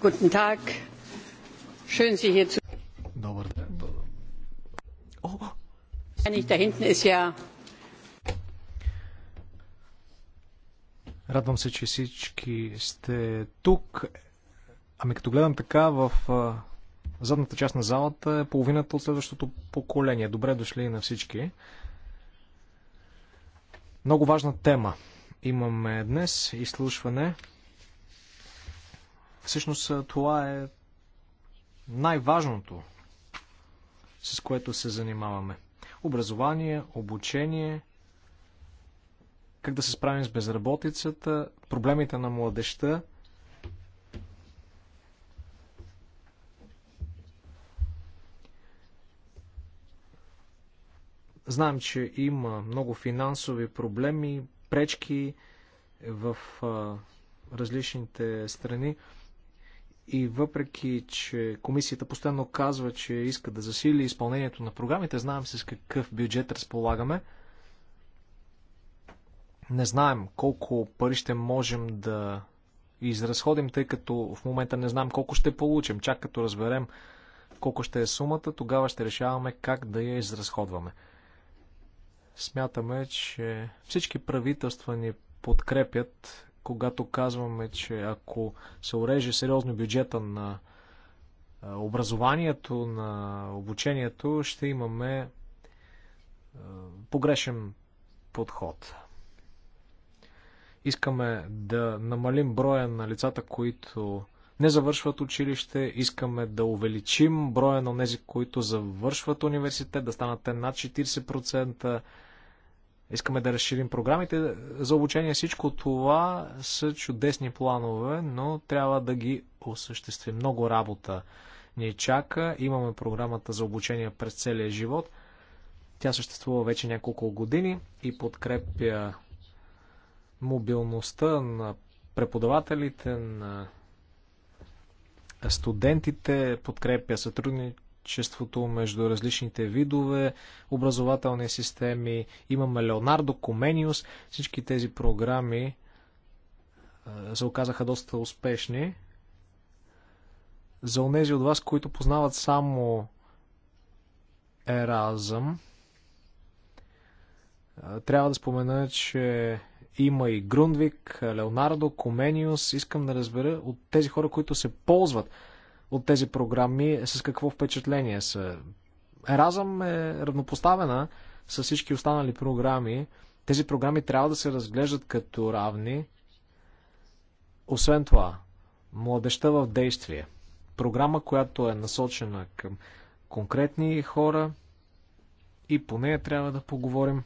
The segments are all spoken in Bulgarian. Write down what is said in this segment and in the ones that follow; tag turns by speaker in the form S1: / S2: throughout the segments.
S1: Guten Tag. Schön, Sie hier zu.
S2: Da hinten ist ja
S3: Радвам се, че всички сте тук. Ами като гледам така, в задната част на залата е половината от следващото поколение. Добре дошли на всички. Много важна тема имаме днес. Изслушване Всъщност това е най-важното, с което се занимаваме. Образование, обучение, как да се справим с безработицата, проблемите на младеща. Знаем, че има много финансови проблеми, пречки в а, различните страни. И въпреки, че комисията постоянно казва, че иска да засили изпълнението на програмите, знаем с какъв бюджет разполагаме. Не знаем колко пари ще можем да изразходим, тъй като в момента не знаем колко ще получим. Чак като разберем колко ще е сумата, тогава ще решаваме как да я изразходваме. Смятаме, че всички правителства ни подкрепят когато казваме, че ако се уреже сериозно бюджета на образованието, на обучението, ще имаме погрешен подход. Искаме да намалим броя на лицата, които не завършват училище, искаме да увеличим броя на тези, които завършват университет, да станат те над 40% искаме да разширим програмите за обучение. Всичко това са чудесни планове, но трябва да ги осъществим. Много работа ни чака. Имаме програмата за обучение през целия живот. Тя съществува вече няколко години и подкрепя мобилността на преподавателите, на студентите, подкрепя сътрудниците сътрудничеството между различните видове образователни системи. Имаме Леонардо, Комениус. Всички тези програми се оказаха доста успешни. За онези от вас, които познават само Еразъм, трябва да спомена, че има и Грундвик, Леонардо, Комениус. Искам да разбера от тези хора, които се ползват от тези програми с какво впечатление са. Еразъм е равнопоставена с всички останали програми. Тези програми трябва да се разглеждат като равни. Освен това, младеща в действие. Програма, която е насочена към конкретни хора и по нея трябва да поговорим.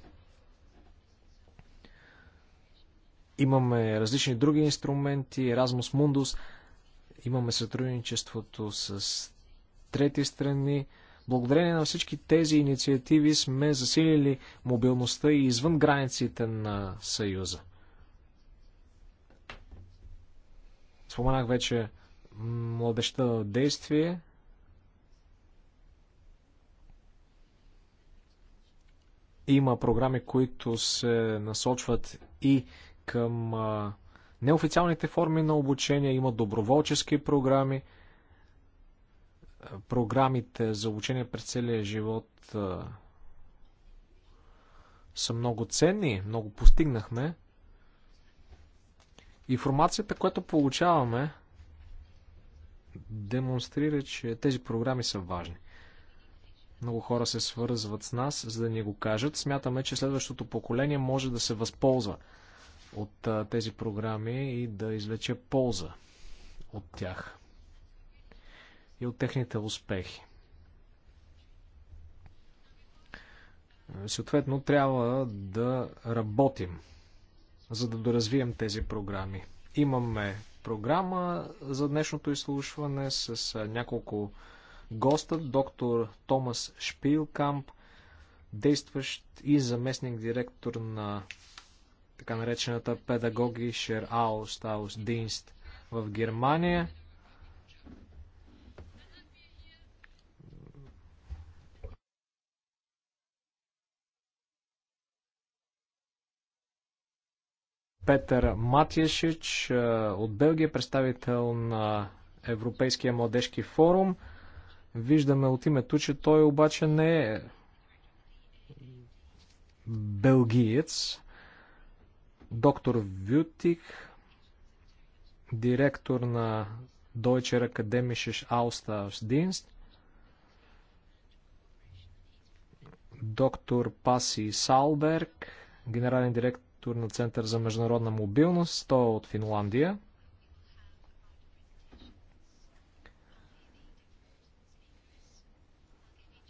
S3: Имаме различни други инструменти, Erasmus Mundus – Имаме сътрудничеството с трети страни. Благодарение на всички тези инициативи сме засилили мобилността и извън границите на Съюза. Споменах вече младеща действие. Има програми, които се насочват и към неофициалните форми на обучение, има доброволчески програми, програмите за обучение през целия живот са много ценни, много постигнахме. Информацията, която получаваме, демонстрира, че тези програми са важни. Много хора се свързват с нас, за да ни го кажат. Смятаме, че следващото поколение може да се възползва от тези програми и да извлече полза от тях и от техните успехи. Е, съответно, трябва да работим, за да доразвием тези програми. Имаме програма за днешното изслушване с няколко госта. Доктор Томас Шпилкамп, действащ и заместник директор на така наречената педагоги Шераус, Аус Динст в Германия. Петър Матиешич е, от Белгия, представител на Европейския младежки форум. Виждаме от името, че той обаче не е белгиец. Доктор Вютих, директор на Deutsche Akademische Austauschdienst, доктор Паси Салберг, генерален директор на Център за международна мобилност, той е от Финландия.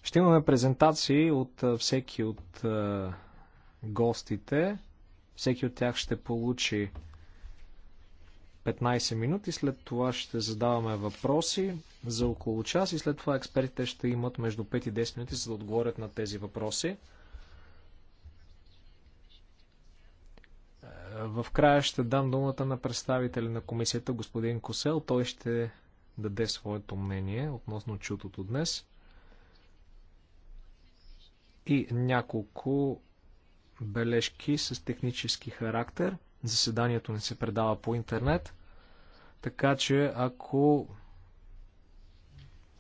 S3: Ще имаме презентации от всеки от гостите. Всеки от тях ще получи 15 минути, след това ще задаваме въпроси за около час и след това експертите ще имат между 5 и 10 минути, за да отговорят на тези въпроси. В края ще дам думата на представители на комисията господин Косел. Той ще даде своето мнение относно чутото днес. И няколко бележки с технически характер. Заседанието не се предава по интернет. Така че ако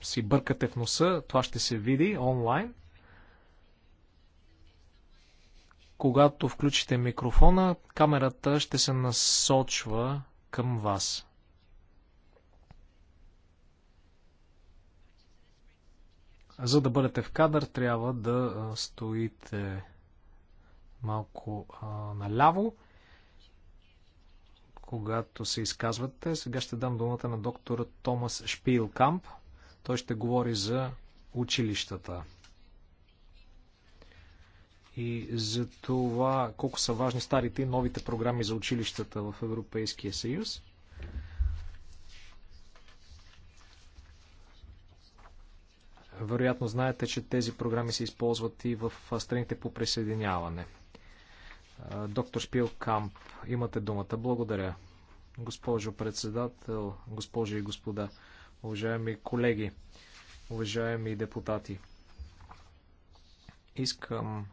S3: си бъркате в носа, това ще се види онлайн. Когато включите микрофона, камерата ще се насочва към вас. За да бъдете в кадър, трябва да стоите малко а, наляво, когато се изказвате. Сега ще дам думата на доктор Томас Шпилкамп. Той ще говори за училищата и за това колко са важни старите и новите програми за училищата в Европейския съюз. Вероятно знаете, че тези програми се използват и в страните по присъединяване. Доктор Камп, имате думата. Благодаря. Госпожо председател, госпожи и господа, уважаеми колеги, уважаеми депутати. Искам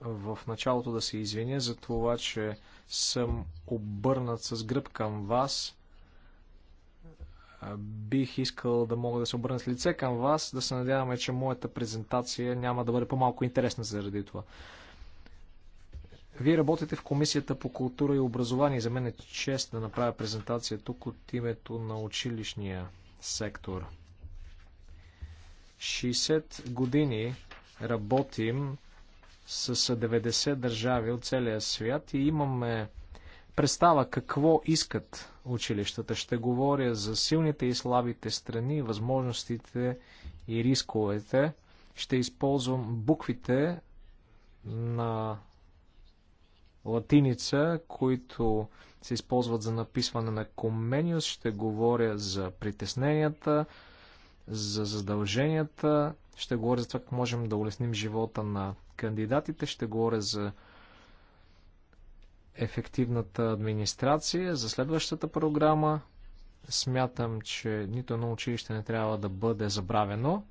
S3: в началото да се извиня за това, че съм обърнат с гръб към вас. Бих искал да мога да се обърна с лице към вас, да се надяваме, че моята презентация няма да бъде по-малко интересна заради това. Вие работите в Комисията по култура и образование. За мен е чест да направя презентация тук от името на училищния сектор. 60 години работим с 90 държави от целия свят и имаме представа какво искат училищата. Ще говоря за силните и слабите страни, възможностите и рисковете. Ще използвам буквите на латиница, които се използват за написване на Комениус. Ще говоря за притесненията, за задълженията. Ще говоря за това как можем да улесним живота на кандидатите. Ще говоря за ефективната администрация, за следващата програма. Смятам, че нито едно училище не трябва да бъде забравено.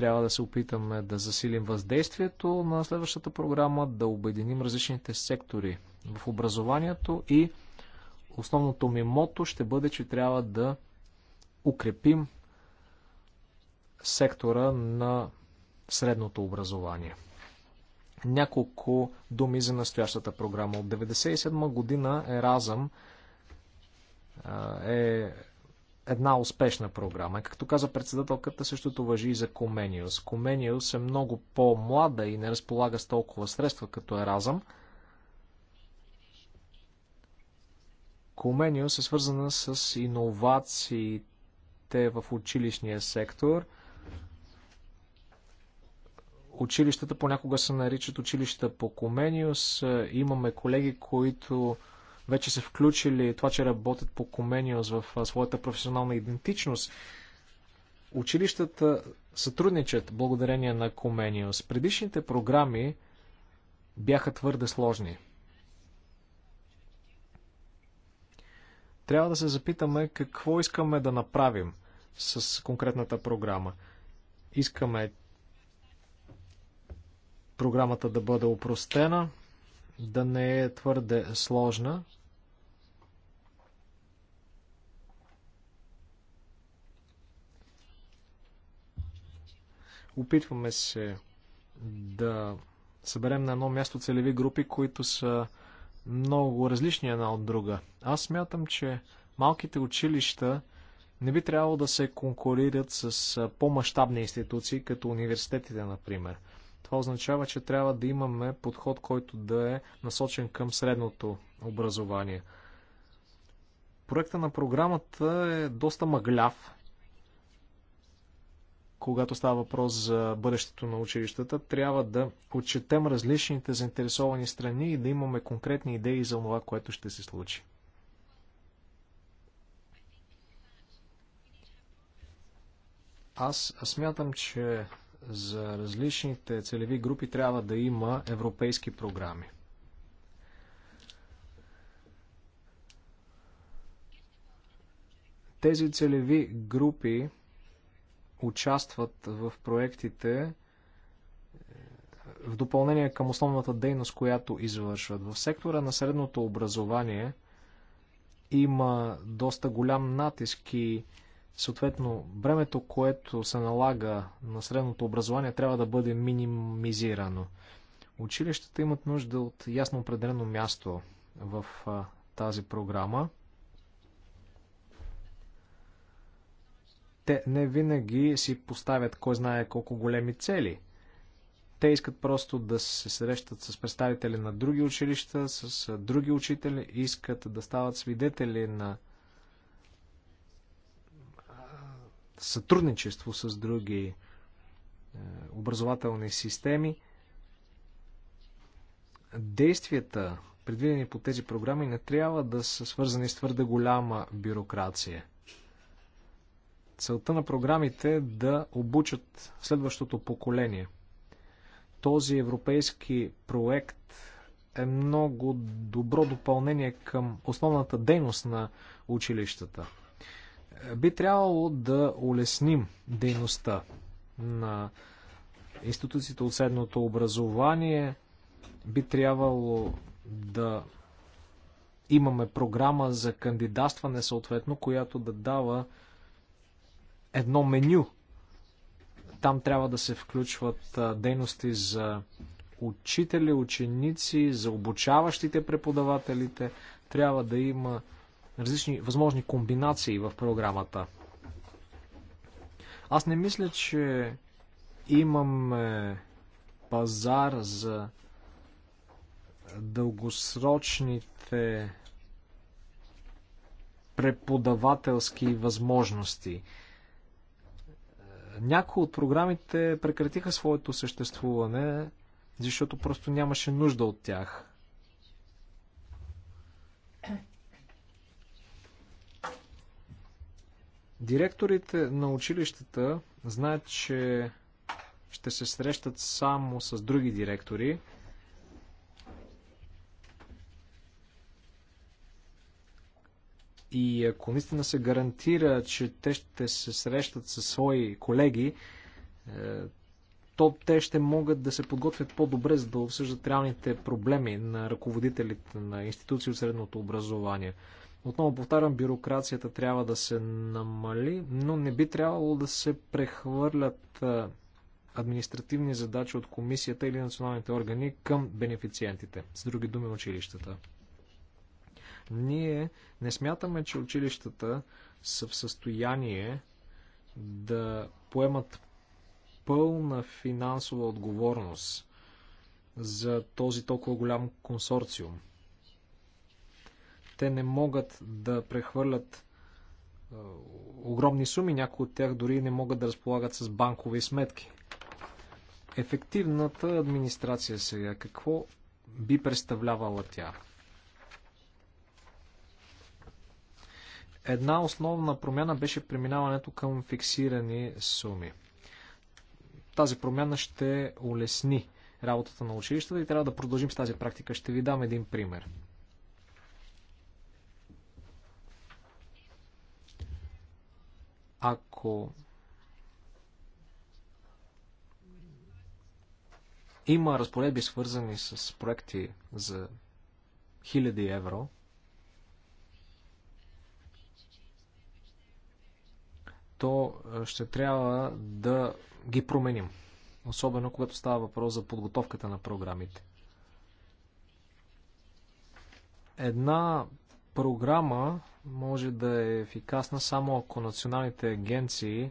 S3: Трябва да се опитаме да засилим въздействието на следващата програма, да обединим различните сектори в образованието и основното ми мото ще бъде, че трябва да укрепим сектора на средното образование. Няколко думи за настоящата програма. От 1997 година Еразъм е една успешна програма. Както каза председателката, същото въжи и за Комениус. Комениус е много по-млада и не разполага с толкова средства като разъм. Комениус е свързана с иновациите в училищния сектор. Училищата понякога се наричат училища по Комениус. Имаме колеги, които вече са включили това, че работят по Комениус в своята професионална идентичност. Училищата сътрудничат благодарение на Комениус. Предишните програми бяха твърде сложни. Трябва да се запитаме какво искаме да направим с конкретната програма. Искаме програмата да бъде опростена, да не е твърде сложна, Опитваме се да съберем на едно място целеви групи, които са много различни една от друга. Аз мятам, че малките училища не би трябвало да се конкурират с по-масштабни институции, като университетите, например. Това означава, че трябва да имаме подход, който да е насочен към средното образование. Проекта на програмата е доста мъгляв когато става въпрос за бъдещето на училищата, трябва да отчетем различните заинтересовани страни и да имаме конкретни идеи за това, което ще се случи. Аз смятам, че за различните целеви групи трябва да има европейски програми. Тези целеви групи участват в проектите е, в допълнение към основната дейност, която извършват. В сектора на средното образование има доста голям натиск и съответно времето, което се налага на средното образование, трябва да бъде минимизирано. Училищата имат нужда от ясно определено място в тази програма. Те не винаги си поставят кой знае колко големи цели. Те искат просто да се срещат с представители на други училища, с други учители, искат да стават свидетели на сътрудничество с други е, образователни системи. Действията, предвидени по тези програми, не трябва да са свързани с твърде голяма бюрокрация. Целта на програмите е да обучат следващото поколение. Този европейски проект е много добро допълнение към основната дейност на училищата. Би трябвало да улесним дейността на институциите от средното образование. Би трябвало да имаме програма за кандидатстване, съответно, която да дава едно меню. Там трябва да се включват дейности за учители, ученици, за обучаващите преподавателите. Трябва да има различни възможни комбинации в програмата. Аз не мисля, че имаме пазар за дългосрочните преподавателски възможности някои от програмите прекратиха своето съществуване, защото просто нямаше нужда от тях. Директорите на училищата знаят, че ще се срещат само с други директори, И ако наистина се гарантира, че те ще се срещат със свои колеги, е, то те ще могат да се подготвят по-добре, за да обсъждат реалните проблеми на ръководителите на институции от средното образование. Отново повтарям, бюрокрацията трябва да се намали, но не би трябвало да се прехвърлят е, административни задачи от комисията или националните органи към бенефициентите, с други думи училищата. Ние не смятаме, че училищата са в състояние да поемат пълна финансова отговорност за този толкова голям консорциум. Те не могат да прехвърлят огромни суми, някои от тях дори не могат да разполагат с банкови сметки. Ефективната администрация сега, какво би представлявала тя? Една основна промяна беше преминаването към фиксирани суми. Тази промяна ще улесни работата на училищата и трябва да продължим с тази практика. Ще ви дам един пример. Ако има разпоредби свързани с проекти за хиляди евро, то е, ще трябва да ги променим. Особено когато става въпрос за подготовката на програмите. Една програма може да е ефикасна само ако националните агенции е,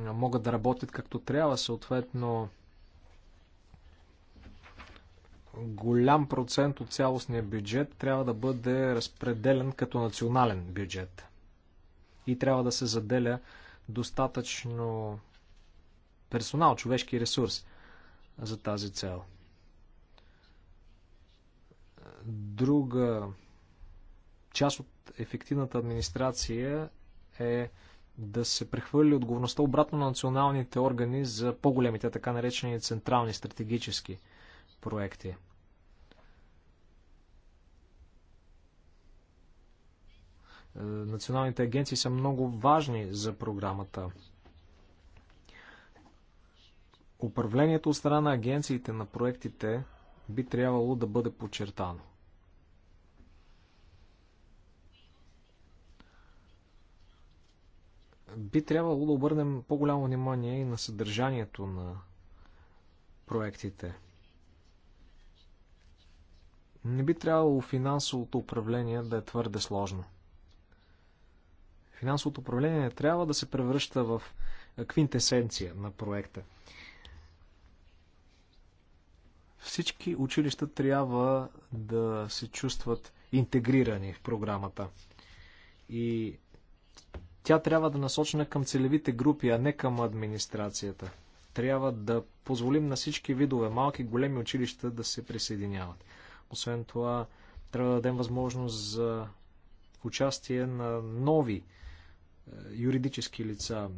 S3: могат да работят както трябва, съответно голям процент от цялостния бюджет трябва да бъде разпределен като национален бюджет и трябва да се заделя достатъчно персонал, човешки ресурс за тази цел. Друга част от ефективната администрация е да се прехвърли отговорността обратно на националните органи за по-големите, така наречени централни стратегически проекти. Е, националните агенции са много важни за програмата. Управлението от страна на агенциите на проектите би трябвало да бъде подчертано. Би трябвало да обърнем по-голямо внимание и на съдържанието на проектите. Не би трябвало финансовото управление да е твърде сложно. Финансовото управление не трябва да се превръща в квинтесенция на проекта. Всички училища трябва да се чувстват интегрирани в програмата. И тя трябва да насочена към целевите групи, а не към администрацията. Трябва да позволим на всички видове, малки и големи училища да се присъединяват. Освен това, трябва да дадем възможност за участие на нови е, юридически лица,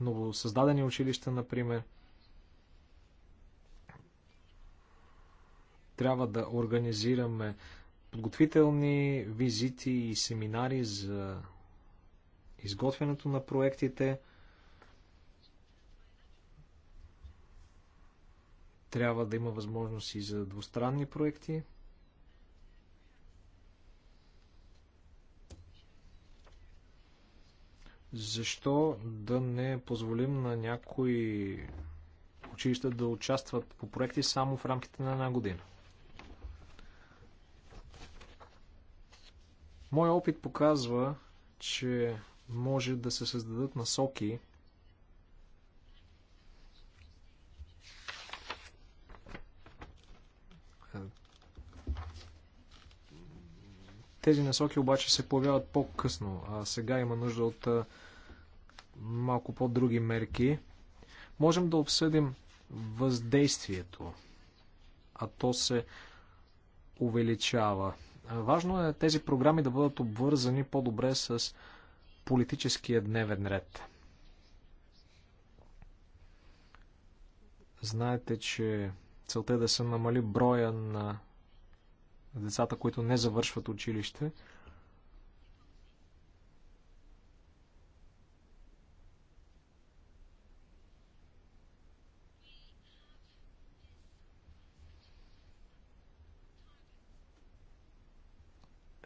S3: новосъздадени училища, например. Трябва да организираме подготвителни визити и семинари за изготвянето на проектите. Трябва да има възможности и за двустранни проекти. Защо да не позволим на някои училища да участват по проекти само в рамките на една година? Моя опит показва, че може да се създадат насоки Тези насоки обаче се появяват по-късно, а сега има нужда от малко по-други мерки. Можем да обсъдим въздействието, а то се увеличава. Важно е тези програми да бъдат обвързани по-добре с политическия дневен ред. Знаете, че целта е да се намали броя на децата, които не завършват училище.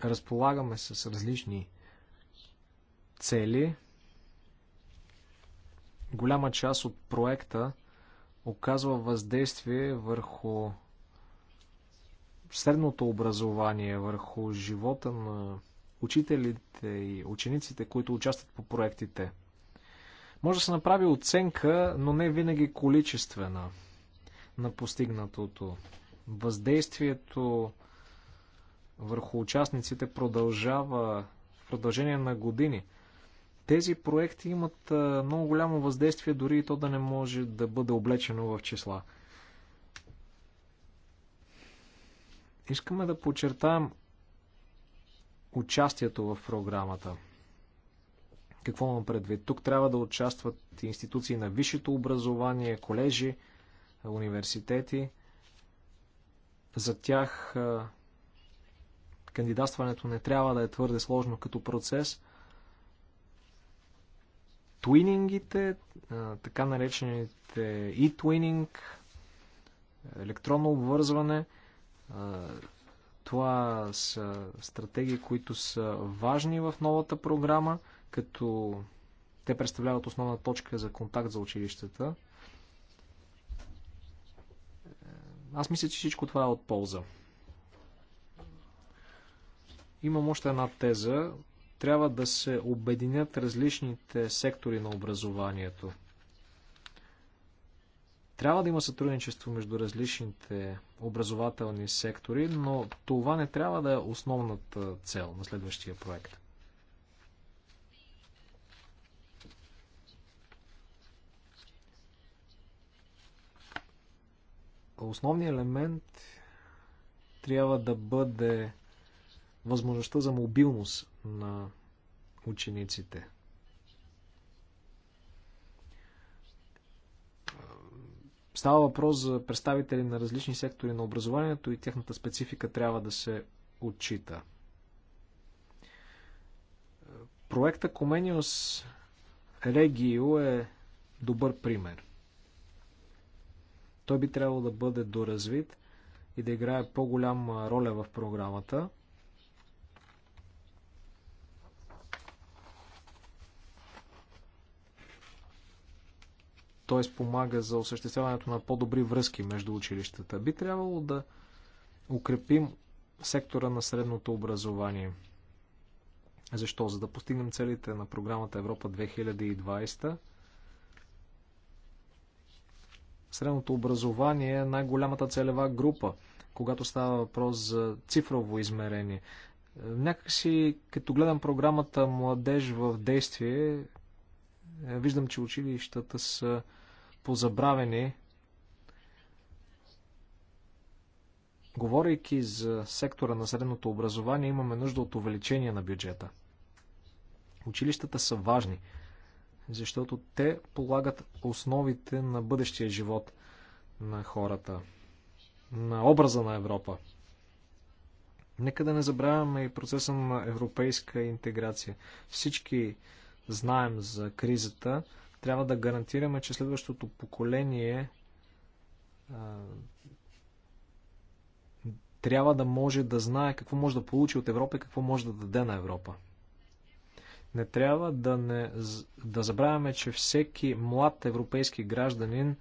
S3: разполагаме с различни цели. Голяма част от проекта оказва въздействие върху средното образование, върху живота на учителите и учениците, които участват по проектите. Може да се направи оценка, но не винаги количествена на постигнатото. Въздействието върху участниците продължава в продължение на години. Тези проекти имат много голямо въздействие, дори и то да не може да бъде облечено в числа. Искаме да подчертаем участието в програмата. Какво имам предвид? Тук трябва да участват институции на висшето образование, колежи, университети. За тях кандидатстването не трябва да е твърде сложно като процес. Туинингите, така наречените e-туининг, електронно обвързване – това са стратегии, които са важни в новата програма, като те представляват основна точка за контакт за училищата. Е, аз мисля, че всичко това е от полза. Имам още една теза. Трябва да се обединят различните сектори на образованието. Трябва да има сътрудничество между различните образователни сектори, но това не трябва да е основната цел на следващия проект. Основният елемент трябва да бъде възможността за мобилност на учениците – Става въпрос за представители на различни сектори на образованието и тяхната специфика трябва да се отчита. Проекта Comenius Regio е добър пример. Той би трябвало да бъде доразвит и да играе по-голяма роля в програмата – т.е. помага за осъществяването на по-добри връзки между училищата. Би трябвало да укрепим сектора на средното образование. Защо? За да постигнем целите на програмата Европа 2020, средното образование е най-голямата целева група, когато става въпрос за цифрово измерение. Някакси, като гледам програмата Младеж в действие, виждам, че училищата са по забравене, Говорейки за сектора на средното образование, имаме нужда от увеличение на бюджета. Училищата са важни, защото те полагат основите на бъдещия живот на хората, на образа на Европа. Нека да не забравяме и процеса на европейска интеграция. Всички знаем за кризата, трябва да гарантираме, че следващото поколение а, трябва да може да знае какво може да получи от Европа и какво може да даде на Европа. Не трябва да, не, да забравяме, че всеки млад европейски гражданин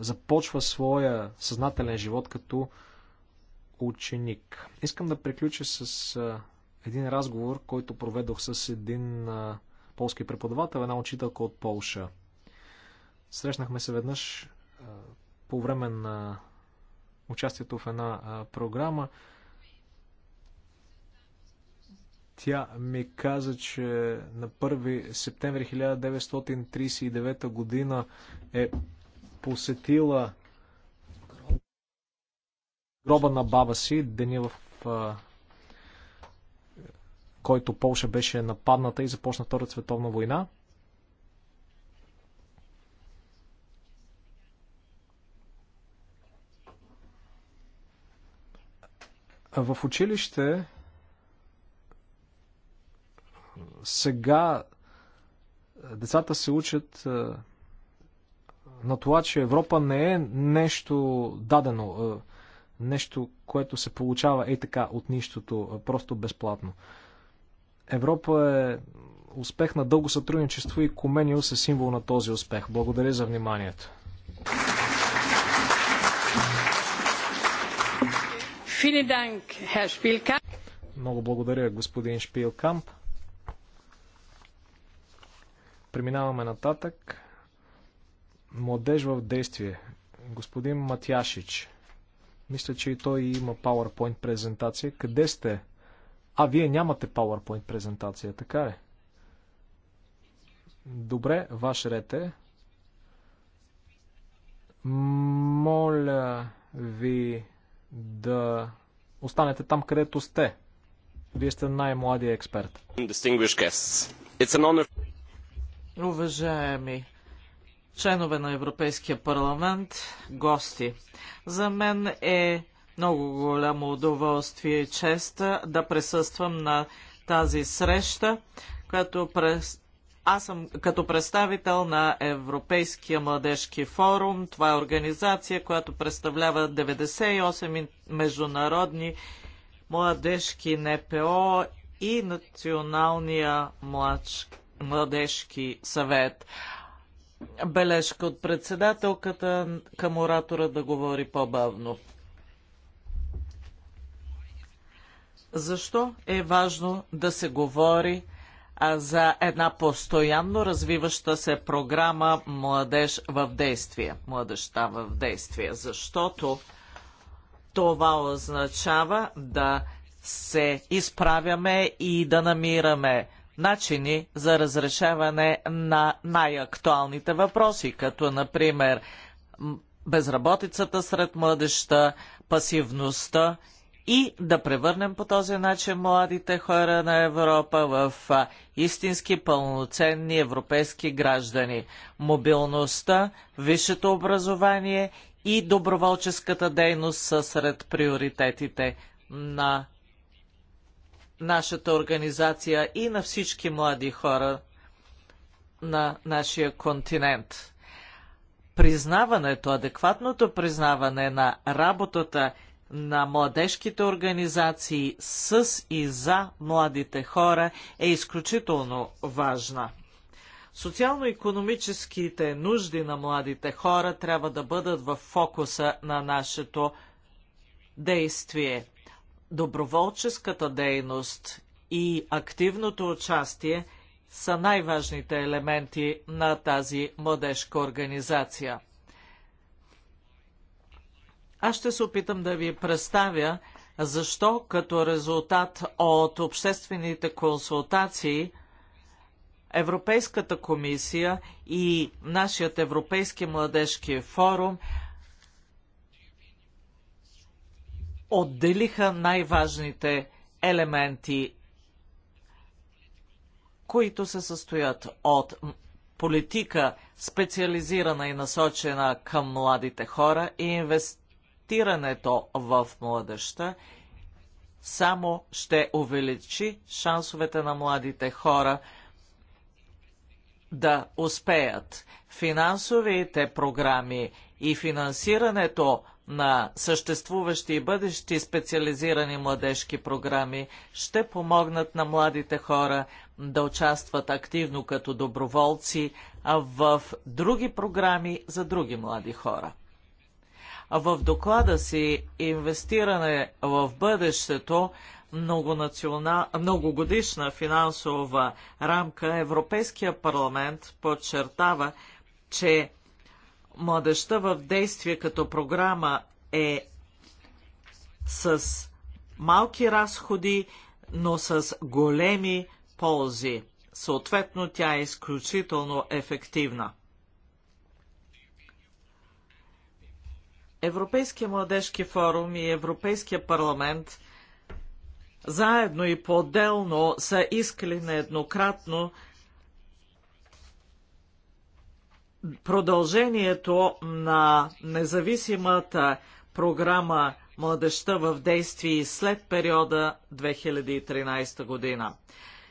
S3: започва своя съзнателен живот като ученик. Искам да приключа с един разговор, който проведох с един полски преподавател, една учителка от Полша. Срещнахме се веднъж по време на участието в една програма. Тя ми каза, че на 1 септември 1939 година е посетила гроба на баба си, деня в който Полша беше нападната и започна Втората световна война. В училище сега децата се учат е, на това, че Европа не е нещо дадено, е, нещо, което се получава ей така от нищото, е, просто безплатно. Европа е успех на дълго сътрудничество и Комениус е символ на този успех. Благодаря за вниманието. Много благодаря, господин Шпилкамп. Преминаваме нататък. Младеж в действие. Господин Матяшич. Мисля, че и той има PowerPoint презентация. Къде сте? А, вие нямате PowerPoint презентация, така ли? Добре, ваш ред е. Моля ви да останете там, където сте. Вие сте най-младия експерт.
S2: Уважаеми членове на Европейския парламент, гости, за мен е много голямо удоволствие и чест да присъствам на тази среща, която през... аз съм като представител на Европейския младежки форум. Това е организация, която представлява 98 международни младежки НПО и Националния младж... младежки съвет. Бележка от председателката към оратора да говори по-бавно. защо е важно да се говори за една постоянно развиваща се програма Младеж в действие, младеща в действие, защото това означава да се изправяме и да намираме начини за разрешаване на най-актуалните въпроси, като например безработицата сред младеща, пасивността и да превърнем по този начин младите хора на Европа в истински пълноценни европейски граждани. Мобилността, висшето образование и доброволческата дейност са сред приоритетите на нашата организация и на всички млади хора на нашия континент. Признаването, адекватното признаване на работата – на младежките организации с и за младите хора е изключително важна. Социално-економическите нужди на младите хора трябва да бъдат в фокуса на нашето действие. Доброволческата дейност и активното участие са най-важните елементи на тази младежка организация. Аз ще се опитам да ви представя защо като резултат от обществените консултации Европейската комисия и нашият Европейски младежки форум отделиха най-важните елементи, които се състоят от политика, специализирана и насочена към младите хора и инвестиции инвестирането в младеща само ще увеличи шансовете на младите хора да успеят. Финансовите програми и финансирането на съществуващи и бъдещи специализирани младежки програми ще помогнат на младите хора да участват активно като доброволци в други програми за други млади хора в доклада си инвестиране в бъдещето многогодишна финансова рамка, Европейския парламент подчертава, че младеща в действие като програма е с малки разходи, но с големи ползи. Съответно, тя е изключително ефективна. Европейския младежки форум и Европейския парламент заедно и по-отделно са искали нееднократно продължението на независимата програма Младеща в действие след периода 2013 година.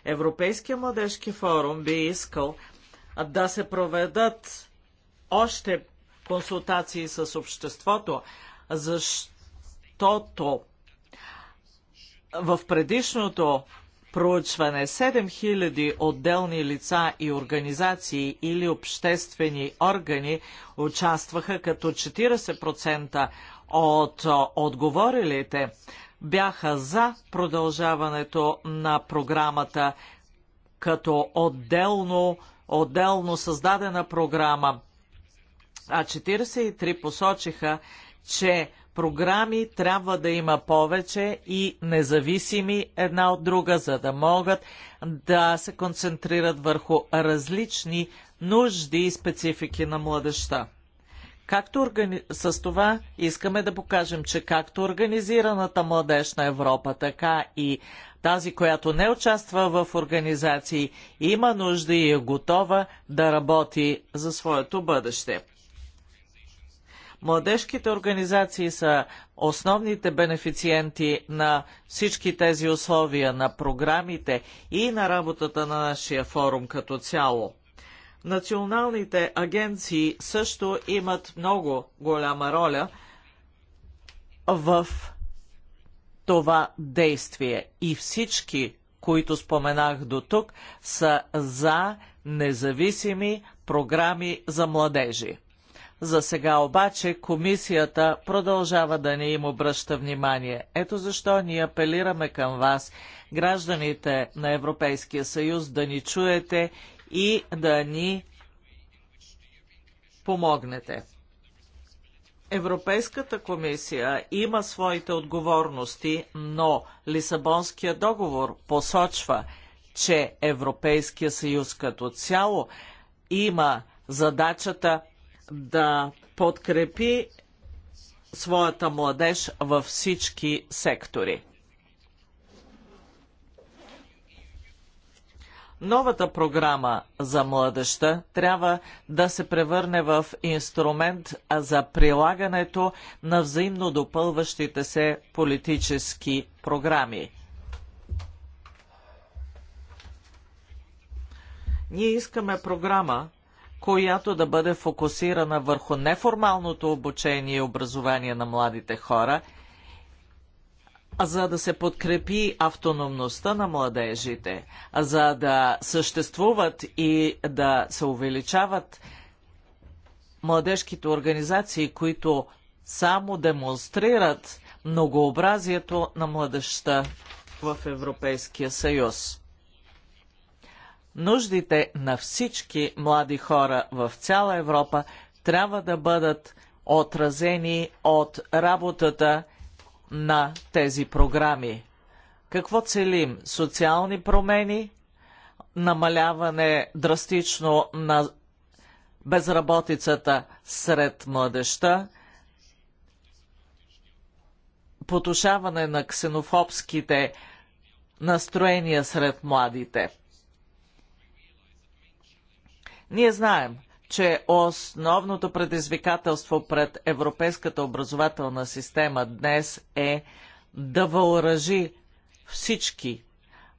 S2: Европейския младежки форум би искал да се проведат още консултации с обществото, защото в предишното проучване 7000 отделни лица и организации или обществени органи участваха, като 40% от отговорилите бяха за продължаването на програмата като отделно, отделно създадена програма а 43 посочиха, че програми трябва да има повече и независими една от друга, за да могат да се концентрират върху различни нужди и специфики на младеща. Както органи... С това искаме да покажем, че както организираната младеж на Европа, така и тази, която не участва в организации, има нужда и е готова да работи за своето бъдеще. Младежките организации са основните бенефициенти на всички тези условия, на програмите и на работата на нашия форум като цяло. Националните агенции също имат много голяма роля в това действие и всички, които споменах до тук, са за независими програми за младежи. За сега обаче комисията продължава да не им обръща внимание. Ето защо ние апелираме към вас, гражданите на Европейския съюз, да ни чуете и да ни помогнете. Европейската комисия има своите отговорности, но Лисабонския договор посочва, че Европейския съюз като цяло има задачата да подкрепи своята младеж във всички сектори. Новата програма за младеща трябва да се превърне в инструмент за прилагането на взаимно допълващите се политически програми. Ние искаме програма, която да бъде фокусирана върху неформалното обучение и образование на младите хора, за да се подкрепи автономността на младежите, за да съществуват и да се увеличават младежките организации, които само демонстрират многообразието на младеща в Европейския съюз нуждите на всички млади хора в цяла Европа трябва да бъдат отразени от работата на тези програми. Какво целим? Социални промени, намаляване драстично на безработицата сред младеща, потушаване на ксенофобските настроения сред младите. Ние знаем, че основното предизвикателство пред европейската образователна система днес е да въоръжи всички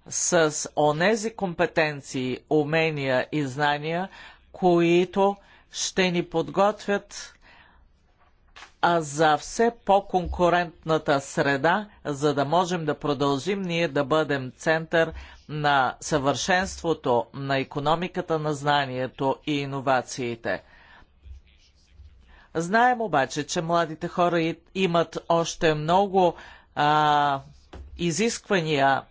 S2: с онези компетенции, умения и знания, които ще ни подготвят а за все по-конкурентната среда, за да можем да продължим ние да бъдем център на съвършенството на економиката на знанието и иновациите. Знаем обаче, че младите хора имат още много а, изисквания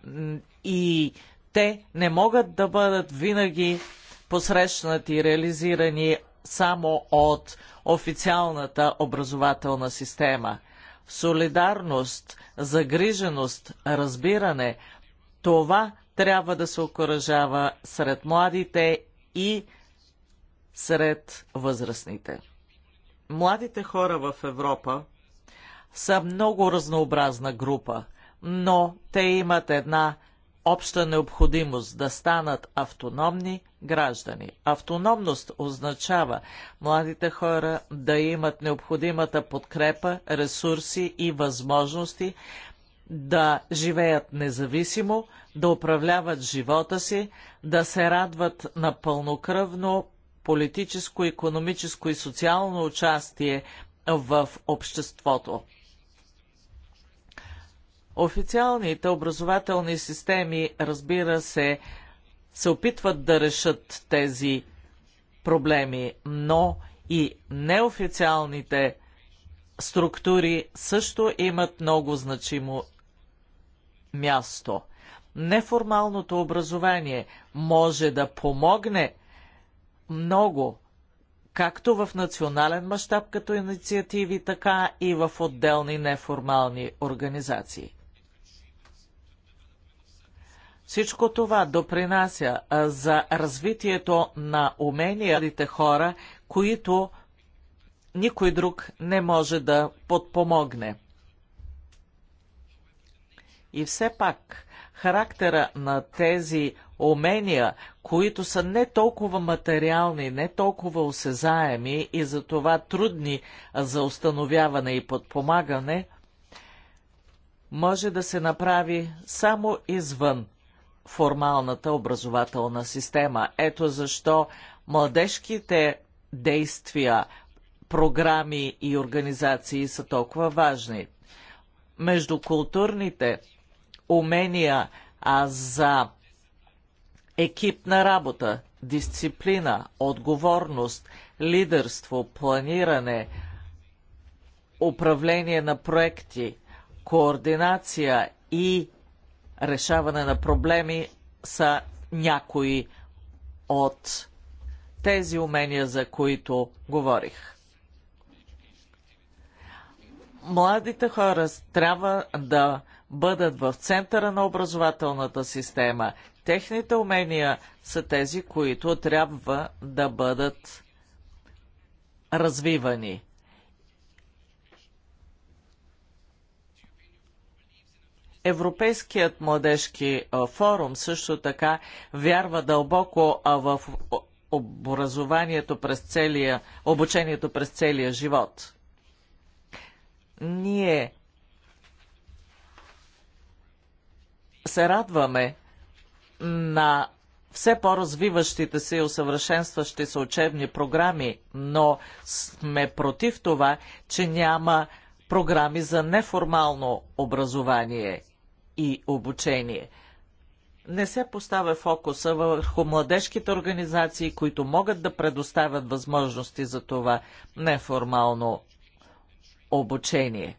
S2: и те не могат да бъдат винаги посрещнати и реализирани само от официалната образователна система. Солидарност, загриженост, разбиране – това трябва да се окоръжава сред младите и сред възрастните. Младите хора в Европа са много разнообразна група, но те имат една обща необходимост да станат автономни граждани. Автономност означава младите хора да имат необходимата подкрепа, ресурси и възможности да живеят независимо – да управляват живота си, да се радват на пълнокръвно политическо, економическо и социално участие в обществото. Официалните образователни системи, разбира се, се опитват да решат тези проблеми, но и неофициалните структури също имат много значимо място неформалното образование може да помогне много, както в национален мащаб като инициативи, така и в отделни неформални организации. Всичко това допринася за развитието на уменията хора, които никой друг не може да подпомогне. И все пак, характера на тези умения, които са не толкова материални, не толкова осезаеми и затова трудни за установяване и подпомагане, може да се направи само извън формалната образователна система. Ето защо младежките действия, програми и организации са толкова важни. Междукултурните умения, а за екипна работа, дисциплина, отговорност, лидерство, планиране, управление на проекти, координация и решаване на проблеми са някои от тези умения, за които говорих. Младите хора трябва да бъдат в центъра на образователната система. Техните умения са тези, които трябва да бъдат развивани. Европейският младежки форум също така вярва дълбоко в образованието през целия, обучението през целия живот. Ние се радваме на все по-развиващите се и усъвършенстващи се учебни програми, но сме против това, че няма програми за неформално образование и обучение. Не се поставя фокуса върху младежките организации, които могат да предоставят възможности за това неформално обучение.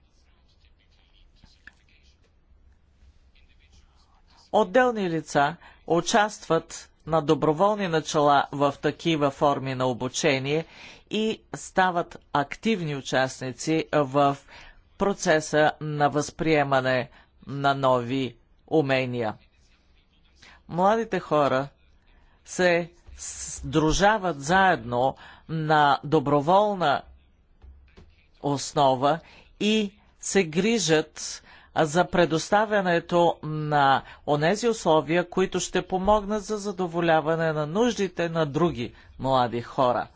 S2: отделни лица участват на доброволни начала в такива форми на обучение и стават активни участници в процеса на възприемане на нови умения. Младите хора се сдружават заедно на доброволна основа и се грижат за предоставянето на онези условия, които ще помогнат за задоволяване на нуждите на други млади хора.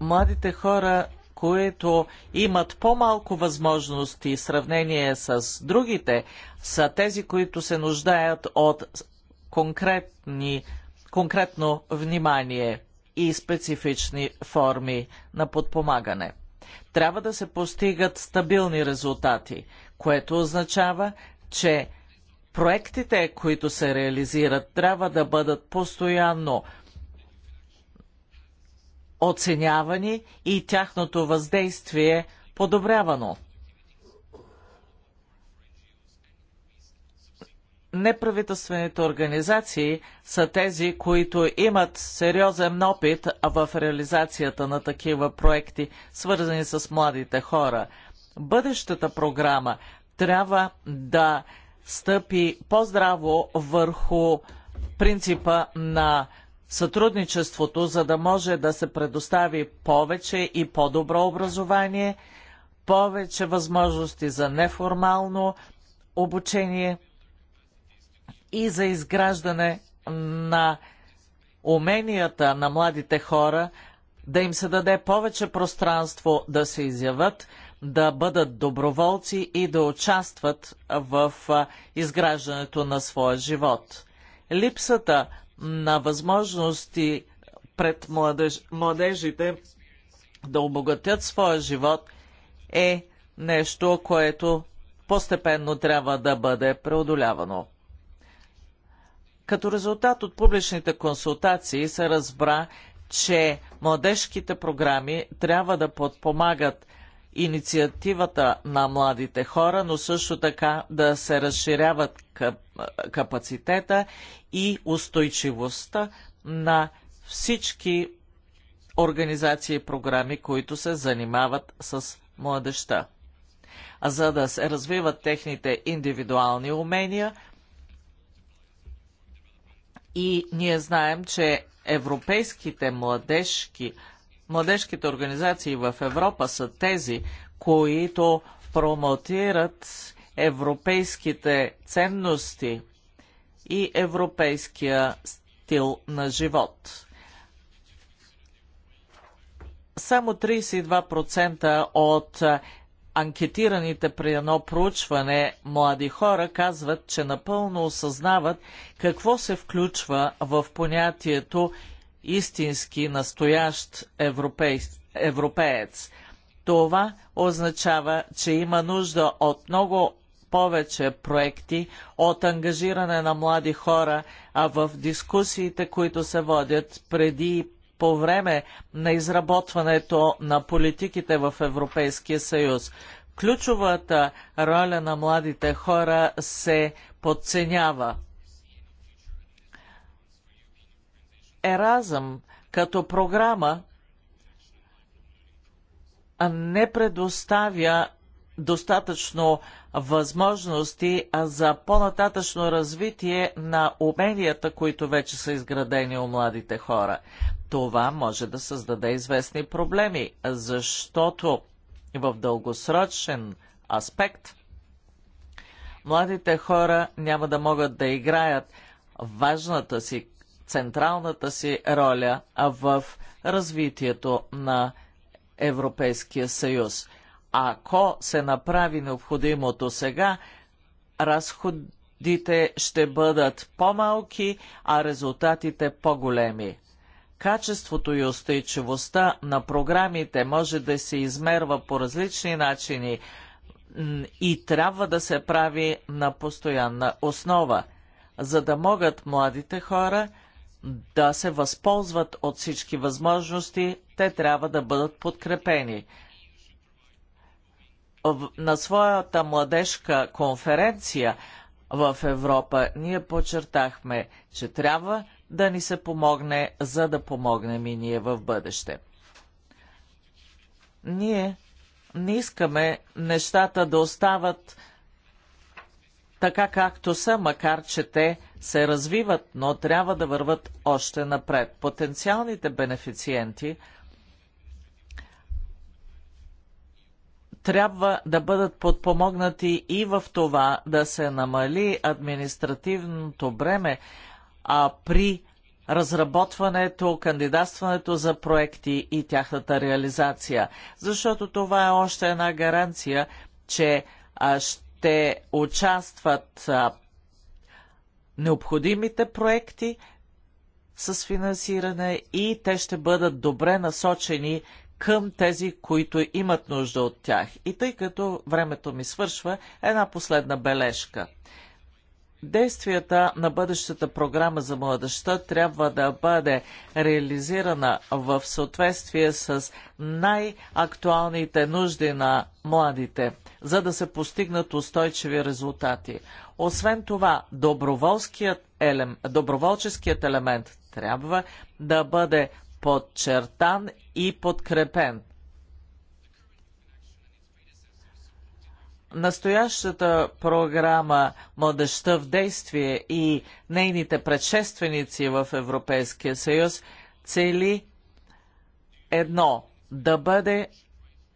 S2: Младите хора, които имат по-малко възможности в сравнение с другите, са тези, които се нуждаят от конкретни, конкретно внимание и специфични форми на подпомагане трябва да се постигат стабилни резултати, което означава, че проектите, които се реализират, трябва да бъдат постоянно оценявани и тяхното въздействие подобрявано. неправителствените организации са тези, които имат сериозен опит в реализацията на такива проекти, свързани с младите хора. Бъдещата програма трябва да стъпи по-здраво върху принципа на сътрудничеството, за да може да се предостави повече и по-добро образование, повече възможности за неформално обучение – и за изграждане на уменията на младите хора да им се даде повече пространство да се изяват, да бъдат доброволци и да участват в изграждането на своя живот. Липсата на възможности пред младеж, младежите да обогатят своя живот е нещо, което постепенно трябва да бъде преодолявано. Като резултат от публичните консултации се разбра, че младежките програми трябва да подпомагат инициативата на младите хора, но също така да се разширяват капацитета и устойчивостта на всички организации и програми, които се занимават с младеща. За да се развиват техните индивидуални умения – и ние знаем, че европейските младежки, младежките организации в Европа са тези, които промотират европейските ценности и европейския стил на живот. Само 32% от анкетираните при едно проучване млади хора казват, че напълно осъзнават какво се включва в понятието истински настоящ европей... европеец. Това означава, че има нужда от много повече проекти, от ангажиране на млади хора, а в дискусиите, които се водят преди и по време на изработването на политиките в Европейския съюз. Ключовата роля на младите хора се подценява. Еразъм като програма не предоставя достатъчно възможности за по-нататъчно развитие на уменията, които вече са изградени у младите хора. Това може да създаде известни проблеми, защото в дългосрочен аспект младите хора няма да могат да играят важната си, централната си роля в развитието на Европейския съюз ако се направи необходимото сега, разходите ще бъдат по-малки, а резултатите по-големи. Качеството и устойчивостта на програмите може да се измерва по различни начини и трябва да се прави на постоянна основа, за да могат младите хора да се възползват от всички възможности, те трябва да бъдат подкрепени на своята младежка конференция в Европа ние подчертахме, че трябва да ни се помогне, за да помогнем и ние в бъдеще. Ние не искаме нещата да остават така както са, макар че те се развиват, но трябва да върват още напред. Потенциалните бенефициенти – трябва да бъдат подпомогнати и в това да се намали административното бреме а при разработването, кандидатстването за проекти и тяхната реализация. Защото това е още една гаранция, че ще участват необходимите проекти с финансиране и те ще бъдат добре насочени към тези, които имат нужда от тях. И тъй като времето ми свършва, една последна бележка. Действията на бъдещата програма за младеща трябва да бъде реализирана в съответствие с най-актуалните нужди на младите, за да се постигнат устойчиви резултати. Освен това, доброволческият елемент трябва да бъде подчертан и подкрепен. Настоящата програма Младеща в действие и нейните предшественици в Европейския съюз цели едно да бъде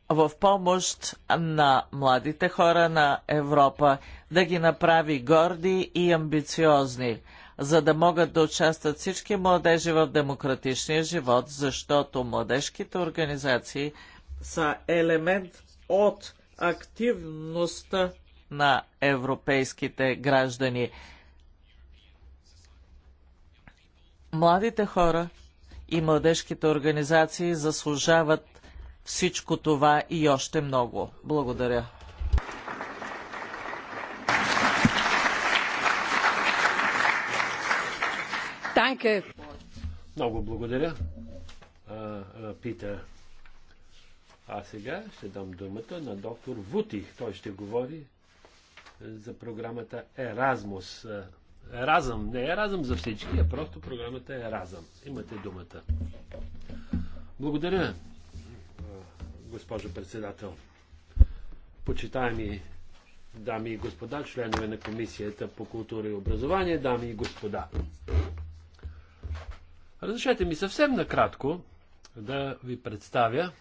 S2: в помощ на младите хора на Европа, да ги направи горди и амбициозни – за да могат да участват всички младежи в демократичния живот, защото младежките организации са елемент от активността на европейските граждани. Младите хора и младежките организации заслужават всичко това и още много. Благодаря. Danke.
S1: Много благодаря, Пита. А сега ще дам думата на доктор Вути. Той ще говори за програмата Еразмус. Еразъм. Не Еразъм за всички, а просто програмата Еразъм. Имате думата. Благодаря, госпожо председател. Почитаеми дами и господа, членове на Комисията по култура и образование, дами и господа. Разрешете ми съвсем накратко да ви представя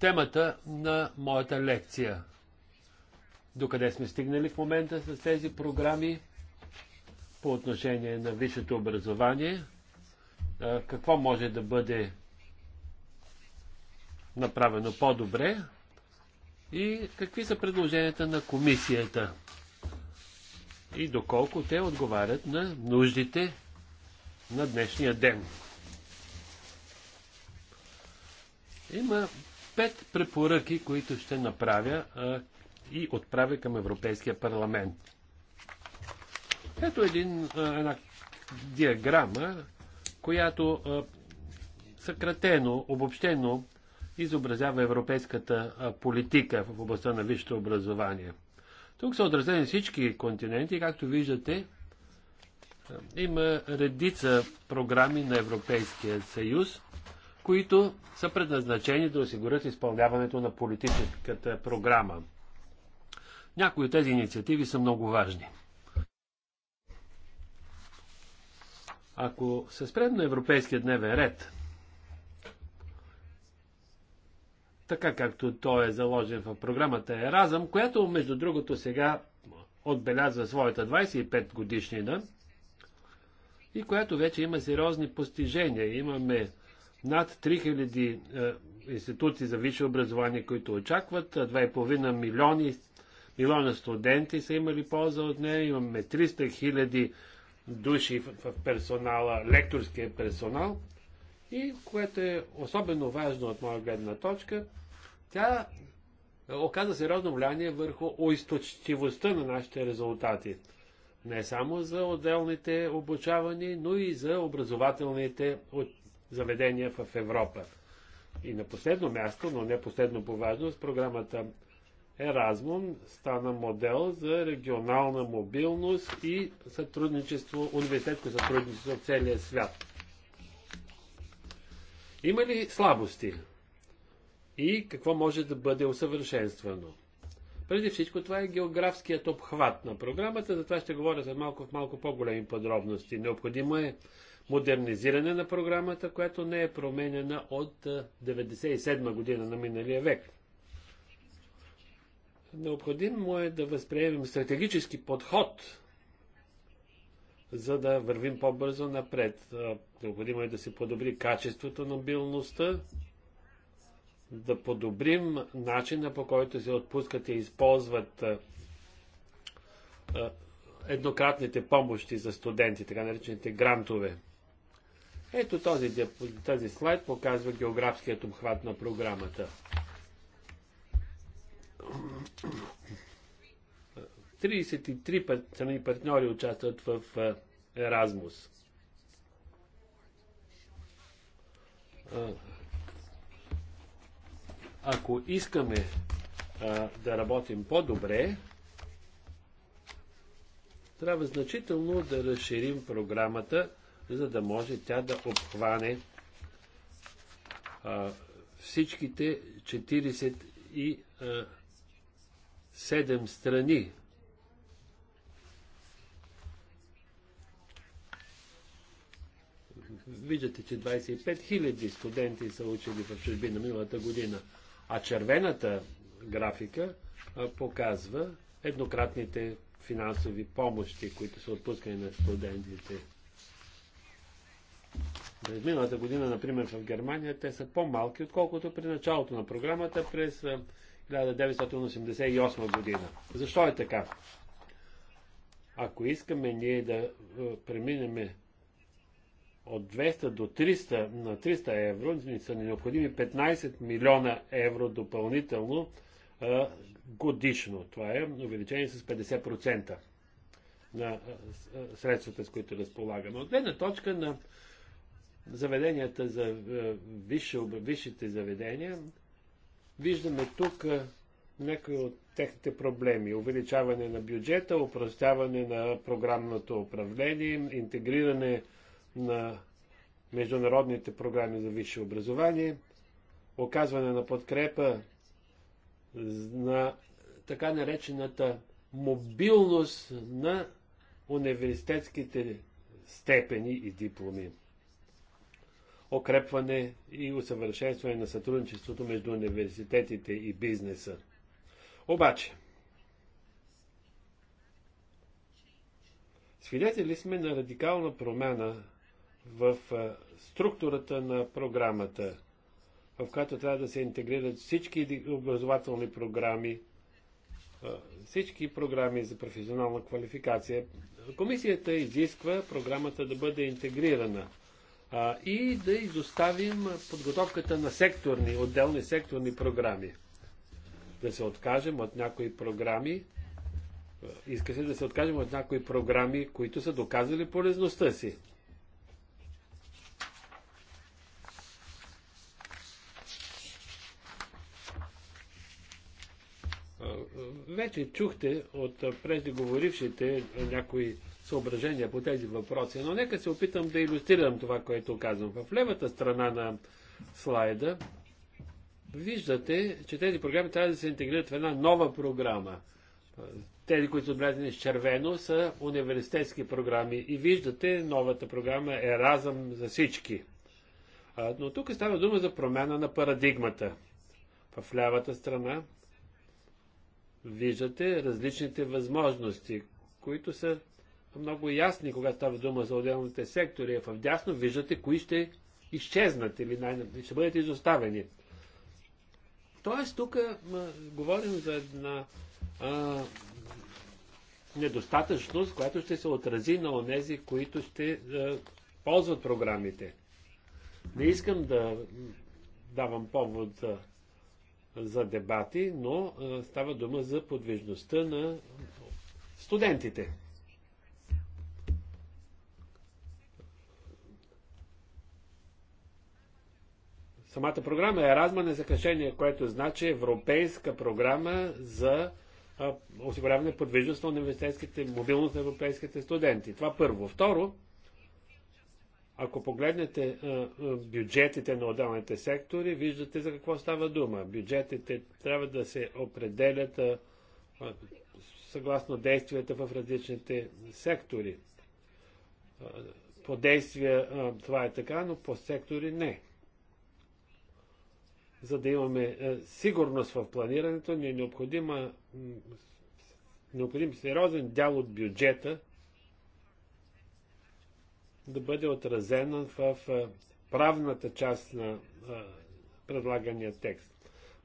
S1: темата на моята лекция. Докъде сме стигнали в момента с тези програми по отношение на висшето образование? Какво може да бъде направено по-добре? И какви са предложенията на комисията? и доколко те отговарят на нуждите на днешния ден. Има пет препоръки, които ще направя а, и отправя към Европейския парламент. Ето един, а, една диаграма, която а, съкратено, обобщено изобразява европейската а, политика в областта на висшето образование – тук са отразени всички континенти, както виждате. Има редица програми на Европейския съюз, които са предназначени да осигурят изпълняването на политическата програма. Някои от тези инициативи са много важни. Ако се спрем на европейския дневен ред, така както той е заложен в програмата Еразъм, която между другото сега отбелязва своята 25 годишнина и която вече има сериозни постижения. Имаме над 3000 е, институции за висше образование, които очакват, 2,5 милиони, милиона студенти са имали полза от нея, имаме 300 хиляди души в, в персонала, лекторския персонал – и което е особено важно от моя гледна точка, тя оказа сериозно влияние върху оисточтивостта на нашите резултати. Не само за отделните обучавани, но и за образователните заведения в Европа. И на последно място, но не последно по важност, програмата Еразмум стана модел за регионална мобилност и сътрудничество, университетско сътрудничество в целия свят. Има ли слабости? И какво може да бъде усъвършенствано? Преди всичко това е географският обхват на програмата, затова ще говоря за малко в малко по-големи подробности. Необходимо е модернизиране на програмата, която не е променена от 1997 година на миналия век. Необходимо е да възприемем стратегически подход за да вървим по-бързо напред. Необходимо е да се подобри качеството на мобилността, да подобрим начина по който се отпускат и използват еднократните помощи за студенти, така наречените грантове. Ето този, този слайд показва географският обхват на програмата. 33 страни партньори участват в Еразмус. Ако искаме а, да работим по-добре, трябва значително да разширим програмата, за да може тя да обхване а, всичките 47 страни, Виждате, че 25 000 студенти са учили в чужбина миналата година, а червената графика а, показва еднократните финансови помощи, които са отпускани на студентите. През миналата година, например, в Германия те са по-малки, отколкото при началото на програмата през 1988 година. Защо е така? Ако искаме ние да преминеме от 200 до 300 на 300 евро ни са необходими 15 милиона евро допълнително а, годишно. Това е увеличение с 50% на средствата, с които разполагаме. От гледна точка на заведенията за висше, висшите заведения, виждаме тук някои от техните проблеми. Увеличаване на бюджета, упростяване на програмното управление, интегриране на международните програми за висше образование, оказване на подкрепа на така наречената мобилност на университетските степени и дипломи. Окрепване и усъвършенстване на сътрудничеството между университетите и бизнеса. Обаче, свидетели сме на радикална промяна в структурата на програмата, в която трябва да се интегрират всички образователни програми, всички програми за професионална квалификация. Комисията изисква програмата да бъде интегрирана и да изоставим подготовката на секторни, отделни секторни програми. Да се откажем от някои програми, иска се да се откажем от някои програми, които са доказали полезността си. вече чухте от преждеговорившите някои съображения по тези въпроси, но нека се опитам да иллюстрирам това, което казвам. В левата страна на слайда виждате, че тези програми трябва да се интегрират в една нова програма. Тези, които са отбелязани с червено, са университетски програми. И виждате, новата програма е разъм за всички. Но тук става дума за промяна на парадигмата. В лявата страна виждате различните възможности, които са много ясни, когато става дума за отделните сектори. А в дясно виждате кои ще изчезнат или най- ще бъдат изоставени. Тоест, тук говорим за една а, недостатъчност, която ще се отрази на онези, които ще а, ползват програмите. Не искам да давам повод за дебати, но става дума за подвижността на студентите. Самата програма е разма на закашение, което значи Европейска програма за осигуряване подвижност на университетските, мобилност на европейските студенти. Това първо. Второ, ако погледнете бюджетите на отделните сектори, виждате за какво става дума. Бюджетите трябва да се определят съгласно действията в различните сектори. По действия това е така, но по сектори не. За да имаме сигурност в планирането, ни е необходим сериозен дял от бюджета – да бъде отразена в правната част на предлагания текст.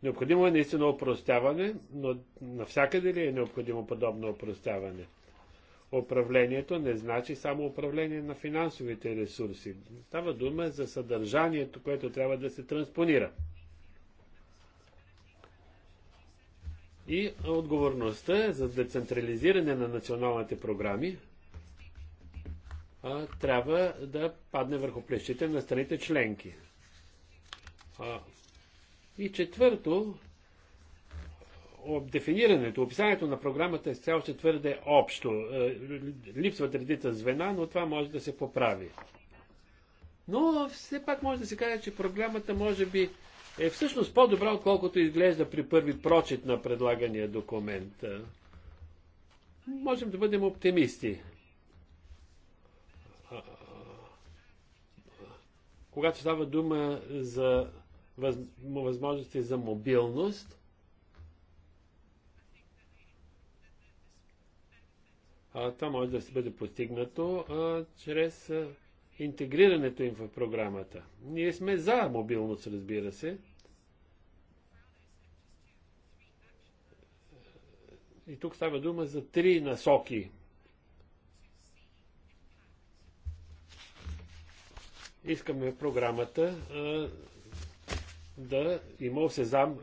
S1: Необходимо е наистина опростяване, но навсякъде ли е необходимо подобно опростяване? Управлението не значи само управление на финансовите ресурси. Става дума за съдържанието, което трябва да се транспонира. И отговорността за децентрализиране на националните програми – а, трябва да падне върху плещите на страните членки. А, и четвърто, дефинирането, описанието на програмата е цяло ще твърде общо. Е, липсват редица звена, но това може да се поправи. Но все пак може да се каже, че програмата може би е всъщност по-добра, отколкото изглежда при първи прочит на предлагания документ. Е, можем да бъдем оптимисти. когато става дума за възможности за мобилност, а, това може да се бъде постигнато а, чрез а, интегрирането им в програмата. Ние сме за мобилност, разбира се. И тук става дума за три насоки Искаме програмата да има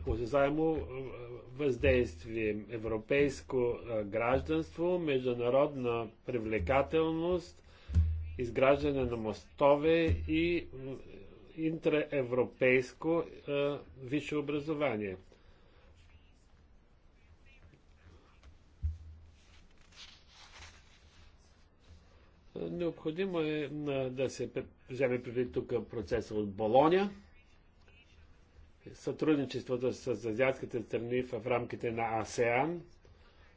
S1: осезаемо въздействие, европейско гражданство, международна привлекателност, изграждане на мостове и интраевропейско висше образование – Необходимо е да се вземе преди тук процеса от Болоня, сътрудничеството с азиатските страни в рамките на АСЕАН.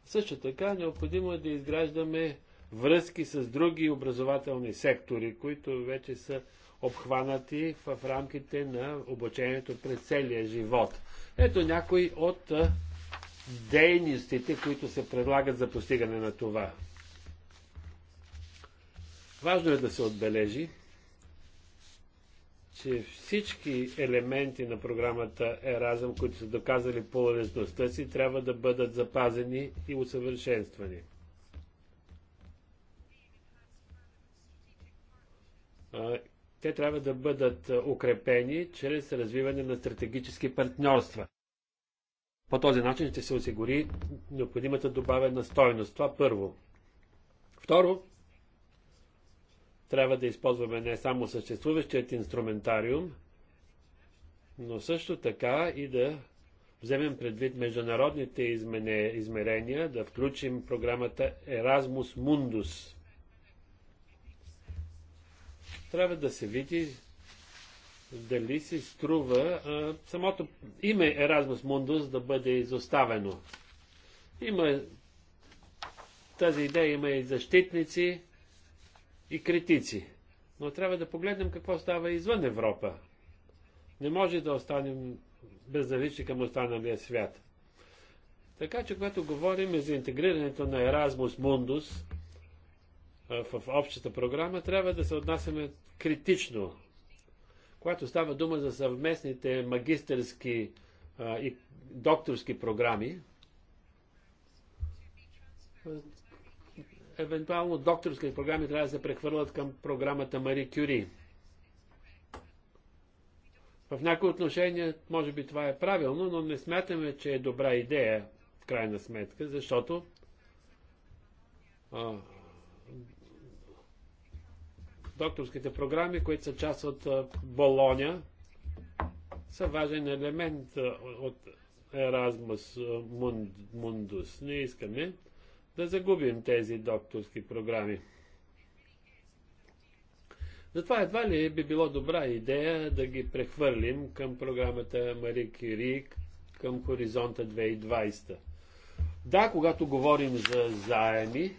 S1: Също така необходимо е да изграждаме връзки с други образователни сектори, които вече са обхванати в рамките на обучението през целия живот. Ето някои от дейностите, които се предлагат за постигане на това. Важно е да се отбележи, че всички елементи на програмата Еразъм, които са доказали полезността си, трябва да бъдат запазени и усъвършенствани. Те трябва да бъдат укрепени чрез развиване на стратегически партньорства. По този начин ще се осигури необходимата добавена стойност. Това първо. Второ, трябва да използваме не само съществуващият инструментариум, но също така и да вземем предвид международните измерения, да включим програмата Erasmus Mundus. Трябва да се види дали си струва а, самото име Erasmus Mundus да бъде изоставено. Има тази идея има и защитници, и критици. Но трябва да погледнем какво става извън Европа. Не може да останем безразлични към останалия свят. Така че, когато говорим за интегрирането на Erasmus Mundus в общата програма, трябва да се отнасяме критично. Когато става дума за съвместните магистърски и докторски програми, евентуално докторски програми трябва да се прехвърлят към програмата Мари Кюри. В някои отношения, може би това е правилно, но не смятаме, че е добра идея, в крайна сметка, защото а, докторските програми, които са част от а, Болоня, са важен елемент а, от Еразмус Мундус. Не искаме да загубим тези докторски програми. Затова едва ли би било добра идея да ги прехвърлим към програмата Мари Кирик към Хоризонта 2020. Да, когато говорим за заеми,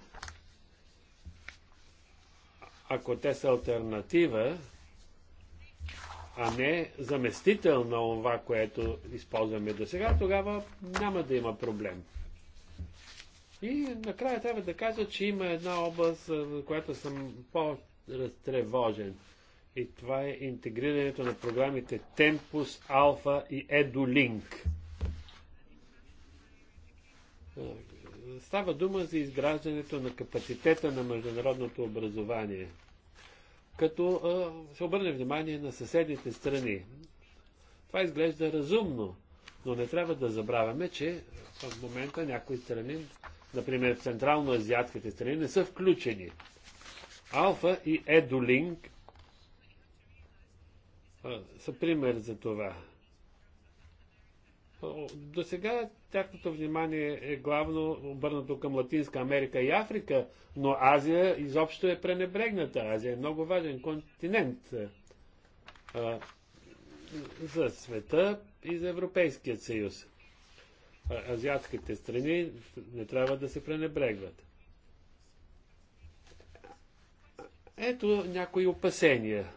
S1: ако те са альтернатива, а не заместител на това, което използваме до сега, тогава няма да има проблем. И накрая трябва да кажа, че има една област, на която съм по-разтревожен. И това е интегрирането на програмите Tempus, Alpha и EduLink. Става дума за изграждането на капацитета на международното образование, като а, се обърне внимание на съседните страни. Това изглежда разумно, но не трябва да забравяме, че в момента някои страни например, в централно-азиатските страни, не са включени. Алфа и Едолинг са пример за това. До сега тяхното внимание е главно обърнато към Латинска Америка и Африка, но Азия изобщо е пренебрегната. Азия е много важен континент за света и за Европейският съюз азиатските страни не трябва да се пренебрегват. Ето някои опасения.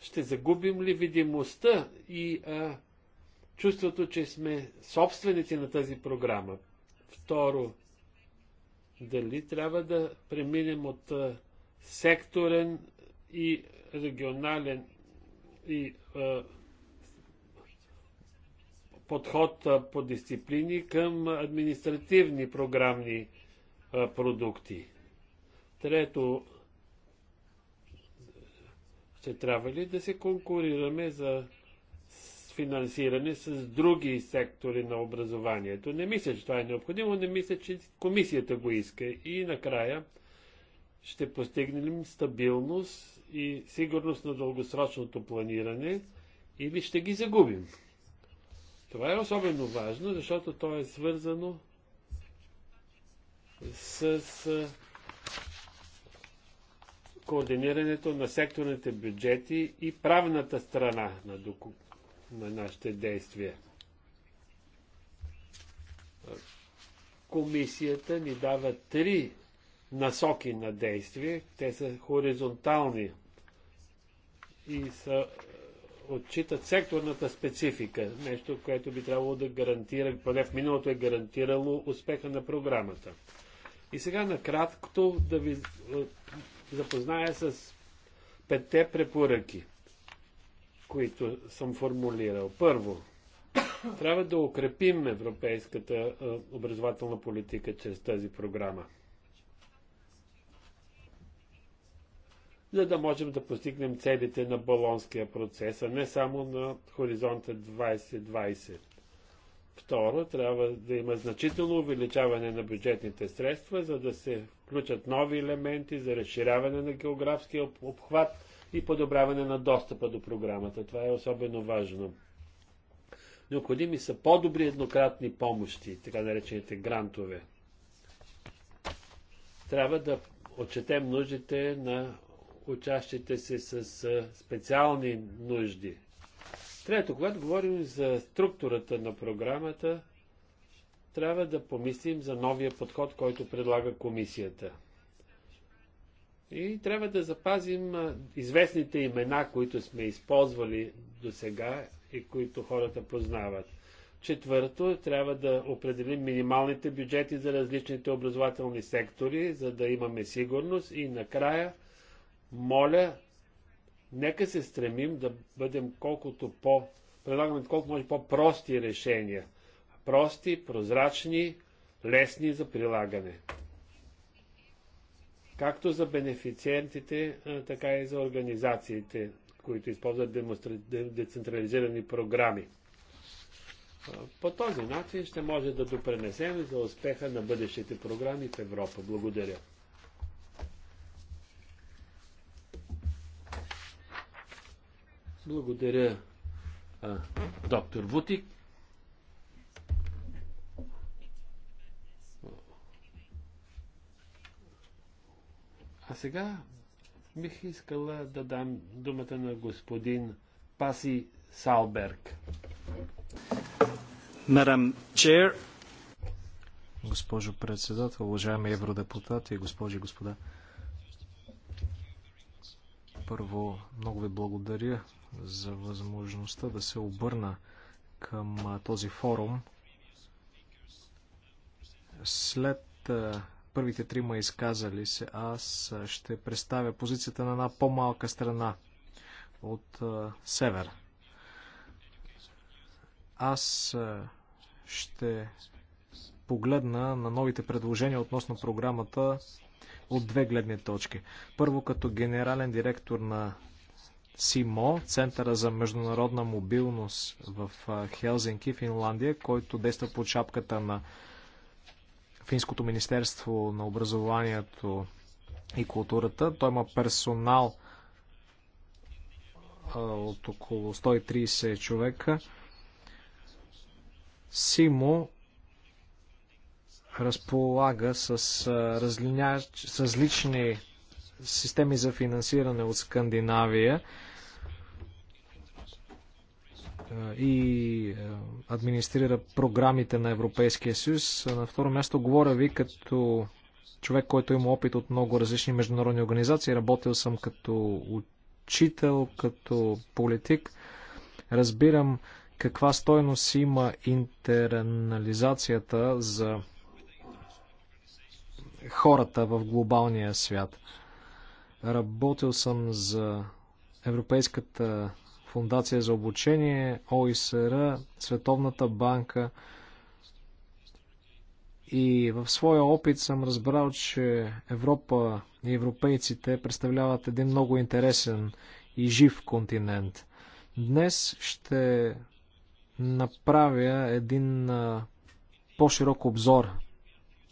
S1: Ще загубим ли видимостта и а, чувството, че сме собственици на тази програма? Второ, дали трябва да преминем от а, секторен и регионален и а, подход по дисциплини към административни програмни продукти. Трето, ще трябва ли да се конкурираме за финансиране с други сектори на образованието? Не мисля, че това е необходимо, не мисля, че комисията го иска. И накрая ще постигнем стабилност и сигурност на дългосрочното планиране или ще ги загубим. Това е особено важно, защото то е свързано с координирането на секторните бюджети и правната страна на, доку... на нашите действия. Комисията ни дава три насоки на действие. Те са хоризонтални и са отчитат секторната специфика, нещо, което би трябвало да гарантира, поне в миналото е гарантирало успеха на програмата. И сега накратко да ви е, запозная с петте препоръки, които съм формулирал. Първо, трябва да укрепим европейската е, образователна политика чрез тази програма. за да можем да постигнем целите на Болонския процес, а не само на хоризонта 2020. Второ, трябва да има значително увеличаване на бюджетните средства, за да се включат нови елементи за разширяване на географския обхват и подобряване на достъпа до програмата. Това е особено важно. Необходими са по-добри еднократни помощи, така наречените грантове. Трябва да отчетем нуждите на учащите се с специални нужди. Трето, когато говорим за структурата на програмата, трябва да помислим за новия подход, който предлага комисията. И трябва да запазим известните имена, които сме използвали до сега и които хората познават. Четвърто, трябва да определим минималните бюджети за различните образователни сектори, за да имаме сигурност. И накрая – моля, нека се стремим да бъдем колкото по... предлагаме колкото може по-прости решения. Прости, прозрачни, лесни за прилагане. Както за бенефициентите, така и за организациите, които използват демонстра... децентрализирани програми. По този начин ще може да допренесем за успеха на бъдещите програми в Европа. Благодаря. Благодаря, а, доктор Вутик. А сега бих искала да дам думата на господин Паси Салберг.
S3: Мадам Чер. Госпожо председател, уважаеми евродепутати, госпожи и господа. Първо, много ви благодаря за възможността да се обърна към този форум. След първите трима изказали се, аз ще представя позицията на една по-малка страна от север. Аз ще погледна на новите предложения относно програмата от две гледни точки. Първо, като генерален директор на СИМО, Центъра за международна мобилност в Хелзинки, Финландия, който действа под шапката на Финското министерство на образованието и културата. Той има персонал от около 130 човека. Симо разполага с, разлиня... с различни системи за финансиране от Скандинавия и администрира програмите на Европейския съюз. На второ място говоря ви като човек, който има опит от много различни международни организации. Работил съм като учител, като политик. Разбирам каква стойност има интернализацията за хората в глобалния свят. Работил съм за Европейската фундация за обучение, ОИСР, Световната банка. И в своя опит съм разбрал, че Европа и европейците представляват един много интересен и жив континент. Днес ще направя един по-широк обзор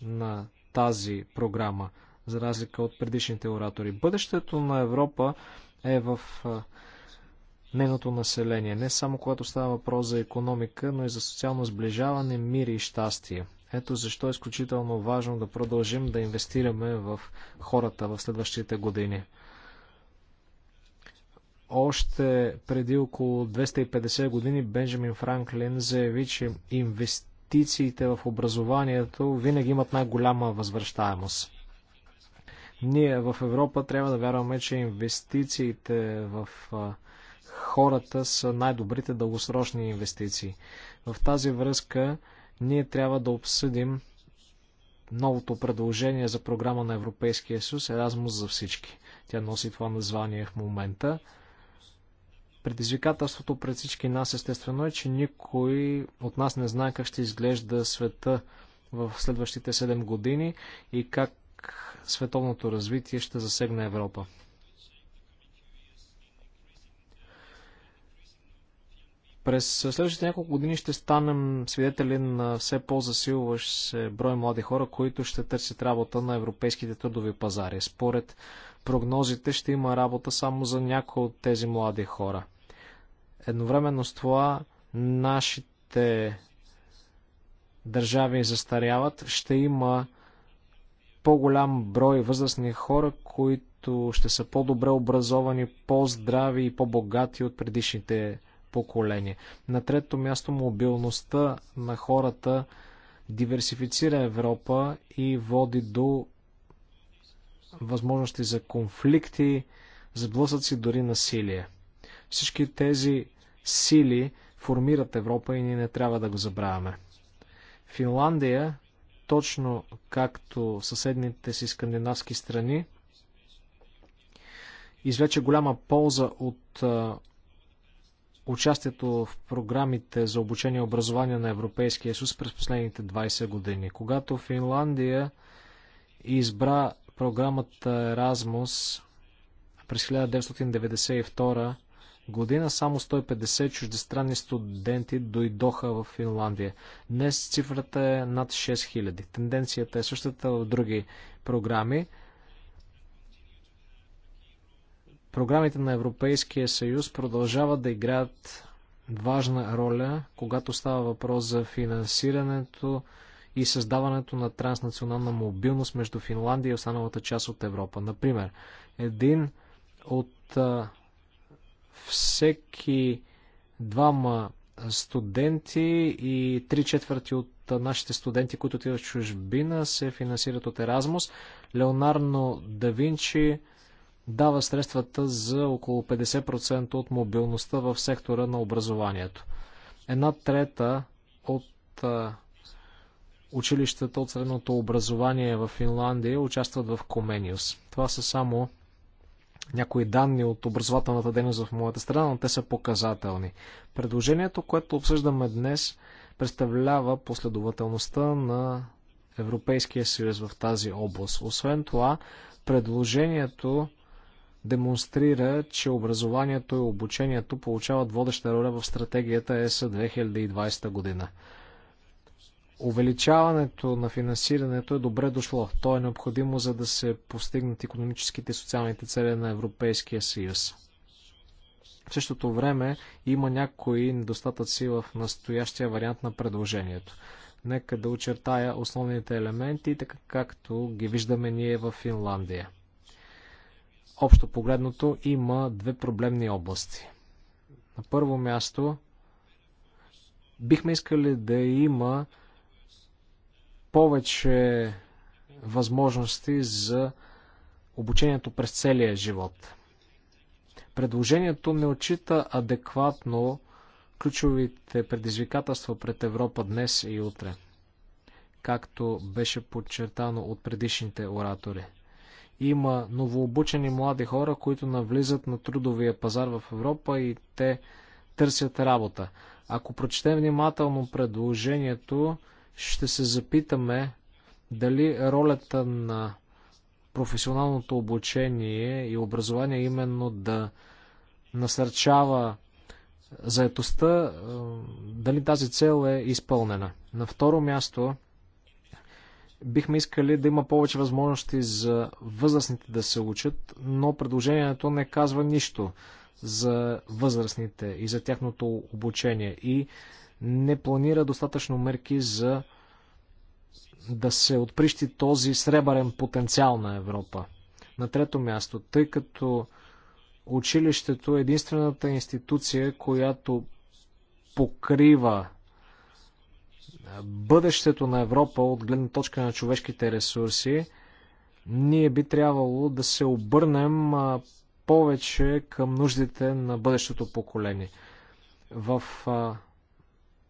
S3: на тази програма, за разлика от предишните оратори. Бъдещето на Европа е в нейното население, не само когато става въпрос за економика, но и за социално сближаване, мир и щастие. Ето защо е изключително важно да продължим да инвестираме в хората в следващите години. Още преди около 250 години Бенджамин Франклин заяви, че инвести инвестициите в образованието винаги имат най-голяма възвръщаемост. Ние в Европа трябва да вярваме, че инвестициите в хората са най-добрите дългосрочни инвестиции. В тази връзка ние трябва да обсъдим новото предложение за програма на Европейския съюз Еразмус за всички. Тя носи това название в момента. Предизвикателството пред всички нас естествено е, че никой от нас не знае как ще изглежда света в следващите 7 години и как световното развитие ще засегне Европа. През следващите няколко години ще станем свидетели на все по-засилващ се брой млади хора, които ще търсят работа на европейските трудови пазари. Според прогнозите ще има работа само за някои от тези млади хора. Едновременно с това нашите държави застаряват, ще има по-голям брой възрастни хора, които ще са по-добре образовани, по-здрави и по-богати от предишните поколения. На трето място мобилността на хората диверсифицира Европа и води до възможности за конфликти, блъсъци, дори насилие. Всички тези сили формират Европа и ние не трябва да го забравяме. Финландия, точно както съседните си скандинавски страни, извлече голяма полза от участието в програмите за обучение и образование на Европейския съюз през последните 20 години. Когато Финландия избра програмата Erasmus през 1992 година само 150 чуждестранни студенти дойдоха в Финландия. Днес цифрата е над 6000. Тенденцията е същата в други програми. Програмите на Европейския съюз продължават да играят важна роля, когато става въпрос за финансирането и създаването на транснационална мобилност между Финландия и останалата част от Европа. Например, един от а, всеки двама студенти и три четвърти от нашите студенти, които отиват в чужбина, се финансират от Еразмус. Леонардо да Винчи дава средствата за около 50% от мобилността в сектора на образованието. Една трета от училищата от средното образование в Финландия участват в Комениус. Това са само някои данни от образователната дейност в моята страна, но те са показателни. Предложението, което обсъждаме днес, представлява последователността на Европейския съюз в тази област. Освен това, предложението демонстрира, че образованието и обучението получават водеща роля в стратегията ЕС 2020 година. Увеличаването на финансирането е добре дошло. То е необходимо за да се постигнат економическите и социалните цели на Европейския съюз. В същото време има някои недостатъци в настоящия вариант на предложението. Нека да очертая основните елементи, така както ги виждаме ние в Финландия. Общо погледното има две проблемни области. На първо място бихме искали да има повече възможности за обучението през целия живот. Предложението не отчита адекватно ключовите предизвикателства пред Европа днес и утре, както беше подчертано от предишните оратори. Има новообучени млади хора, които навлизат на трудовия пазар в Европа и те търсят работа. Ако прочетем внимателно предложението, ще се запитаме дали ролята на професионалното обучение и образование именно да насърчава заетостта, е, дали тази цел е изпълнена. На второ място, бихме искали да има повече възможности за възрастните да се учат, но предложението не казва нищо за възрастните и за тяхното обучение. И не планира достатъчно мерки за да се отприщи този сребърен потенциал на Европа. На трето място, тъй като училището е единствената институция, която покрива бъдещето на Европа от гледна точка на човешките ресурси, ние би трябвало да се обърнем повече към нуждите на бъдещото поколение. В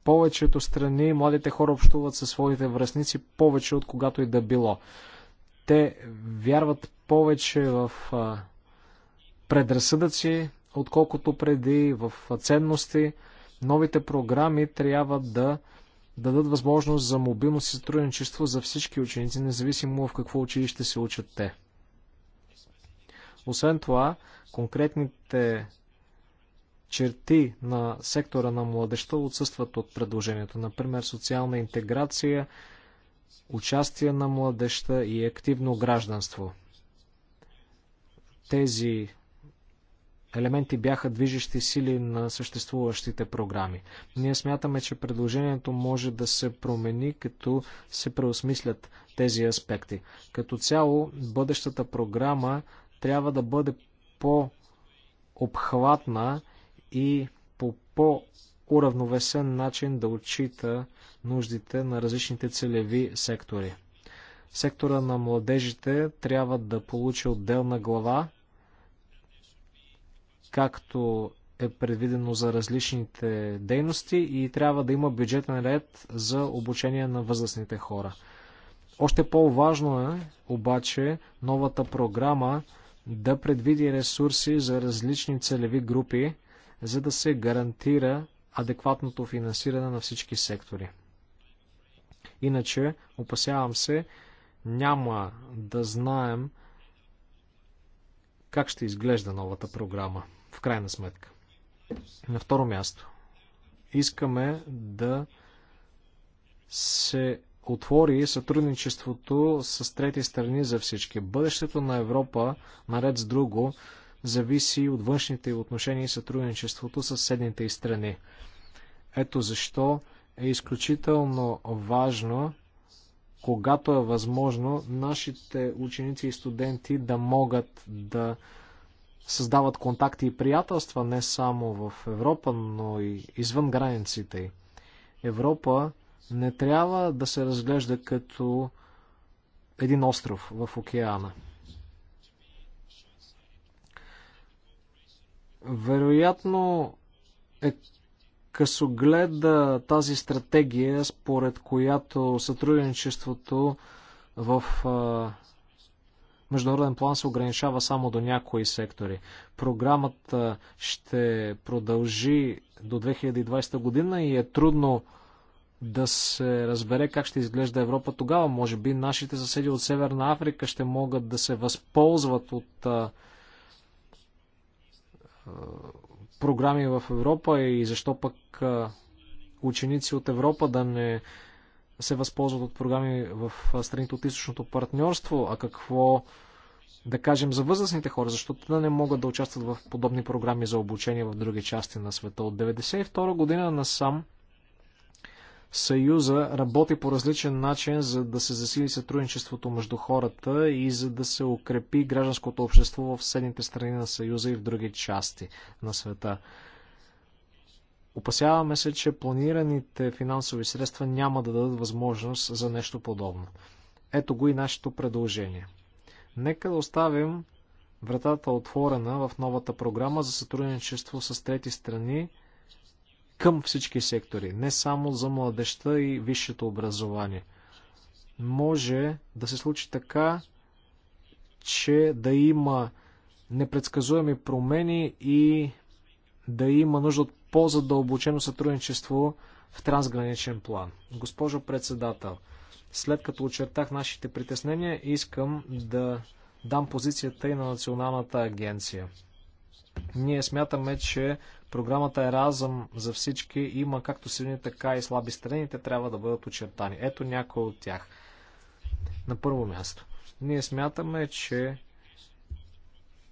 S3: повечето страни младите хора общуват със своите връзници повече от когато и да било. Те вярват повече в предразсъдъци, отколкото преди, в ценности. Новите програми трябва да дадат възможност за мобилност и сътрудничество за всички ученици, независимо в какво училище се учат те. Освен това, конкретните черти на сектора на младеща отсъстват от предложението. Например, социална интеграция, участие на младеща и активно гражданство. Тези елементи бяха движещи сили на съществуващите програми. Ние смятаме, че предложението може да се промени, като се преосмислят тези аспекти. Като цяло, бъдещата програма трябва да бъде по-обхватна и по по-уравновесен начин да отчита нуждите на различните целеви сектори. Сектора на младежите трябва да получи отделна глава, както е предвидено за различните дейности и трябва да има бюджетен ред за обучение на възрастните хора. Още по-важно е обаче новата програма да предвиди ресурси за различни целеви групи, за да се гарантира адекватното финансиране на всички сектори. Иначе, опасявам се, няма да знаем как ще изглежда новата програма, в крайна сметка. На второ място, искаме да се отвори сътрудничеството с трети страни за всички. Бъдещето на Европа, наред с друго, зависи от външните отношения и сътрудничеството с съседните и страни. Ето защо е изключително важно, когато е възможно, нашите ученици и студенти да могат да създават контакти и приятелства не само в Европа, но и извън границите й. Европа не трябва да се разглежда като един остров в океана. Вероятно е късогледа тази стратегия, според която сътрудничеството в международен план се ограничава само до някои сектори. Програмата ще продължи до 2020 година и е трудно да се разбере как ще изглежда Европа тогава. Може би нашите съседи от Северна Африка ще могат да се възползват от програми в Европа и защо пък ученици от Европа да не се възползват от програми в страните от източното партньорство, а какво да кажем за възрастните хора, защото да не могат да участват в подобни програми за обучение в други части на света. От 1992 година насам Съюза работи по различен начин, за да се засили сътрудничеството между хората и за да се укрепи гражданското общество в съседните страни на Съюза и в други части на света. Опасяваме се, че планираните финансови средства няма да дадат възможност за нещо подобно. Ето го и нашето предложение. Нека да оставим вратата отворена в новата програма за сътрудничество с трети страни – към всички сектори, не само за младеща и висшето образование. Може да се случи така, че да има непредсказуеми промени и да има нужда от по-задълбочено сътрудничество в трансграничен план. Госпожо председател, след като очертах нашите притеснения, искам да дам позицията и на Националната агенция. Ние смятаме, че Програмата е разъм за всички. Има както силни, така и слаби страни. Те трябва да бъдат очертани. Ето някои от тях. На първо място. Ние смятаме, че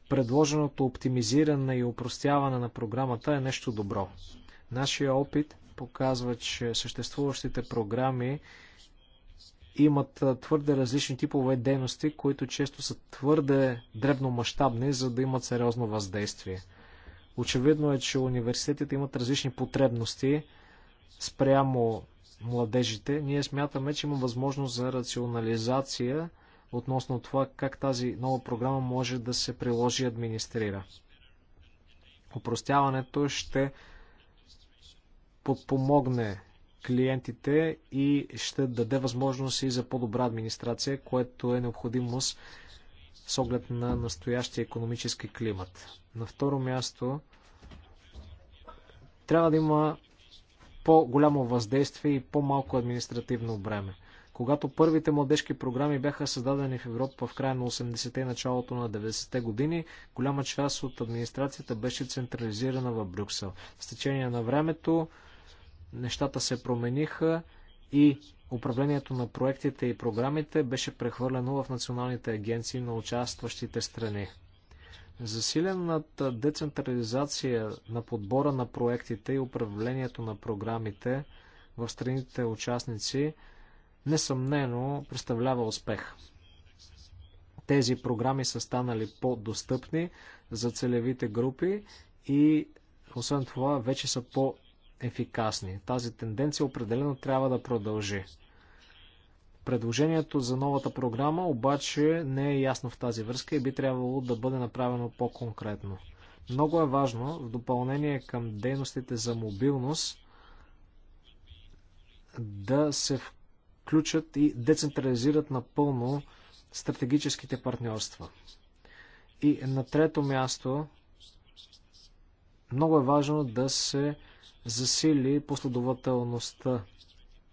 S3: предложеното оптимизиране и упростяване на програмата е нещо добро. Нашия опит показва, че съществуващите програми имат твърде различни типове дейности, които често са твърде дребномащабни, за да имат сериозно въздействие. Очевидно е, че университетите имат различни потребности спрямо младежите. Ние смятаме, че има възможност за рационализация относно това как тази нова програма може да се приложи и администрира. Опростяването ще подпомогне клиентите и ще даде възможност и за по-добра администрация, което е необходимост с оглед на настоящия економически климат. На второ място, трябва да има по-голямо въздействие и по-малко административно бреме. Когато първите младежки програми бяха създадени в Европа в края на 80-те и началото на 90-те години, голяма част от администрацията беше централизирана в Брюксел. С течение на времето нещата се промениха и управлението на проектите и програмите беше прехвърлено в националните агенции на участващите страни. Засилената децентрализация на подбора на проектите и управлението на програмите в страните участници несъмнено представлява успех. Тези програми са станали по-достъпни за целевите групи и освен това вече са по ефикасни. Тази тенденция определено трябва да продължи. Предложението за новата програма обаче не е ясно в тази връзка и би трябвало да бъде направено по-конкретно. Много е важно, в допълнение към дейностите за мобилност, да се включат и децентрализират напълно стратегическите партньорства. И на трето място, много е важно да се засили последователността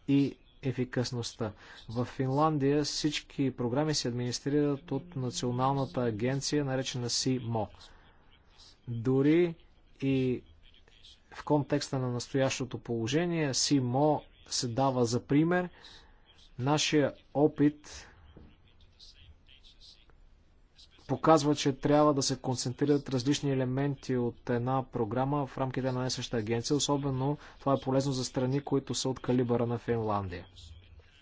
S3: и ефикасността. В Финландия всички програми се администрират от националната агенция, наречена СИМО. Дори и в контекста на настоящото положение, СИМО се дава за пример. Нашия опит показва, че трябва да се концентрират различни елементи от една програма в рамките на една агенция. Особено това е полезно за страни, които са от калибъра на Финландия.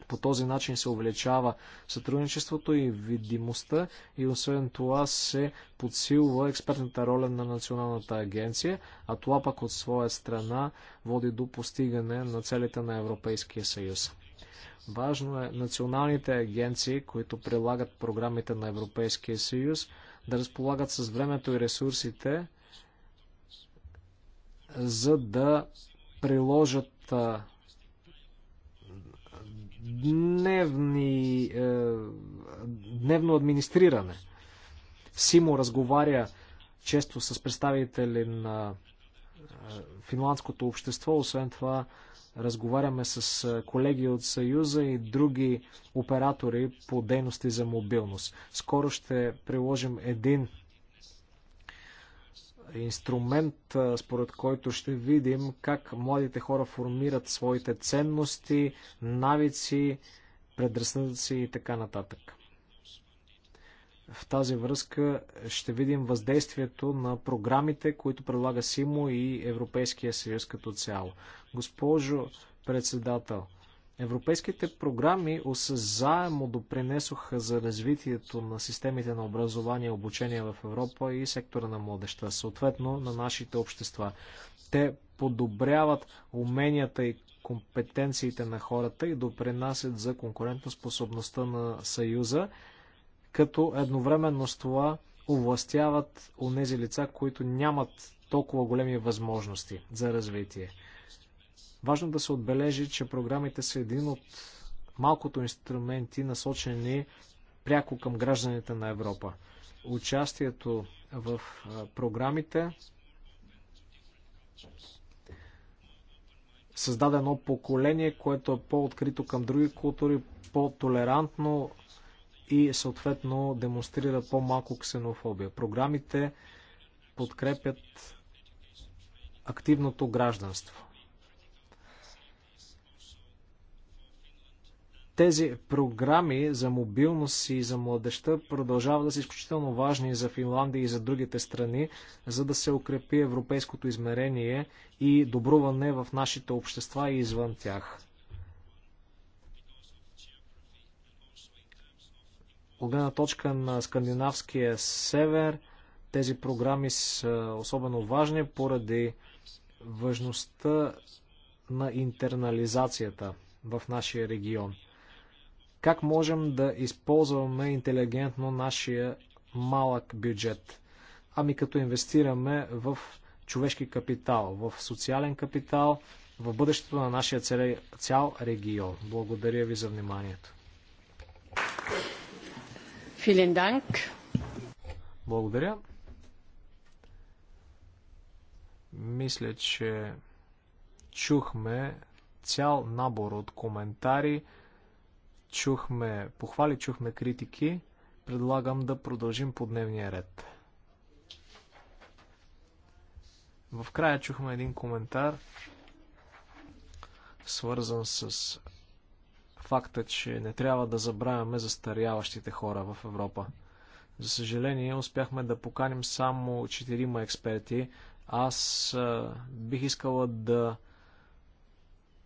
S3: По този начин се увеличава сътрудничеството и видимостта и освен това се подсилва експертната роля на Националната агенция, а това пък от своя страна води до постигане на целите на Европейския съюз. Важно е националните агенции, които прилагат програмите на Европейския съюз, да разполагат с времето и ресурсите, за да приложат дневни, е, дневно администриране. Симо разговаря често с представители на е, финландското общество, освен това Разговаряме с колеги от Съюза и други оператори по дейности за мобилност. Скоро ще приложим един инструмент, според който ще видим как младите хора формират своите ценности, навици, предразсъдъци и така нататък. В тази връзка ще видим въздействието на програмите, които предлага СИМО и Европейския съюз като цяло. Госпожо председател, Европейските програми осъзаемо допринесоха за развитието на системите на образование и обучение в Европа и сектора на младеща, съответно на нашите общества. Те подобряват уменията и компетенциите на хората и допринасят за конкурентоспособността на Съюза като едновременно с това овластяват онези лица, които нямат толкова големи възможности за развитие. Важно да се отбележи, че програмите са един от малкото инструменти, насочени пряко към гражданите на Европа. Участието в програмите създаде едно поколение, което е по-открито към други култури, по-толерантно и съответно демонстрира по-малко ксенофобия. Програмите подкрепят активното гражданство. Тези програми за мобилност и за младеща продължават да са изключително важни за Финландия и за другите страни, за да се укрепи европейското измерение и добруване в нашите общества и извън тях. От гледна точка на скандинавския север, тези програми са особено важни поради важността на интернализацията в нашия регион. Как можем да използваме интелигентно нашия малък бюджет? Ами като инвестираме в човешки капитал, в социален капитал, в бъдещето на нашия цял регион. Благодаря ви за вниманието. Благодаря. Мисля, че чухме цял набор от коментари, чухме похвали, чухме критики. Предлагам да продължим по дневния ред. В края чухме един коментар, свързан с факта, че не трябва да забравяме застаряващите хора в Европа. За съжаление, успяхме да поканим само четирима експерти. Аз а, бих искала да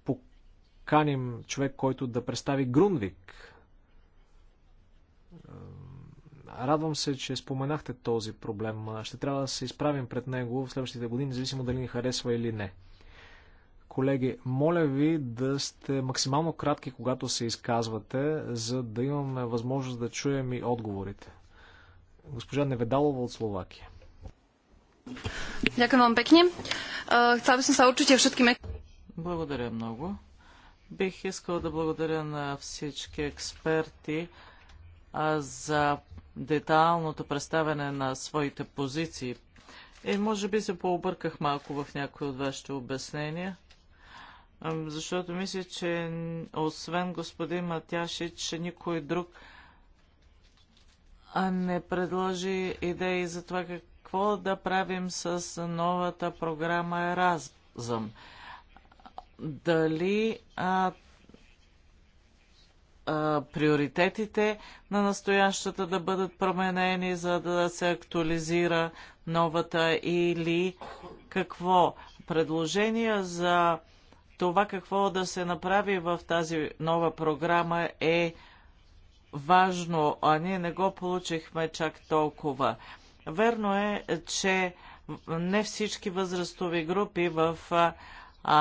S3: поканим човек, който да представи Грунвик. Радвам се, че споменахте този проблем. Ще трябва да се изправим пред него в следващите години, независимо дали ни харесва или не. Колеги, моля ви да сте максимално кратки, когато се изказвате, за да имаме възможност да чуем и отговорите. Госпожа Неведалова
S2: от Словакия.
S1: Дякам вам пекни. Хцела би съм са учите всички
S2: Благодаря много. Бих искал да благодаря на всички експерти за детайлното представяне на своите позиции. И може би се пообърках малко в някои от вашите обяснения защото мисля, че освен господин Матяшич, никой друг не предложи идеи за това какво да правим с новата програма Еразъм. Дали а, а, приоритетите на настоящата да бъдат променени, за да се актуализира новата или какво? Предложения за това какво да се направи в тази нова програма е важно, а ние не го получихме чак толкова. Верно е, че не всички възрастови групи в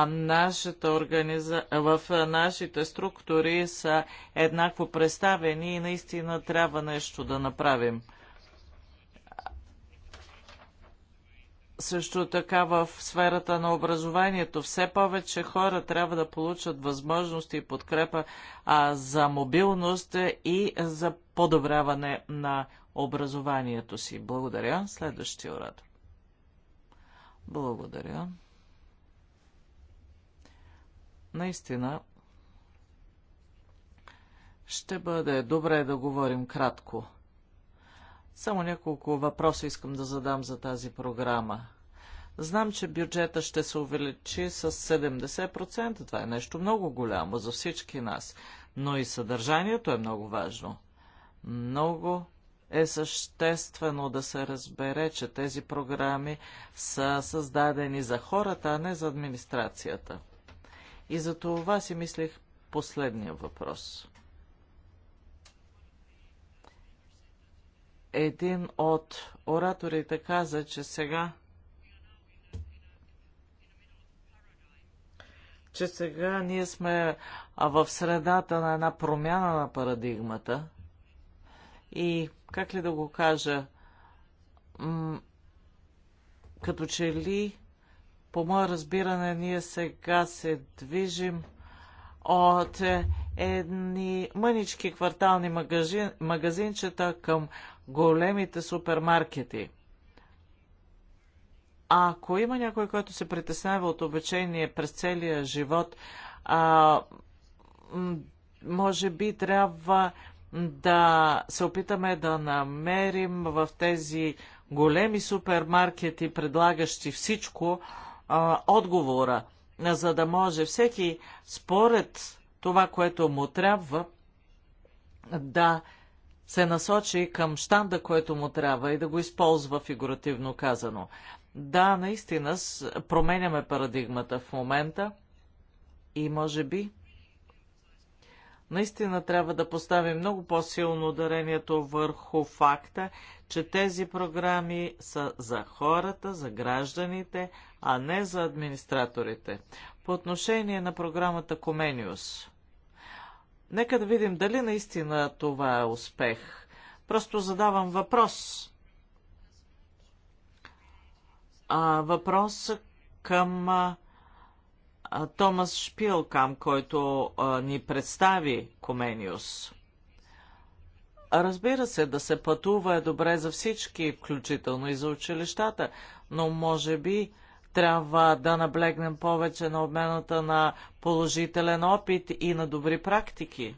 S2: нашата организа... в нашите структури са еднакво представени и наистина трябва нещо да направим. също така в сферата на образованието. Все повече хора трябва да получат възможности и подкрепа а, за мобилност и за подобряване на образованието си. Благодаря. Следващия урод. Благодаря. Наистина, ще бъде добре да говорим кратко само няколко въпроса искам да задам за тази програма. Знам, че бюджета ще се увеличи с 70%. Това е нещо много голямо за всички нас. Но и съдържанието е много важно. Много е съществено да се разбере, че тези програми са създадени за хората, а не за администрацията. И за това си мислих последния въпрос. един от ораторите каза, че сега че сега ние сме в средата на една промяна на парадигмата и, как ли да го кажа, като че ли, по мое разбиране, ние сега се движим от е, едни мънички квартални магазин, магазинчета към големите супермаркети. Ако има някой, който се притеснява от обечение през целия живот, а, може би трябва да се опитаме да намерим в тези големи супермаркети, предлагащи всичко, а, отговора, за да може всеки според това, което му трябва, да се насочи към щанда, който му трябва и да го използва фигуративно казано. Да, наистина променяме парадигмата в момента и може би наистина трябва да поставим много по-силно ударението върху факта, че тези програми са за хората, за гражданите, а не за администраторите. По отношение на програмата Комениус – Нека да видим дали наистина това е успех. Просто задавам въпрос. А, въпрос към а, Томас Шпилкам, който а, ни представи Комениус. Разбира се, да се пътува е добре за всички, включително и за училищата, но може би трябва да наблегнем повече на обмената на положителен опит и на добри практики.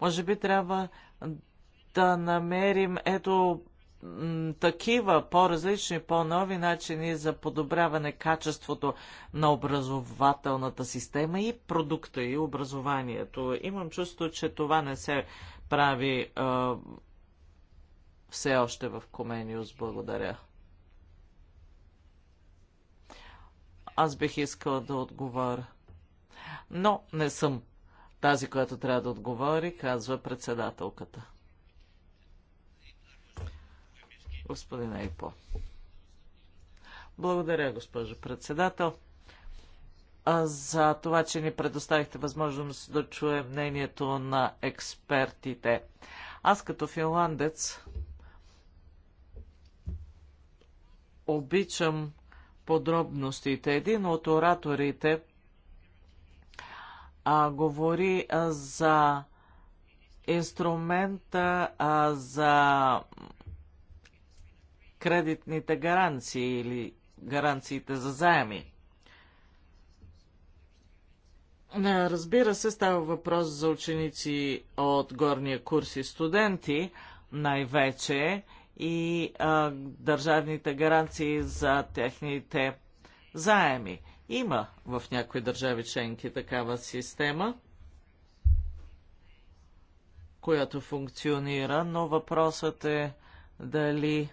S2: Може би трябва да намерим ето такива по-различни, по-нови начини за подобряване качеството на образователната система и продукта и образованието. Имам чувство, че това не се прави е, все още в Комениус. Благодаря. аз бих искала да отговоря. Но не съм тази, която трябва да отговори, казва председателката. Господин Ейпо. Благодаря, госпожо председател, за това, че ни предоставихте възможност да чуем мнението на експертите. Аз като финландец обичам подробностите. Един от ораторите а, говори а, за инструмента а, за кредитните гаранции или гаранциите за заеми. Разбира се, става въпрос за ученици от горния курс и студенти най-вече и а, държавните гаранции за техните заеми. Има в някои държави членки такава система, която функционира, но въпросът е дали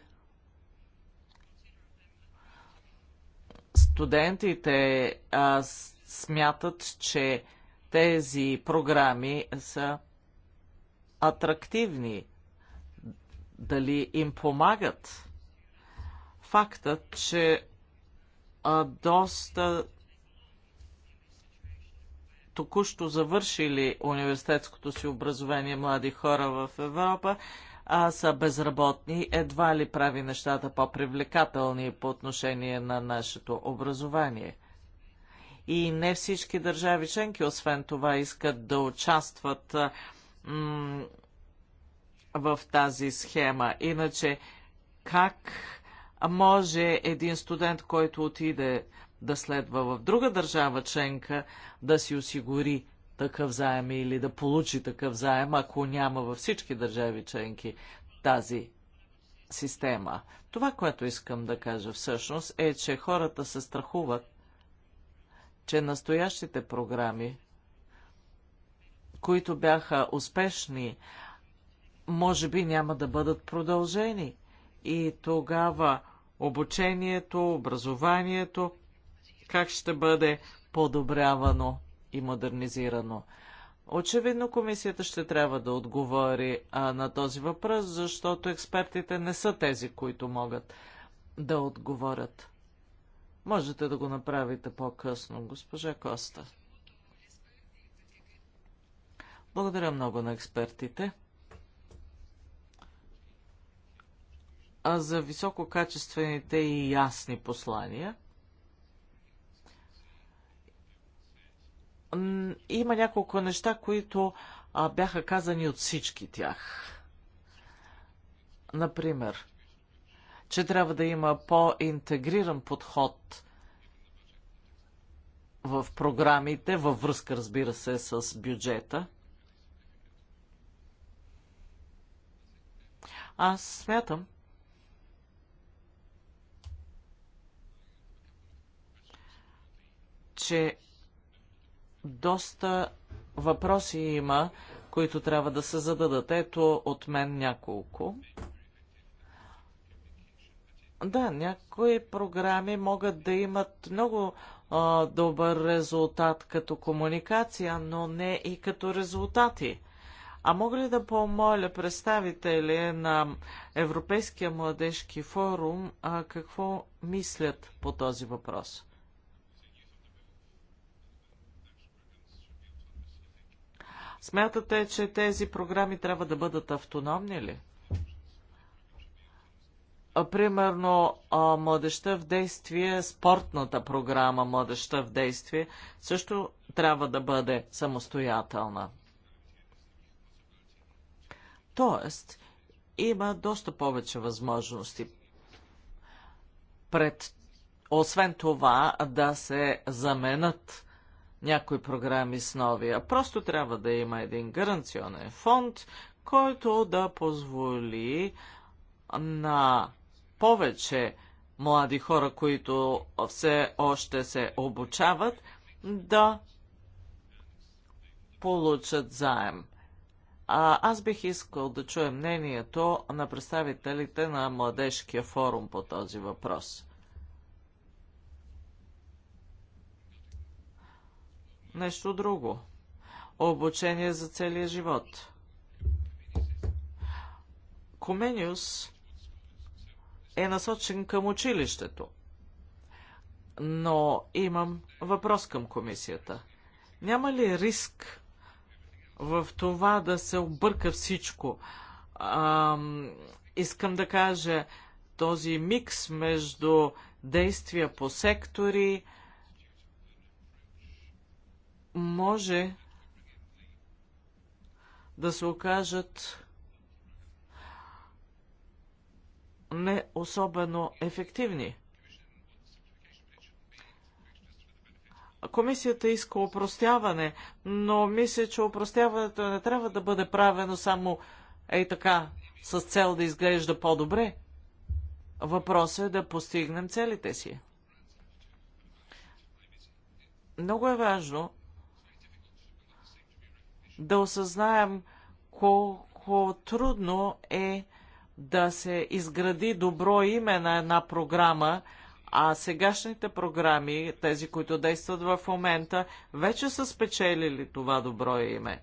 S2: студентите а, смятат, че тези програми са атрактивни дали им помагат. Фактът, че а, доста току-що завършили университетското си образование млади хора в Европа, а са безработни, едва ли прави нещата по-привлекателни по отношение на нашето образование. И не всички държави членки, освен това, искат да участват в тази схема. Иначе, как може един студент, който отиде да следва в друга държава членка, да си осигури такъв заем или да получи такъв заем, ако няма във всички държави членки тази система. Това, което искам да кажа всъщност е, че хората се страхуват, че настоящите програми, които бяха успешни, може би няма да бъдат продължени. И тогава обучението, образованието, как ще бъде подобрявано и модернизирано. Очевидно комисията ще трябва да отговори а, на този въпрос, защото експертите не са тези, които могат да отговорят. Можете да го направите по-късно, госпожа Коста. Благодаря много на експертите. за висококачествените и ясни послания. Има няколко неща, които а, бяха казани от всички тях. Например, че трябва да има по-интегриран подход в програмите, във връзка, разбира се, с бюджета. Аз смятам, че доста въпроси има, които трябва да се зададат. Ето от мен няколко. Да, някои програми могат да имат много а, добър резултат като комуникация, но не и като резултати. А мога ли да помоля представители на Европейския младежки форум а, какво мислят по този въпрос? Смятате, че тези програми трябва да бъдат автономни ли? Примерно, младеща в действие, спортната програма младеща в действие също трябва да бъде самостоятелна. Тоест, има доста повече възможности пред, освен това, да се заменят някои програми с нови, а просто трябва да има един гаранционен фонд, който да позволи на повече млади хора, които все още се обучават, да получат заем. А, аз бих искал да чуя мнението на представителите на Младежкия форум по този въпрос. нещо друго. Обучение за целия живот. Комениус е насочен към училището. Но имам въпрос към комисията. Няма ли риск в това да се обърка всичко? Ам, искам да кажа този микс между действия по сектори, може да се окажат не особено ефективни. Комисията иска опростяване, но мисля, че опростяването не трябва да бъде правено само ей така, с цел да изглежда по-добре. Въпросът е да постигнем целите си. Много е важно да осъзнаем колко трудно е да се изгради добро име на една програма, а сегашните програми, тези, които действат в момента, вече са спечелили това добро име.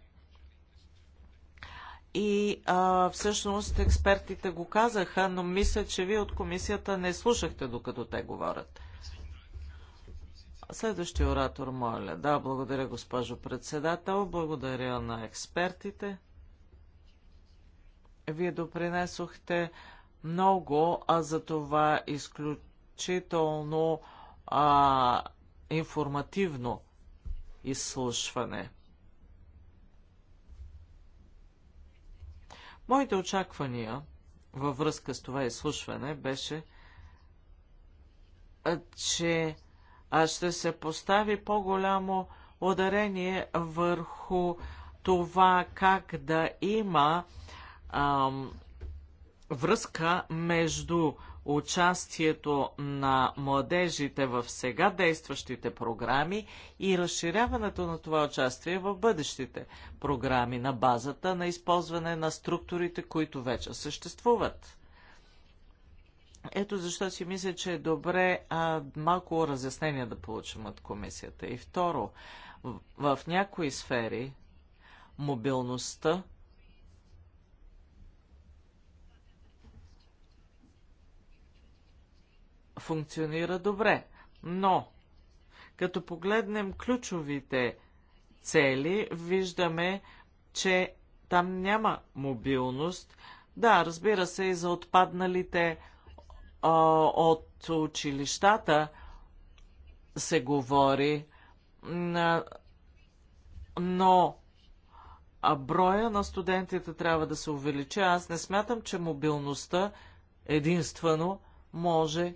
S2: И а, всъщност експертите го казаха, но мисля, че вие от комисията не слушахте докато те говорят. Следващия оратор, моля. Да, благодаря, госпожо председател. Благодаря на експертите. Вие допринесохте много, а за това изключително а, информативно изслушване. Моите очаквания във връзка с това изслушване беше, че ще се постави по-голямо ударение върху това как да има ам, връзка между участието на младежите в сега действащите програми и разширяването на това участие в бъдещите програми на базата на използване на структурите, които вече съществуват. Ето защо си мисля, че е добре а, малко разяснение да получим от комисията. И второ, в, в някои сфери мобилността функционира добре. Но, като погледнем ключовите цели, виждаме, че там няма мобилност. Да, разбира се, и за отпадналите от училищата се говори, но броя на студентите трябва да се увеличи. Аз не смятам, че мобилността единствено може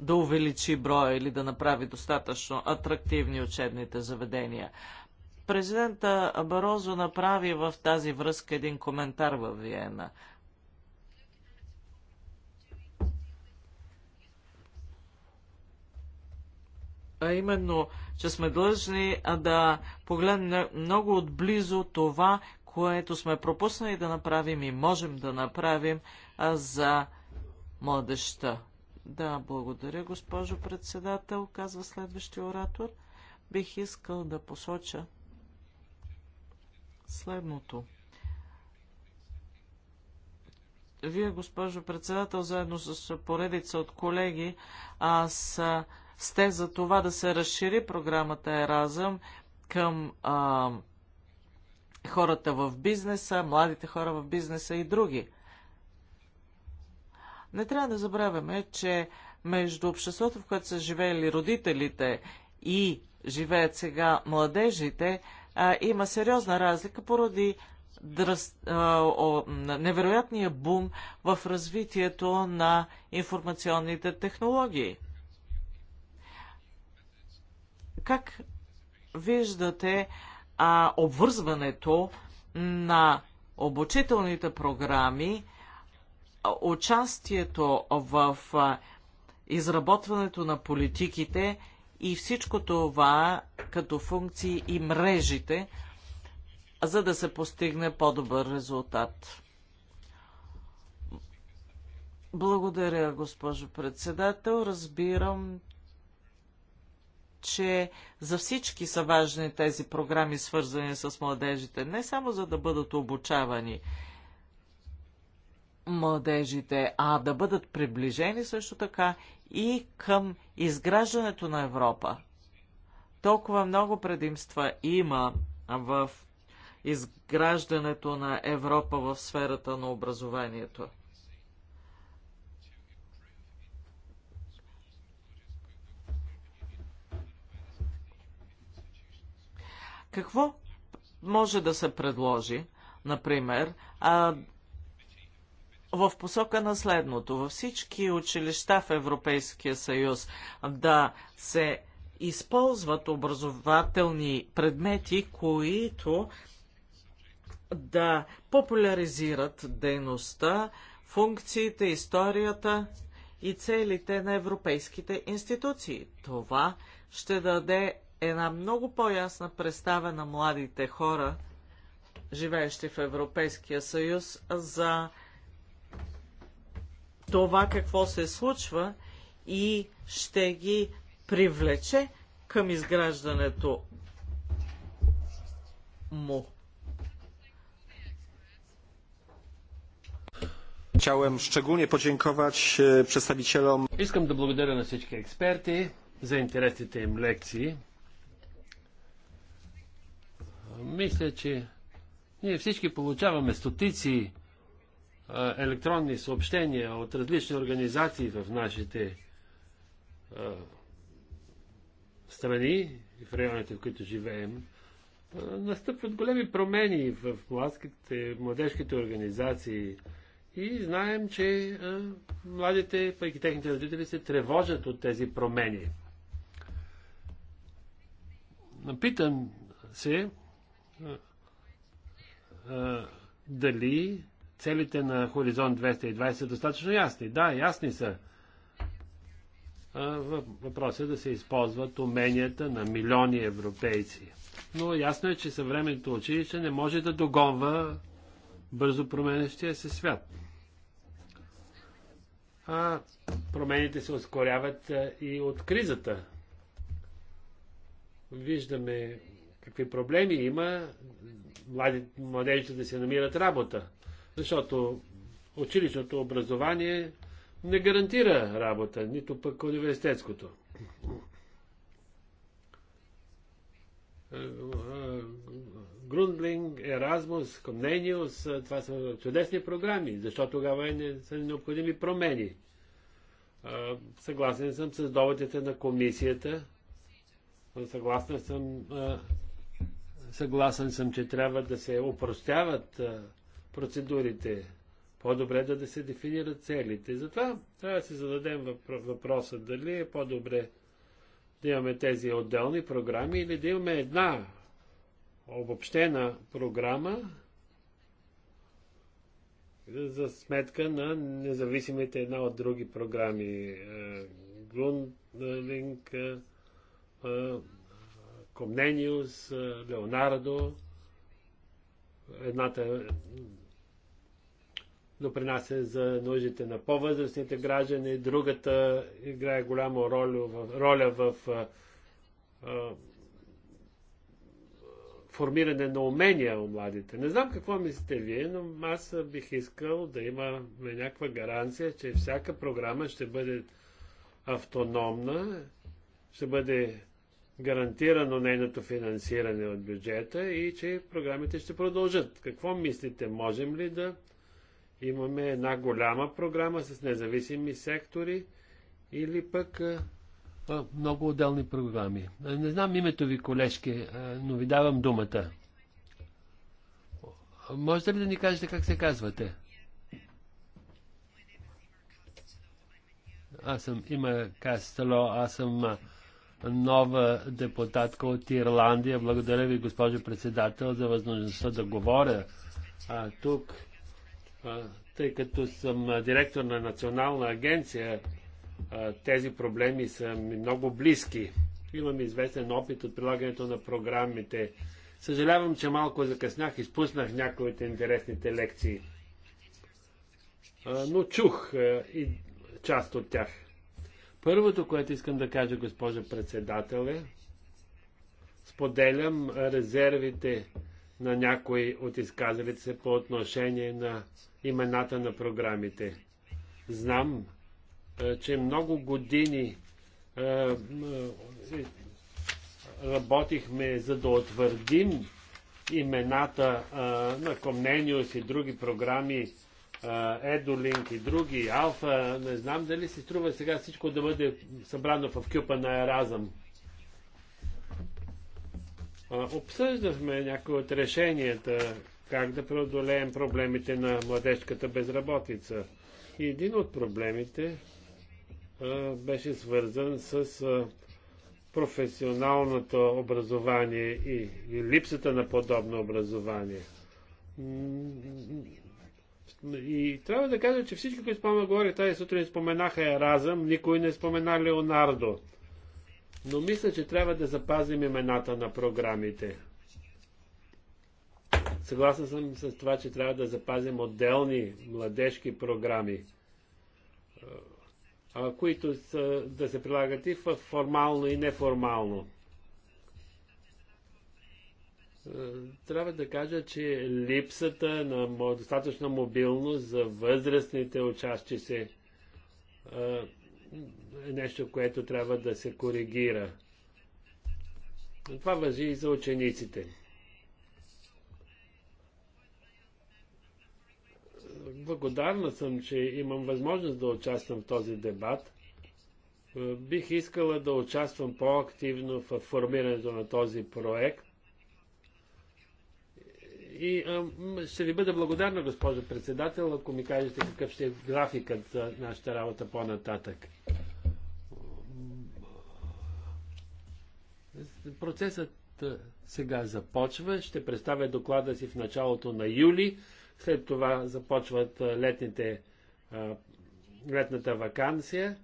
S2: да увеличи броя или да направи достатъчно атрактивни учебните заведения. Президента Барозо направи в тази връзка един коментар във Виена. а именно, че сме длъжни да погледнем много отблизо това, което сме пропуснали да направим и можем да направим за младеща. Да, благодаря, госпожо председател, казва следващия оратор. Бих искал да посоча следното. Вие, госпожо председател, заедно с поредица от колеги, аз сте за това да се разшири програмата Еразъм към а, хората в бизнеса, младите хора в бизнеса и други. Не трябва да забравяме, че между обществото, в което са живеели родителите и живеят сега младежите, а, има сериозна разлика поради дръс, а, о, невероятния бум в развитието на информационните технологии. Как виждате а, обвързването на обучителните програми, участието в а, изработването на политиките и всичко това като функции и мрежите, за да се постигне по-добър резултат. Благодаря, госпожо председател. Разбирам, че за всички са важни тези програми, свързани с младежите, не само за да бъдат обучавани младежите, а да бъдат приближени също така и към изграждането на Европа. Толкова много предимства има в изграждането на Европа в сферата на образованието. Какво може да се предложи, например, а, в посока на следното. Във всички училища в Европейския съюз да се използват образователни предмети, които да популяризират дейността, функциите, историята и целите на европейските институции. Това ще даде една много по-ясна представа на младите хора, живеещи в Европейския съюз, за това какво се случва и ще ги привлече към изграждането му.
S1: Chciałem szczególnie podziękować e, przedstawicielom. Искам да благодаря на всички експерти за интересните им лекции. Мисля, че ние всички получаваме стотици електронни съобщения от различни организации в нашите страни и в районите, в които живеем, настъпват големи промени в младските, младежките организации и знаем, че младите, пък и техните родители се тревожат от тези промени. Напитам се, дали целите на Хоризонт 220 са достатъчно ясни. Да, ясни са. Въпросът е да се използват уменията на милиони европейци. Но ясно е, че съвременното училище не може да догонва бързо променящия се свят. А промените се ускоряват и от кризата. Виждаме какви проблеми има млади, младежите да се намират работа. Защото училищното образование не гарантира работа, нито пък университетското. Грундлинг, Еразмус, Комнениус, това са чудесни програми, защото тогава не са необходими промени. Съгласен съм с доводите на комисията, съгласен съм Съгласен съм, че трябва да се опростяват процедурите. По-добре да, да се дефинират целите. Затова трябва да си зададем въпроса дали е по-добре да имаме тези отделни програми или да имаме една обобщена програма за сметка на независимите една от други програми. Е, Грунлинг, е, е, Комнениус, Леонардо. Едната допринася за нуждите на по-възрастните граждани, другата играе голяма роля в, роля в а, формиране на умения у младите. Не знам какво мислите вие, но аз бих искал да има някаква гаранция, че всяка програма ще бъде автономна, ще бъде гарантирано нейното финансиране от бюджета и че програмите ще продължат. Какво мислите? Можем ли да имаме една голяма програма с независими сектори или пък а, много отделни програми? Не знам името ви, колежки, но ви давам думата. Можете ли да ни кажете как се казвате? Аз съм Има Кастело, аз съм нова депутатка от Ирландия. Благодаря ви, госпожо председател, за възможността да говоря а, тук, а, тъй като съм директор на Национална агенция. А, тези проблеми са ми много близки. Имам известен опит от прилагането на програмите. Съжалявам, че малко закъснях, изпуснах някои от интересните лекции. А, но чух а, и част от тях. Първото, което искам да кажа, госпожа председател, е споделям резервите на някои от изказалите се по отношение на имената на програмите. Знам, е, че много години е, е, работихме за да утвърдим имената на Комнениус и други програми, Едолинк и други, Алфа, не знам дали си струва сега всичко да бъде събрано в кюпа на Еразъм. Обсъждахме някои от решенията, как да преодолеем проблемите на младежката безработица. И един от проблемите а, беше свързан с а, професионалното образование и, и липсата на подобно образование. И трябва да кажа, че всички, които спомена говори тази сутрин, споменаха Еразъм, никой не спомена Леонардо. Но мисля, че трябва да запазим имената на програмите. Съгласен съм с това, че трябва да запазим отделни младежки програми, които са, да се прилагат и формално и неформално трябва да кажа, че липсата на достатъчна мобилност за възрастните учащи се е нещо, което трябва да се коригира. Това въжи и за учениците. Благодарна съм, че имам възможност да участвам в този дебат. Бих искала да участвам по-активно в формирането на този проект и а, ще ви бъда благодарна, госпожо председател, ако ми кажете какъв ще е графикът за нашата работа по-нататък. Процесът сега започва. Ще представя доклада си в началото на юли. След това започват летните, летната вакансия.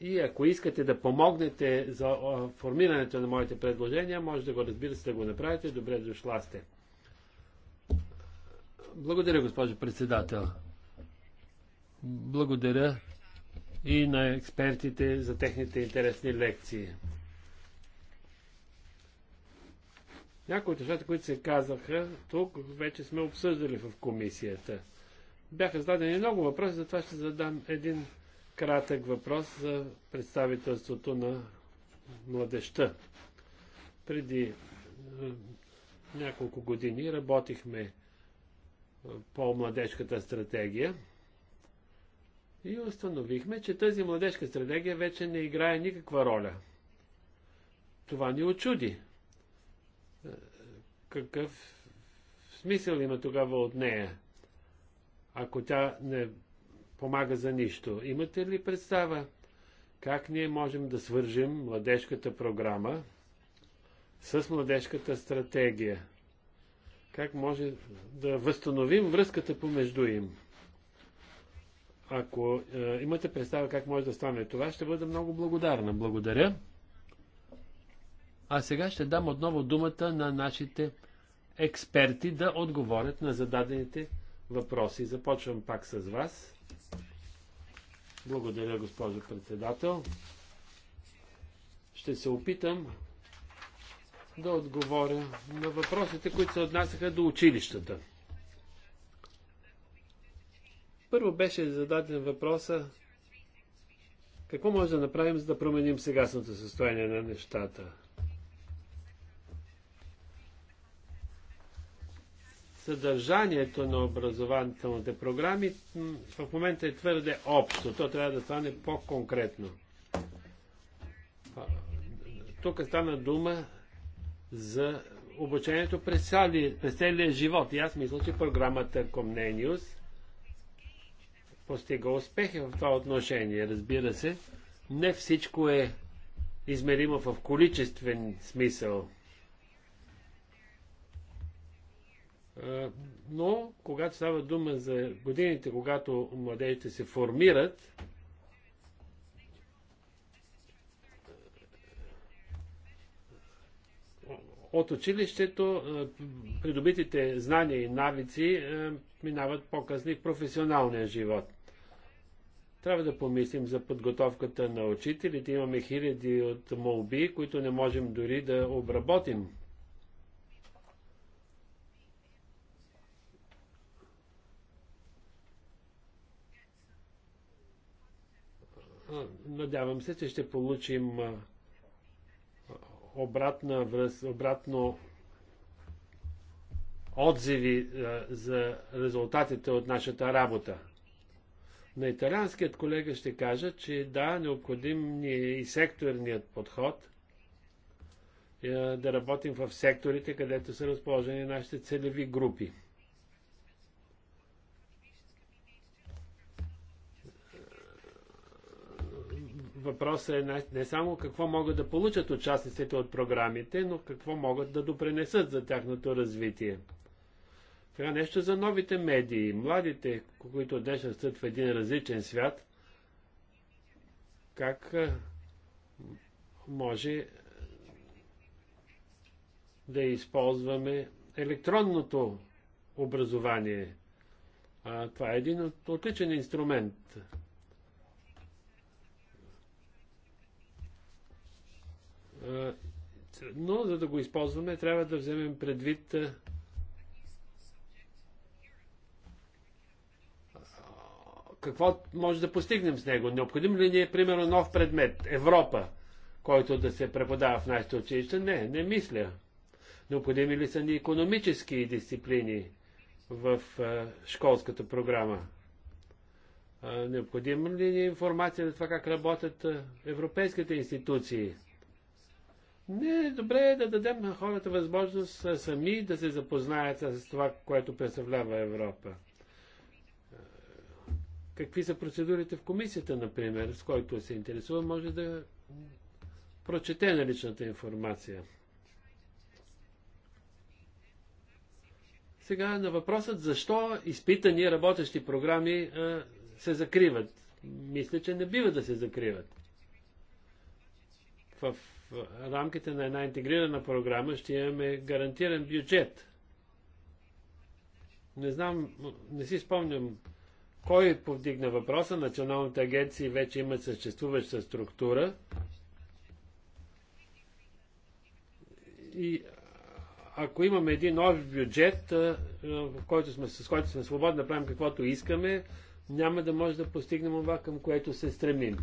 S1: И ако искате да помогнете за формирането на моите предложения, може да го разбирате, да го направите. Добре дошла сте. Благодаря, госпожо председател. Благодаря и на експертите за техните интересни лекции. Някои от нещата, които се казаха тук, вече сме обсъждали в комисията. Бяха зададени много въпроси, затова ще задам един кратък въпрос за представителството на младеща. Преди няколко години работихме по младежката стратегия. И установихме, че тази младежка стратегия вече не играе никаква роля. Това ни очуди. Е, какъв смисъл има тогава от нея, ако тя не помага за нищо? Имате ли представа как ние можем да свържим младежката програма с младежката стратегия? как може да възстановим връзката помежду им. Ако е, имате представа как може да стане това, ще бъда много благодарна. Благодаря. А сега ще дам отново думата на нашите експерти да отговорят на зададените въпроси. Започвам пак с вас. Благодаря, госпожо председател. Ще се опитам да отговоря на въпросите, които се отнасяха до училищата. Първо беше зададен въпроса какво може да направим, за да променим сегашното състояние на нещата. Съдържанието на образователните програми в момента е твърде общо. То трябва да стане по-конкретно. Тук стана дума за обучението през, цяли, през целия живот. И аз мисля, че програмата Комнениус постига успехи в това отношение. Разбира се, не всичко е измеримо в количествен смисъл. Но, когато става дума за годините, когато младежите се формират, от училището е, придобитите знания и навици е, минават по-късни в професионалния живот. Трябва да помислим за подготовката на учителите. Имаме хиляди от молби, които не можем дори да обработим. Надявам се, че ще получим е, обратна връз, обратно отзиви е, за резултатите от нашата работа. На италианският колега ще кажа, че да, необходим ни е и секторният подход, е, да работим в секторите, където са разположени нашите целеви групи. въпросът е не само какво могат да получат участниците от програмите, но какво могат да допренесат за тяхното развитие. Сега нещо за новите медии. Младите, които днешнат в един различен свят, как може да използваме електронното образование. А, това е един отличен инструмент. Но за да го използваме, трябва да вземем предвид какво може да постигнем с него. Необходим ли ни е, примерно, нов предмет? Европа, който да се преподава в нашите училища? Не, не мисля. Необходими ли са ни економически дисциплини в школската програма? Необходима ли е информация за това как работят европейските институции? Не, добре е да дадем на хората възможност сами да се запознаят с това, което представлява Европа. Е, какви са процедурите в комисията, например, с който се интересува, може да прочете наличната информация. Сега на въпросът защо изпитани работещи програми е, се закриват. Мисля, че не бива да се закриват. В рамките на една интегрирана програма ще имаме гарантиран бюджет. Не знам, не си спомням кой повдигна въпроса. Националните агенции вече имат съществуваща структура. И ако имаме един нов бюджет, в който сме, с който сме свободни да правим каквото искаме, няма да може да постигнем това, към което се стремим.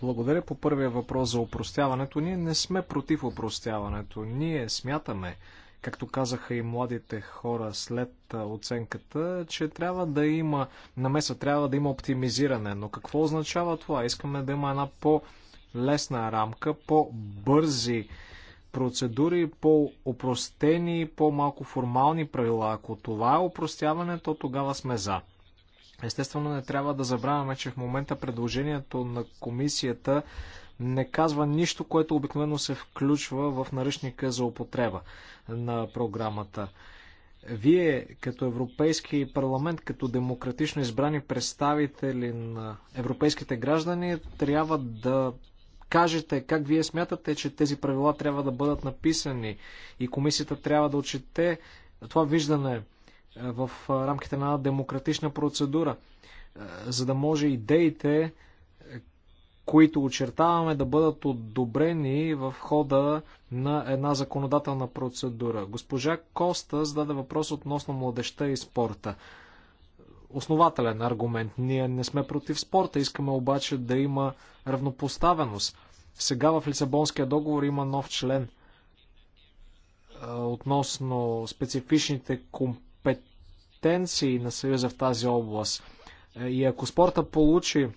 S3: Благодаря по първия въпрос за опростяването. Ние не сме против опростяването. Ние смятаме, както казаха и младите хора след оценката, че трябва да има намеса, трябва да има оптимизиране. Но какво означава това? Искаме да има една по-лесна рамка, по-бързи процедури, по-опростени, по-малко формални правила. Ако това е опростяване, то тогава сме за. Естествено не трябва да забравяме, че в момента предложението на комисията не казва нищо, което обикновено се включва в наръчника за употреба на програмата. Вие, като Европейски парламент, като демократично избрани представители на европейските граждани, трябва да кажете как вие смятате, че тези правила трябва да бъдат написани и комисията трябва да отчете това виждане в рамките на демократична процедура, за да може идеите, които очертаваме да бъдат одобрени в хода на една законодателна процедура. Госпожа Коста зададе въпрос относно младеща и спорта. Основателен аргумент. Ние не сме против спорта, искаме обаче да има равнопоставеност. Сега в Лисабонския договор има нов член относно специфичните компетенции компетенции на Съюза в тази област. Е, и ако спорта получи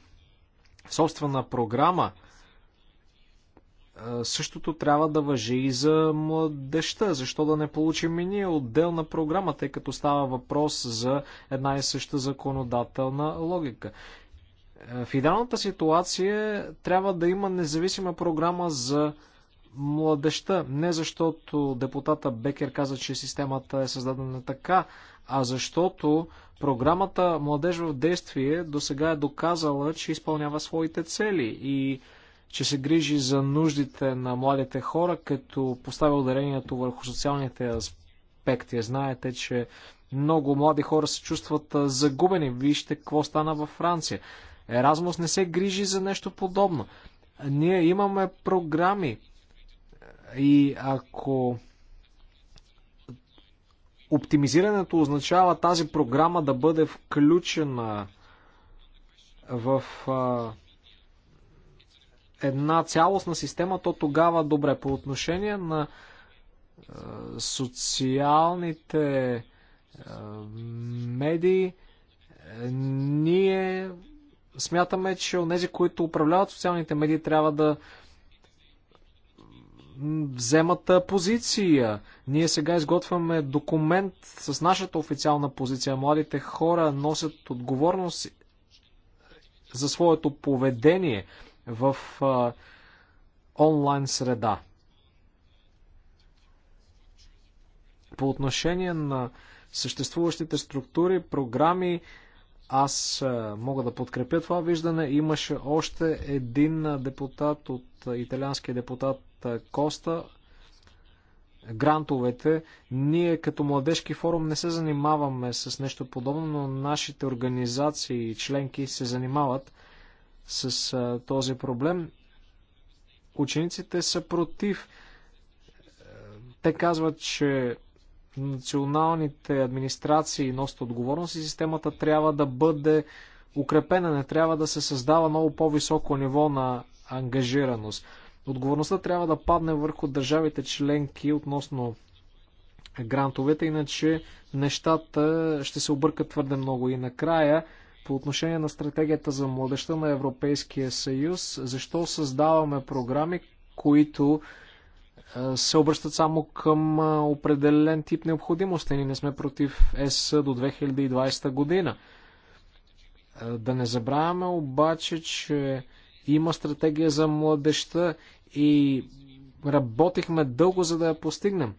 S3: собствена програма, е, същото трябва да въжи и за младеща. Защо да не получим и ние отделна програма, тъй като става въпрос за една и съща законодателна логика. Е, в идеалната ситуация трябва да има независима програма за младеща. Не защото депутата Бекер каза, че системата е създадена така, а защото програмата Младеж в действие до сега е доказала, че изпълнява своите цели и че се грижи за нуждите на младите хора, като поставя ударението върху социалните аспекти. Знаете, че много млади хора се чувстват загубени. Вижте какво стана във Франция. Еразмус не се грижи за нещо подобно. Ние имаме програми и ако Оптимизирането означава тази програма да бъде включена в а, една цялостна система, то тогава добре. По отношение на а, социалните а, медии, ние смятаме, че онези, които управляват социалните медии, трябва да вземата позиция. Ние сега изготвяме документ с нашата официална позиция. Младите хора носят отговорност за своето поведение в а, онлайн среда. По отношение на съществуващите структури, програми, аз мога да подкрепя това виждане. Имаше още един депутат от италианския депутат Коста, грантовете. Ние като младежки форум не се занимаваме с нещо подобно, но нашите организации и членки се занимават с а, този проблем. Учениците са против. Е, те казват, че националните администрации носят отговорност и системата трябва да бъде укрепена, не трябва да се създава много по-високо ниво на ангажираност. Отговорността трябва да падне върху държавите членки относно грантовете, иначе нещата ще се объркат твърде много. И накрая, по отношение на стратегията за младеща на Европейския съюз, защо създаваме програми, които се обръщат само към определен тип необходимост. Ние не сме против ЕС до 2020 година. Да не забравяме обаче, че има стратегия за младеща и работихме дълго, за да я постигнем.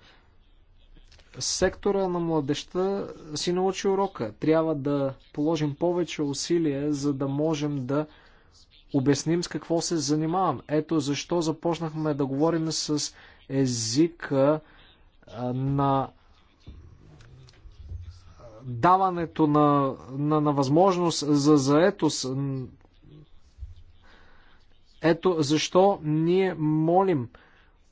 S3: Сектора на младеща си научи урока. Трябва да положим повече усилия, за да можем да обясним с какво се занимавам. Ето защо започнахме да говорим с езика на даването на, на, на възможност за заетост ето защо ние молим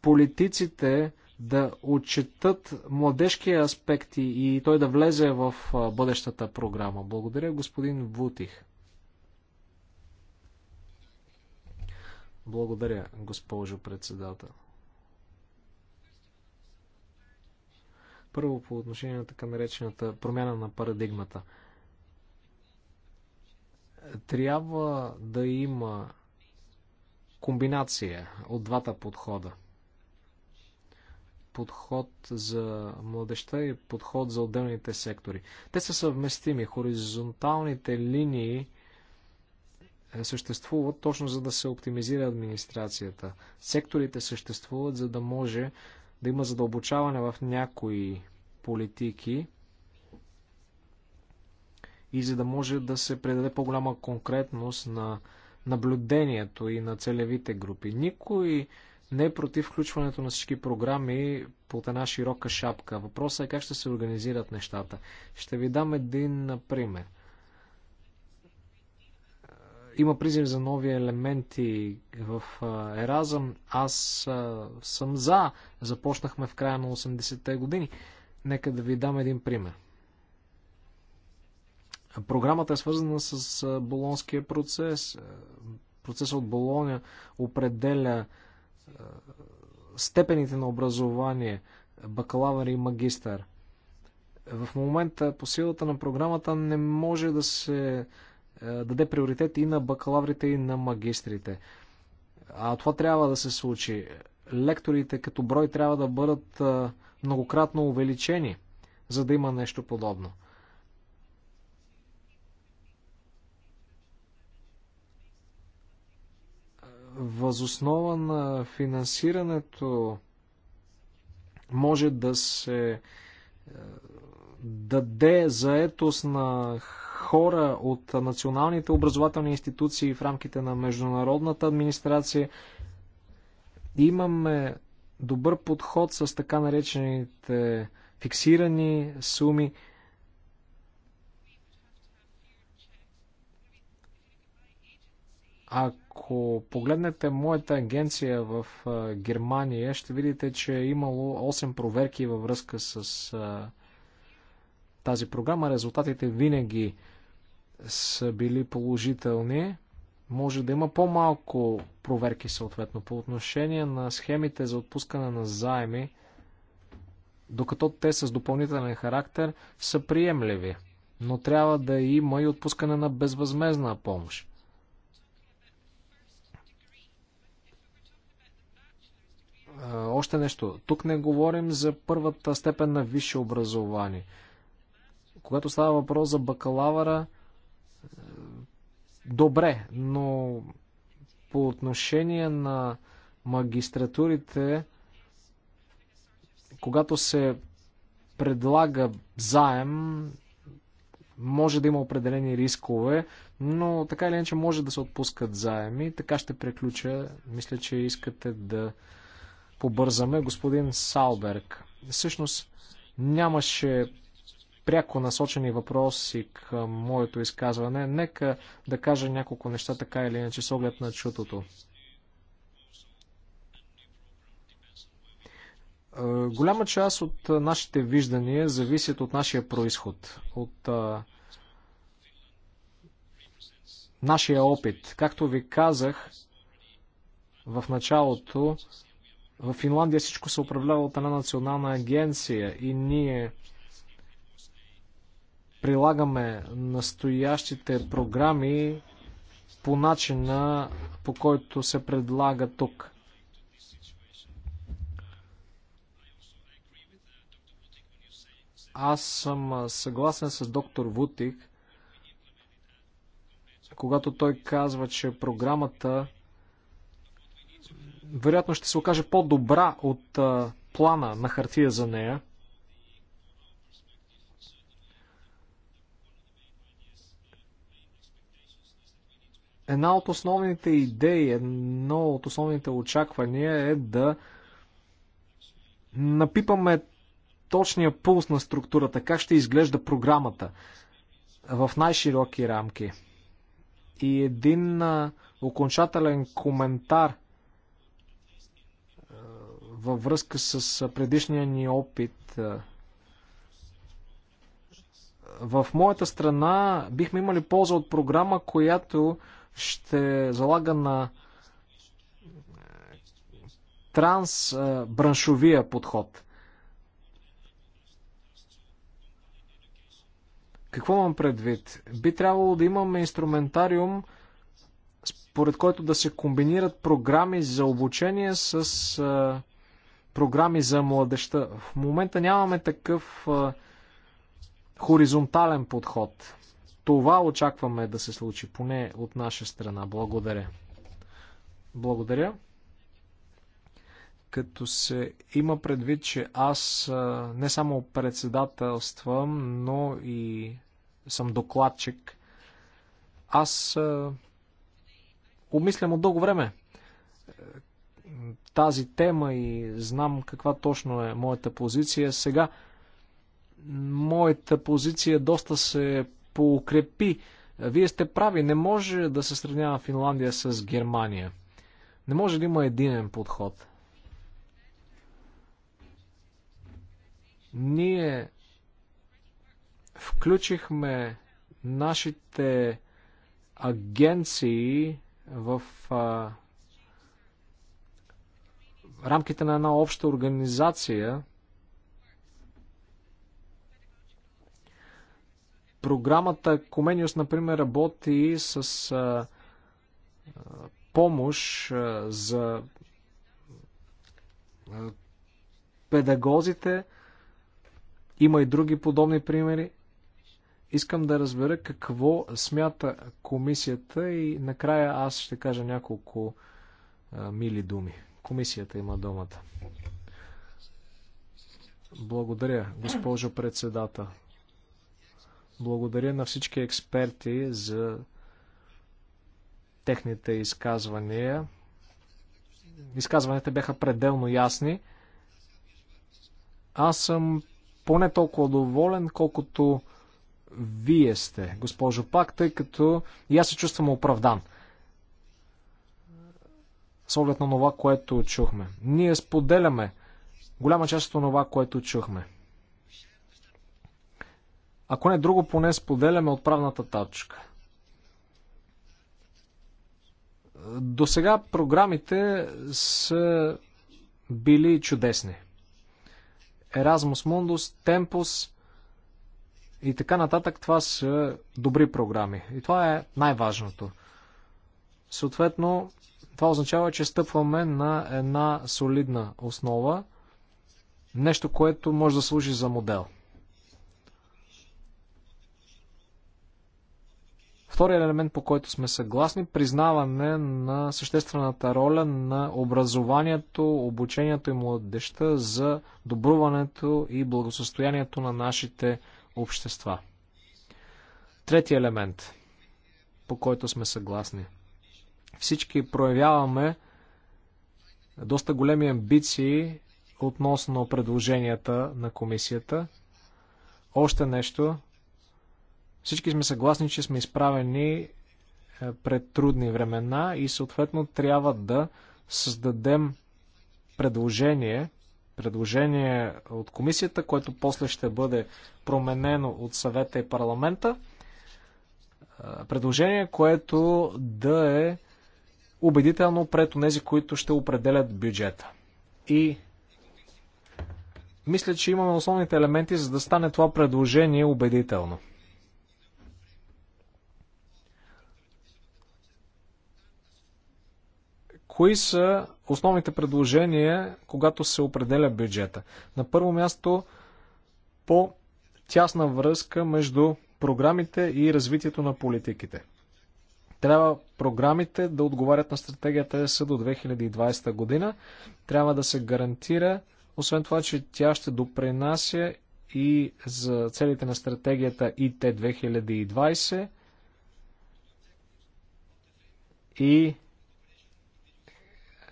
S3: политиците да отчетат младежкия аспект и той да влезе в бъдещата програма. Благодаря, господин Вутих. Благодаря, госпожо председател. Първо по отношение на така наречената промяна на парадигмата. Трябва да има комбинация от двата подхода. Подход за младеща и подход за отделните сектори. Те са съвместими. Хоризонталните линии е, съществуват точно за да се оптимизира администрацията. Секторите съществуват за да може да има задълбочаване в някои политики и за да може да се предаде по-голяма конкретност на наблюдението и на целевите групи. Никой не е против включването на всички програми под една широка шапка. Въпросът е как ще се организират нещата. Ще ви дам един пример. Има призив за нови елементи в Еразъм. Аз съм за. Започнахме в края на 80-те години. Нека да ви дам един пример. Програмата е свързана с болонския процес. Е, процесът от Болоня определя степените на образование, бакалавър и магистър. В момента по силата на програмата не може да се даде приоритет и на бакалаврите, и на магистрите. А това трябва да се случи. Лекторите като брой трябва да бъдат многократно увеличени, за да има нещо подобно. възоснова на финансирането може да се е, даде заетост на хора от националните образователни институции в рамките на международната администрация. Имаме добър подход с така наречените фиксирани суми – Ако погледнете моята агенция в Германия, ще видите, че е имало 8 проверки във връзка с тази програма. Резултатите винаги са били положителни. Може да има по-малко проверки съответно по отношение на схемите за отпускане на заеми, докато те с допълнителен характер са приемливи. Но трябва да има и отпускане на безвъзмезна помощ. Още нещо. Тук не говорим за първата степен на висше образование. Когато става въпрос за бакалавъра, е, добре, но по отношение на магистратурите, когато се предлага заем, може да има определени рискове, но така или иначе може да се отпускат заеми. Така ще приключа. Мисля, че искате да побързаме. Господин Салберг, всъщност нямаше пряко насочени въпроси към моето изказване. Нека да кажа няколко неща така или иначе с оглед на чутото. Е, голяма част от нашите виждания зависят от нашия происход, от а, е, нашия опит. Както ви казах в началото, в Финландия всичко се управлява от една национална агенция и ние прилагаме настоящите програми по начина, по който се предлага тук. Аз съм съгласен с доктор Вутик, когато той казва, че програмата вероятно ще се окаже по-добра от а, плана на хартия за нея. Една от основните идеи, едно от основните очаквания е да напипаме точния пулс на структурата, как ще изглежда програмата в най-широки рамки. И един а, окончателен коментар – във връзка с предишния ни опит. В моята страна бихме имали полза от програма, която ще залага на трансбраншовия подход. Какво имам предвид? Би трябвало да имаме инструментариум, според който да се комбинират програми за обучение с програми за младеща. В момента нямаме такъв а, хоризонтален подход. Това очакваме да се случи, поне от наша страна. Благодаря. Благодаря. Като се има предвид, че аз а, не само председателствам, но и съм докладчик, аз а, умислям от дълго време тази тема и знам каква точно е моята позиция. Сега моята позиция доста се поукрепи. Вие сте прави, не може да се сравнява Финландия с Германия. Не може да има единен подход. Ние включихме нашите агенции в рамките на една обща организация програмата Comenius, например, работи с а, а, помощ а, за а, педагозите. Има и други подобни примери. Искам да разбера какво смята комисията и накрая аз ще кажа няколко а, мили думи. Комисията има думата. Благодаря, госпожо председател. Благодаря на всички експерти за техните изказвания. Изказванията бяха пределно ясни. Аз съм поне толкова доволен, колкото вие сте, госпожо Пак, тъй като и аз се чувствам оправдан с оглед на това, което чухме. Ние споделяме голяма част от това, което чухме. Ако не друго, поне споделяме отправната точка. До сега програмите са били чудесни. Erasmus Mundus, Tempus и така нататък, това са добри програми. И това е най-важното. Съответно, това означава, че стъпваме на една солидна основа, нещо, което може да служи за модел. Вторият елемент, по който сме съгласни, признаване на съществената роля на образованието, обучението и младеща за добруването и благосостоянието на нашите общества. Третият елемент, по който сме съгласни – всички проявяваме доста големи амбиции относно предложенията на комисията. Още нещо. Всички сме съгласни, че сме изправени е, пред трудни времена и съответно трябва да създадем предложение, предложение от комисията, което после ще бъде променено от съвета и парламента. Е, предложение, което да е убедително пред тези, които ще определят бюджета. И мисля, че имаме основните елементи, за да стане това предложение убедително. Кои са основните предложения, когато се определя бюджета? На първо място, по тясна връзка между програмите и развитието на политиките. Трябва програмите да отговарят на стратегията ЕС до 2020 година. Трябва да се гарантира, освен това, че тя ще допринася и за целите на стратегията ИТ 2020 и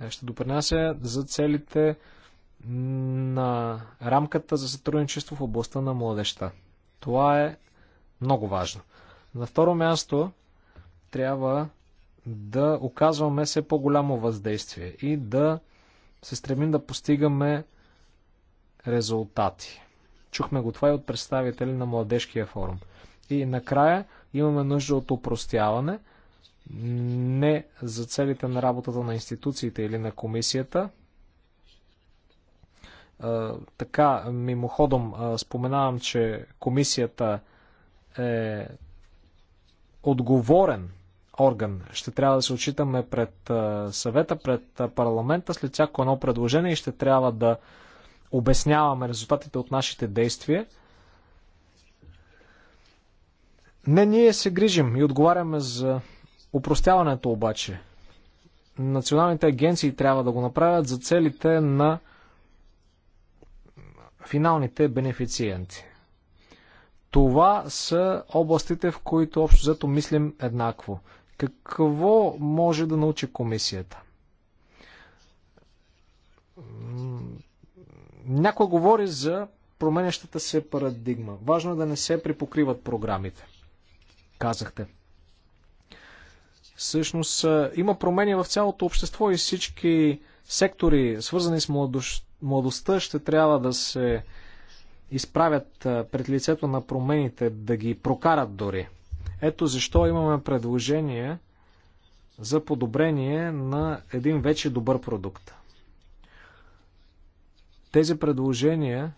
S3: е, ще допринася за целите на рамката за сътрудничество в областта на младеща. Това е много важно. На второ място, трябва да оказваме все по-голямо въздействие и да се стремим да постигаме резултати. Чухме го това и от представители на Младежкия форум. И накрая имаме нужда от упростяване, не за целите на работата на институциите или на комисията. Така, мимоходом споменавам, че комисията е отговорен орган. Ще трябва да се отчитаме пред съвета, пред парламента след всяко едно предложение и ще трябва да обясняваме резултатите от нашите действия. Не ние се грижим и отговаряме за упростяването обаче. Националните агенции трябва да го направят за целите на финалните бенефициенти. Това са областите, в които общо взето мислим еднакво. Какво може да научи комисията? Някой говори за променящата се парадигма. Важно е да не се припокриват програмите. Казахте. Всъщност има промени в цялото общество и всички сектори, свързани с младостта, ще трябва да се изправят пред лицето на промените, да ги прокарат дори. Ето защо имаме предложение за подобрение на един вече добър продукт. Тези предложения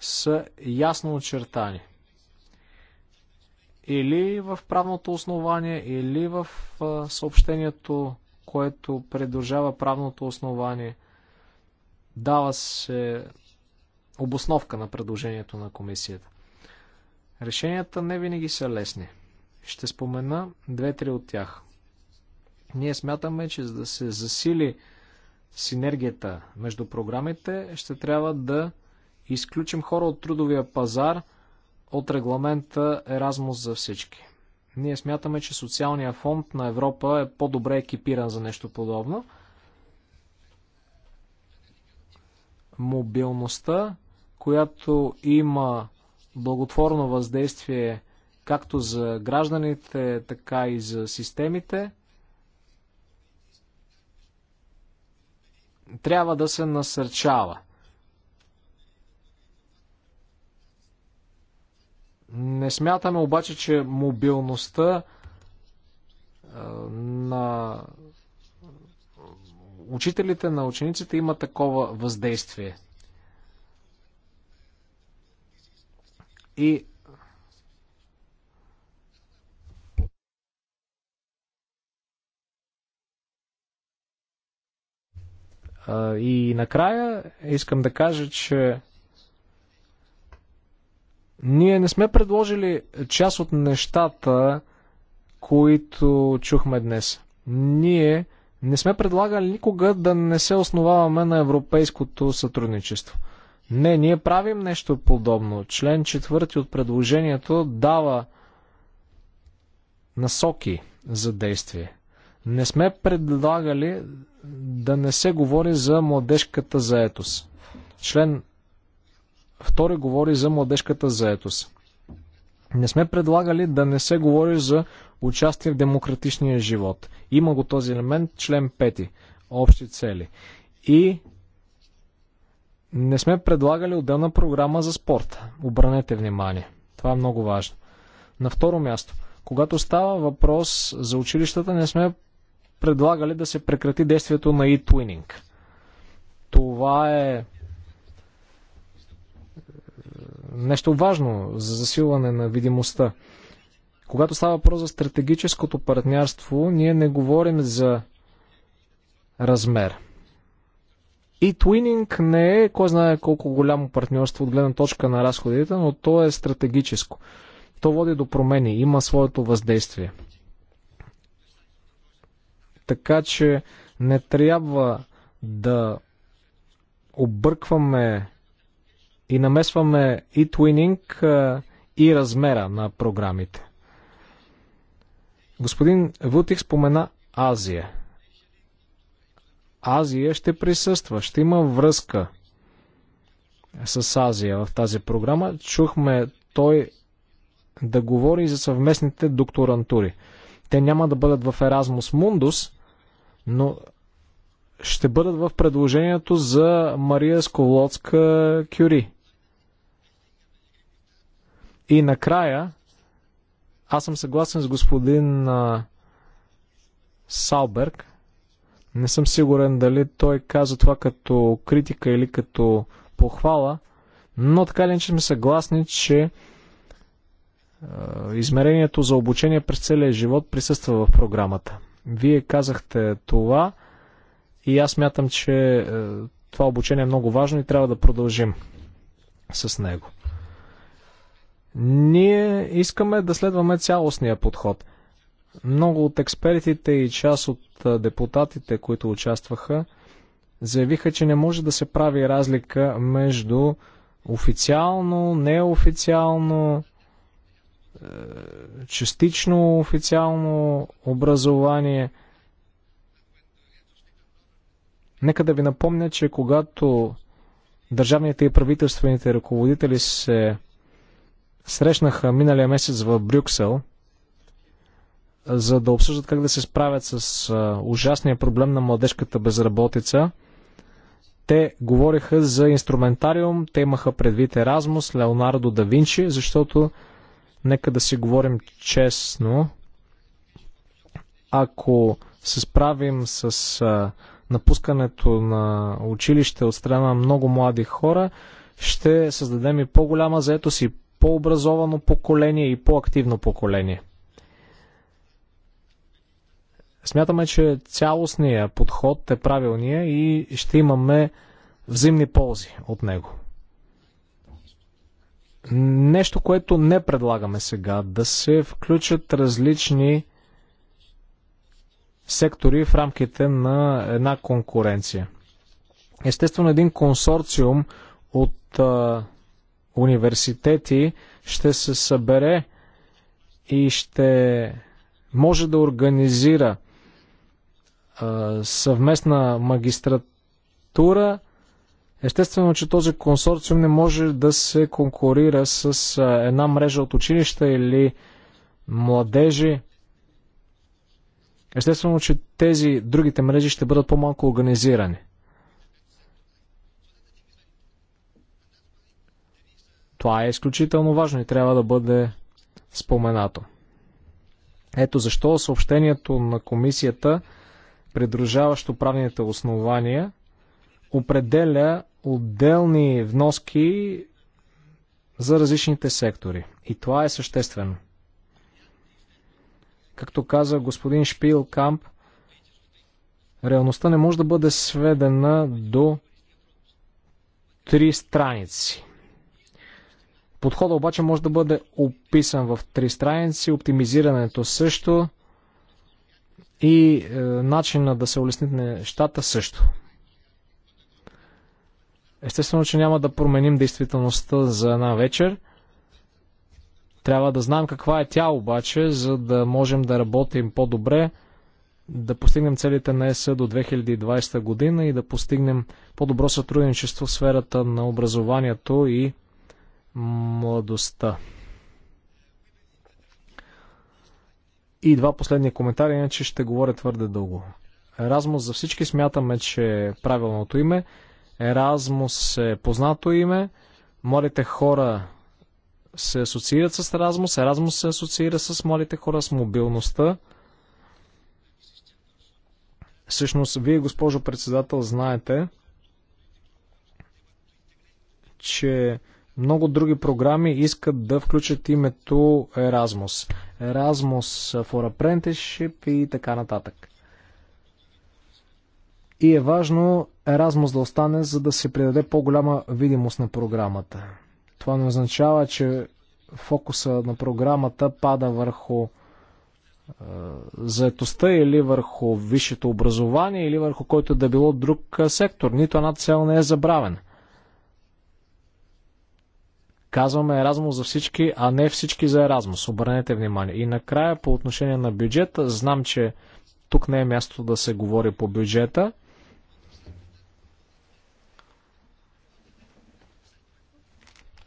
S3: са ясно очертани. Или в правното основание, или в съобщението, което придружава правното основание. Дава се обосновка на предложението на комисията. Решенията не винаги са лесни. Ще спомена две-три от тях. Ние смятаме, че за да се засили синергията между програмите, ще трябва да изключим хора от трудовия пазар от регламента Erasmus за всички. Ние смятаме, че социалния фонд на Европа е по-добре екипиран за нещо подобно. Мобилността, която има благотворно въздействие както за гражданите, така и за системите. Трябва да се насърчава. Не смятаме обаче, че мобилността на учителите, на учениците има такова въздействие. И И накрая искам да кажа, че ние не сме предложили част от нещата, които чухме днес. Ние не сме предлагали никога да не се основаваме на европейското сътрудничество. Не, ние правим нещо подобно. Член 4 от предложението дава насоки за действие. Не сме предлагали да не се говори за младежката заетост. Член 2 говори за младежката заетост. Не сме предлагали да не се говори за участие в демократичния живот. Има го този елемент, член 5, общи цели. И не сме предлагали отделна програма за спорт. Обранете внимание. Това е много важно. На второ място, когато става въпрос за училищата, не сме предлагали да се прекрати действието на e-twinning. Това е, е нещо важно за засилване на видимостта. Когато става въпрос за стратегическото партньорство, ние не говорим за размер – и Twinning не е кой знае колко голямо партньорство от гледна точка на разходите, но то е стратегическо. То води до промени, има своето въздействие. Така че не трябва да объркваме и намесваме и Twinning, и размера на програмите. Господин Вутих спомена Азия. Азия ще присъства, ще има връзка с Азия в тази програма. Чухме той да говори за съвместните докторантури. Те няма да бъдат в Erasmus Mundus, но ще бъдат в предложението за Мария Сковлодска Кюри. И накрая, аз съм съгласен с господин Салберг, не съм сигурен дали той каза това като критика или като похвала, но така ли, че сме съгласни, че измерението за обучение през целия живот присъства в програмата. Вие казахте това и аз мятам, че това обучение е много важно и трябва да продължим с него. Ние искаме да следваме цялостния подход – много от експертите и част от депутатите, които участваха, заявиха, че не може да се прави разлика между официално, неофициално, е, частично официално образование. Нека да ви напомня, че когато държавните и правителствените ръководители се срещнаха миналия месец в Брюксел – за да обсъждат как да се справят с ужасния проблем на младежката безработица. Те говориха за инструментариум, те имаха предвид Еразмус, Леонардо да Винчи, защото, нека да си говорим честно, ако се справим с напускането на училище от страна на много млади хора, ще създадем и по-голяма заетост и по-образовано поколение и по-активно поколение. Смятаме, че цялостният подход е правилния и ще имаме взаимни ползи от него. Нещо, което не предлагаме сега, да се включат различни сектори в рамките на една конкуренция. Естествено, един консорциум от а, университети ще се събере и ще може да организира съвместна магистратура. Естествено, че този консорциум не може да се конкурира с една мрежа от училища или младежи. Естествено, че тези другите мрежи ще бъдат по-малко организирани. Това е изключително важно и трябва да бъде споменато. Ето защо съобщението на комисията придружаващо правните основания, определя отделни вноски за различните сектори. И това е съществено. Както каза господин Шпил Камп, реалността не може да бъде сведена до три страници. Подхода обаче може да бъде описан в три страници, оптимизирането също и е, начина да се улеснят нещата също. Естествено, че няма да променим действителността за една вечер. Трябва да знаем каква е тя обаче, за да можем да работим по-добре, да постигнем целите на ЕС до 2020 година и да постигнем по-добро сътрудничество в сферата на образованието и младостта. И два последния коментари, иначе ще говоря твърде дълго. Еразмус за всички смятаме, че е правилното име. Еразмус е познато име. Младите хора се асоциират с Еразмус. Еразмус се асоциира с младите хора, с мобилността. Всъщност, вие, госпожо председател, знаете, че много други програми искат да включат името Erasmus. Erasmus for Apprenticeship и така нататък. И е важно Erasmus да остане, за да се придаде по-голяма видимост на програмата. Това не означава, че фокуса на програмата пада върху е, заетостта или върху висшето образование или върху който е да било друг е, сектор. Нито една цел не е забравена. Казваме Еразмус за всички, а не всички за Еразмус. Обърнете внимание. И накрая по отношение на бюджета, знам, че тук не е място да се говори по бюджета.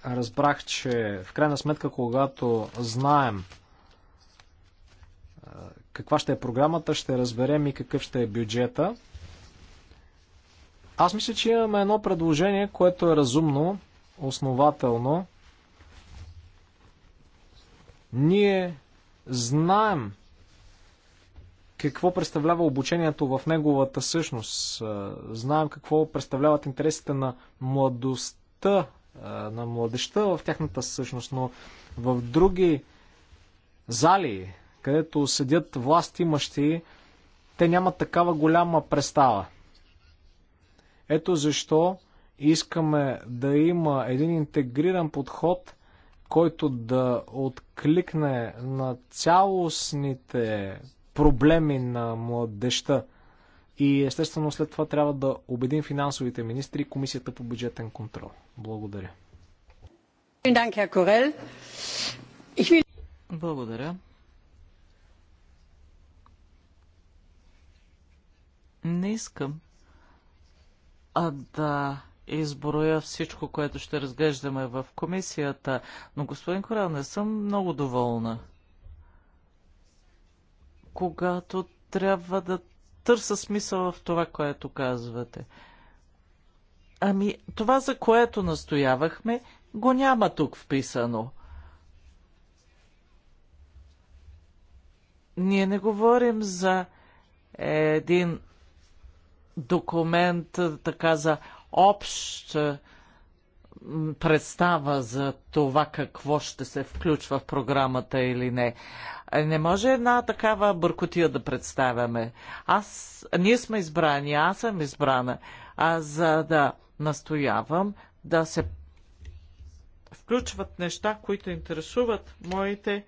S3: Разбрах, че в крайна сметка, когато знаем каква ще е програмата, ще разберем и какъв ще е бюджета. Аз мисля, че имаме едно предложение, което е разумно основателно. Ние знаем какво представлява обучението в неговата същност. Знаем какво представляват интересите на младостта, на младеща в тяхната същност, но в други зали, където седят власт имащи, те нямат такава голяма представа. Ето защо Искаме да има един интегриран подход, който да откликне на цялостните проблеми на младеща. И естествено след това трябва да убедим финансовите министри и Комисията по бюджетен контрол. Благодаря.
S2: Благодаря. Не искам а да изброя всичко, което ще разглеждаме в комисията, но господин Корал, не съм много доволна. Когато трябва да търса смисъл в това, което казвате. Ами, това, за което настоявахме, го няма тук вписано. Ние не говорим за един документ, така за общ е, представа за това какво ще се включва в програмата или не. Е, не може една такава бъркотия да представяме. Аз, ние сме избрани, аз съм избрана, а за да настоявам да се включват неща, които интересуват моите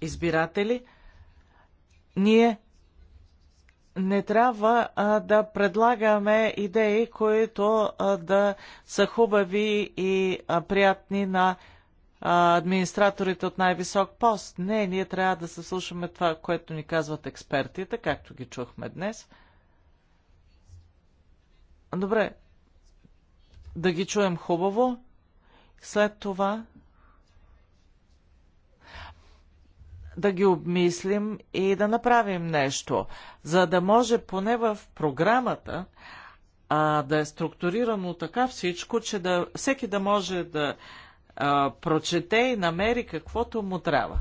S2: избиратели, ние не трябва а, да предлагаме идеи, които а, да са хубави и а, приятни на а, администраторите от най-висок пост. Не, ние трябва да се слушаме това, което ни казват експертите, както ги чухме днес. Добре, да ги чуем хубаво. След това да ги обмислим и да направим нещо, за да може поне в програмата а, да е структурирано така всичко, че да, всеки да може да а, прочете и намери каквото му трябва.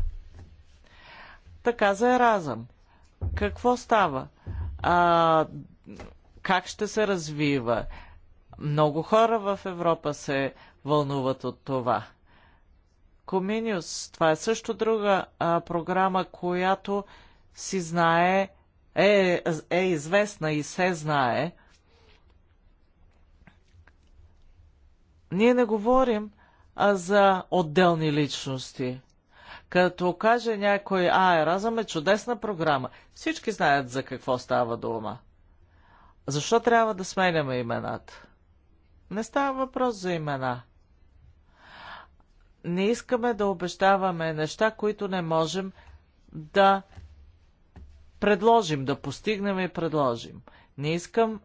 S2: Така за еразъм. Какво става? А, как ще се развива? Много хора в Европа се вълнуват от това. Коминиус, това е също друга а, програма, която си знае, е, е известна и се знае. Ние не говорим а, за отделни личности. Като каже някой, а, Еразъм е чудесна програма, всички знаят за какво става дума. Защо трябва да сменяме имената? Не става въпрос за имена – не искаме да обещаваме неща, които не можем да предложим, да постигнем и предложим. Не искам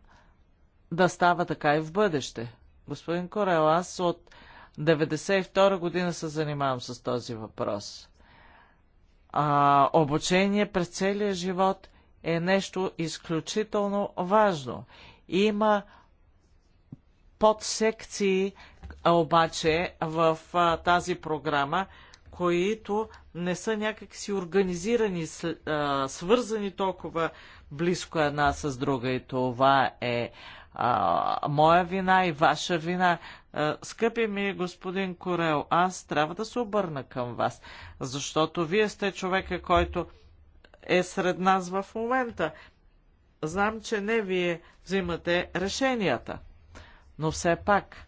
S2: да става така и в бъдеще. Господин Корел, аз от 1992 година се занимавам с този въпрос. А, обучение през целия живот е нещо изключително важно. Има подсекции обаче в а, тази програма, които не са някакси организирани, а, свързани толкова близко една с друга. И това е а, моя вина и ваша вина. А, скъпи ми господин Корел, аз трябва да се обърна към вас, защото вие сте човека, който е сред нас в момента. Знам, че не вие взимате решенията, но все пак –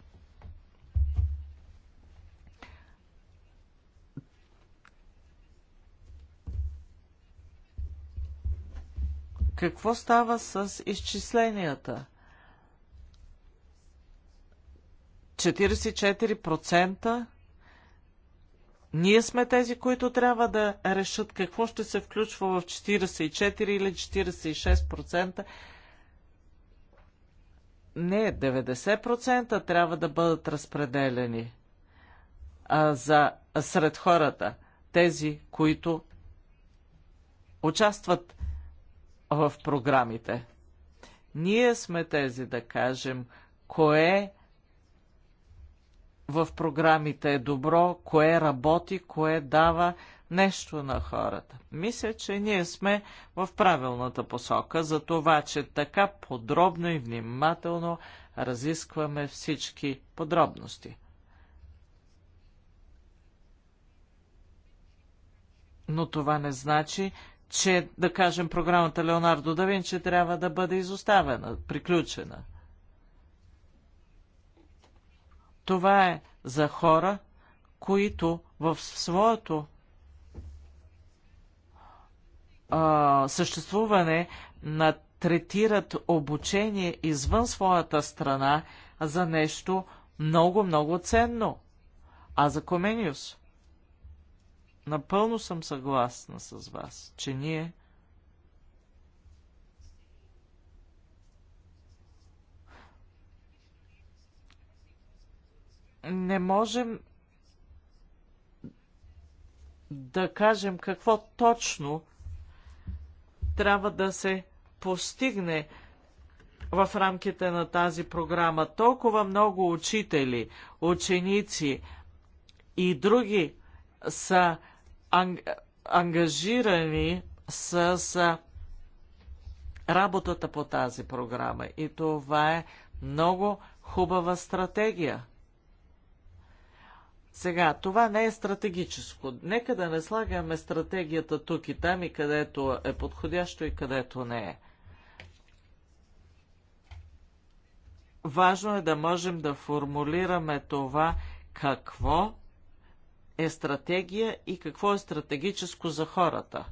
S2: Какво става с изчисленията? 44% ние сме тези, които трябва да решат какво ще се включва в 44 или 46%. Не, 90% трябва да бъдат разпределени а, за, а сред хората. Тези, които участват в програмите. Ние сме тези да кажем кое в програмите е добро, кое работи, кое дава нещо на хората. Мисля, че ние сме в правилната посока за това, че така подробно и внимателно разискваме всички подробности. Но това не значи, че, да кажем, програмата Леонардо да Винчи трябва да бъде изоставена, приключена. Това е за хора, които в своето а, съществуване на третират обучение извън своята страна за нещо много-много ценно. А за Комениус – Напълно съм съгласна с вас, че ние не можем да кажем какво точно трябва да се постигне в рамките на тази програма. Толкова много учители, ученици и други са анг... ангажирани с работата по тази програма. И това е много хубава стратегия. Сега, това не е стратегическо. Нека да не слагаме стратегията тук и там и където е подходящо и където не е. Важно е да можем да формулираме това какво е стратегия и какво е стратегическо за хората.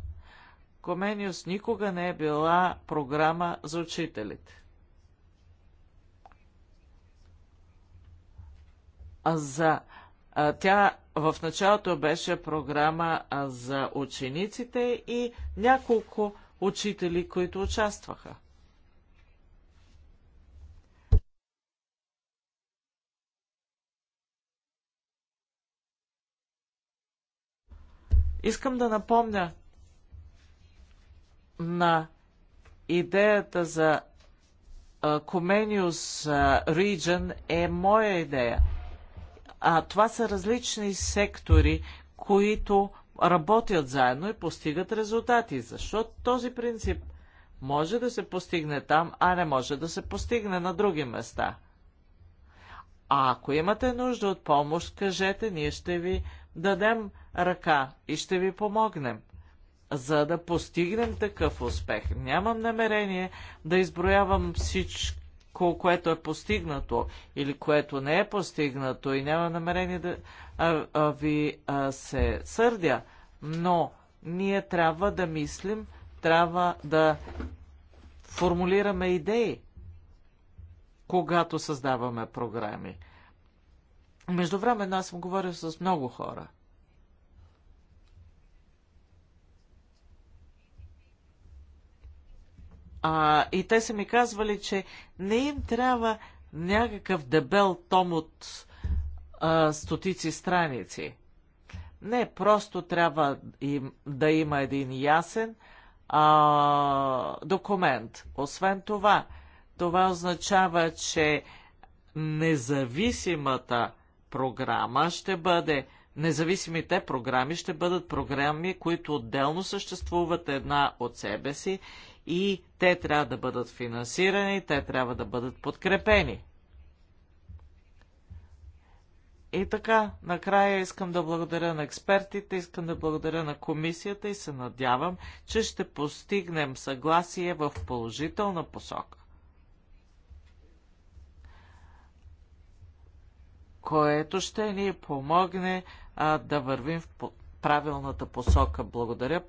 S2: Комениус никога не е била програма за учителите. А за а, тя в началото беше програма а, за учениците и няколко учители, които участваха. Искам да напомня на идеята за Comenius Region е моя идея. А това са различни сектори, които работят заедно и постигат резултати. Защото този принцип може да се постигне там, а не може да се постигне на други места. А ако имате нужда от помощ, кажете, ние ще ви дадем ръка и ще ви помогнем, за да постигнем такъв успех. Нямам намерение да изброявам всичко, което е постигнато или което не е постигнато и нямам намерение да а, а, ви а, се сърдя, но ние трябва да мислим, трябва да формулираме идеи, когато създаваме програми. Между време аз съм говорил с много хора – А, и те са ми казвали, че не им трябва някакъв дебел том от а, стотици страници. Не, просто трябва им, да има един ясен а, документ. Освен това, това означава, че независимата програма ще бъде, независимите програми ще бъдат програми, които отделно съществуват една от себе си и те трябва да бъдат финансирани, те трябва да бъдат подкрепени. И така, накрая искам да благодаря на експертите, искам да благодаря на комисията и се надявам, че ще постигнем съгласие в положителна посока. което ще ни помогне а, да вървим в правилната посока. Благодаря,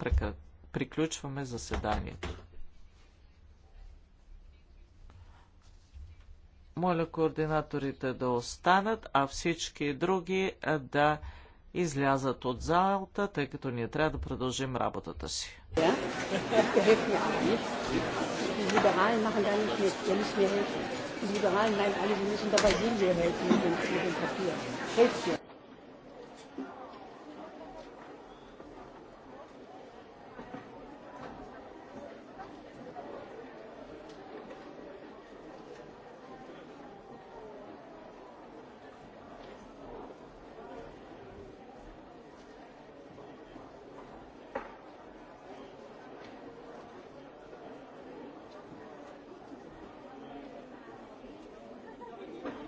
S2: приключваме заседанието. Моля координаторите да останат, а всички други да излязат от залата, тъй като ние трябва да продължим работата си.
S1: Die Liberalen meinen alle, sie müssen dabei Silvia helfen mit dem, mit dem Papier. Helft ihr.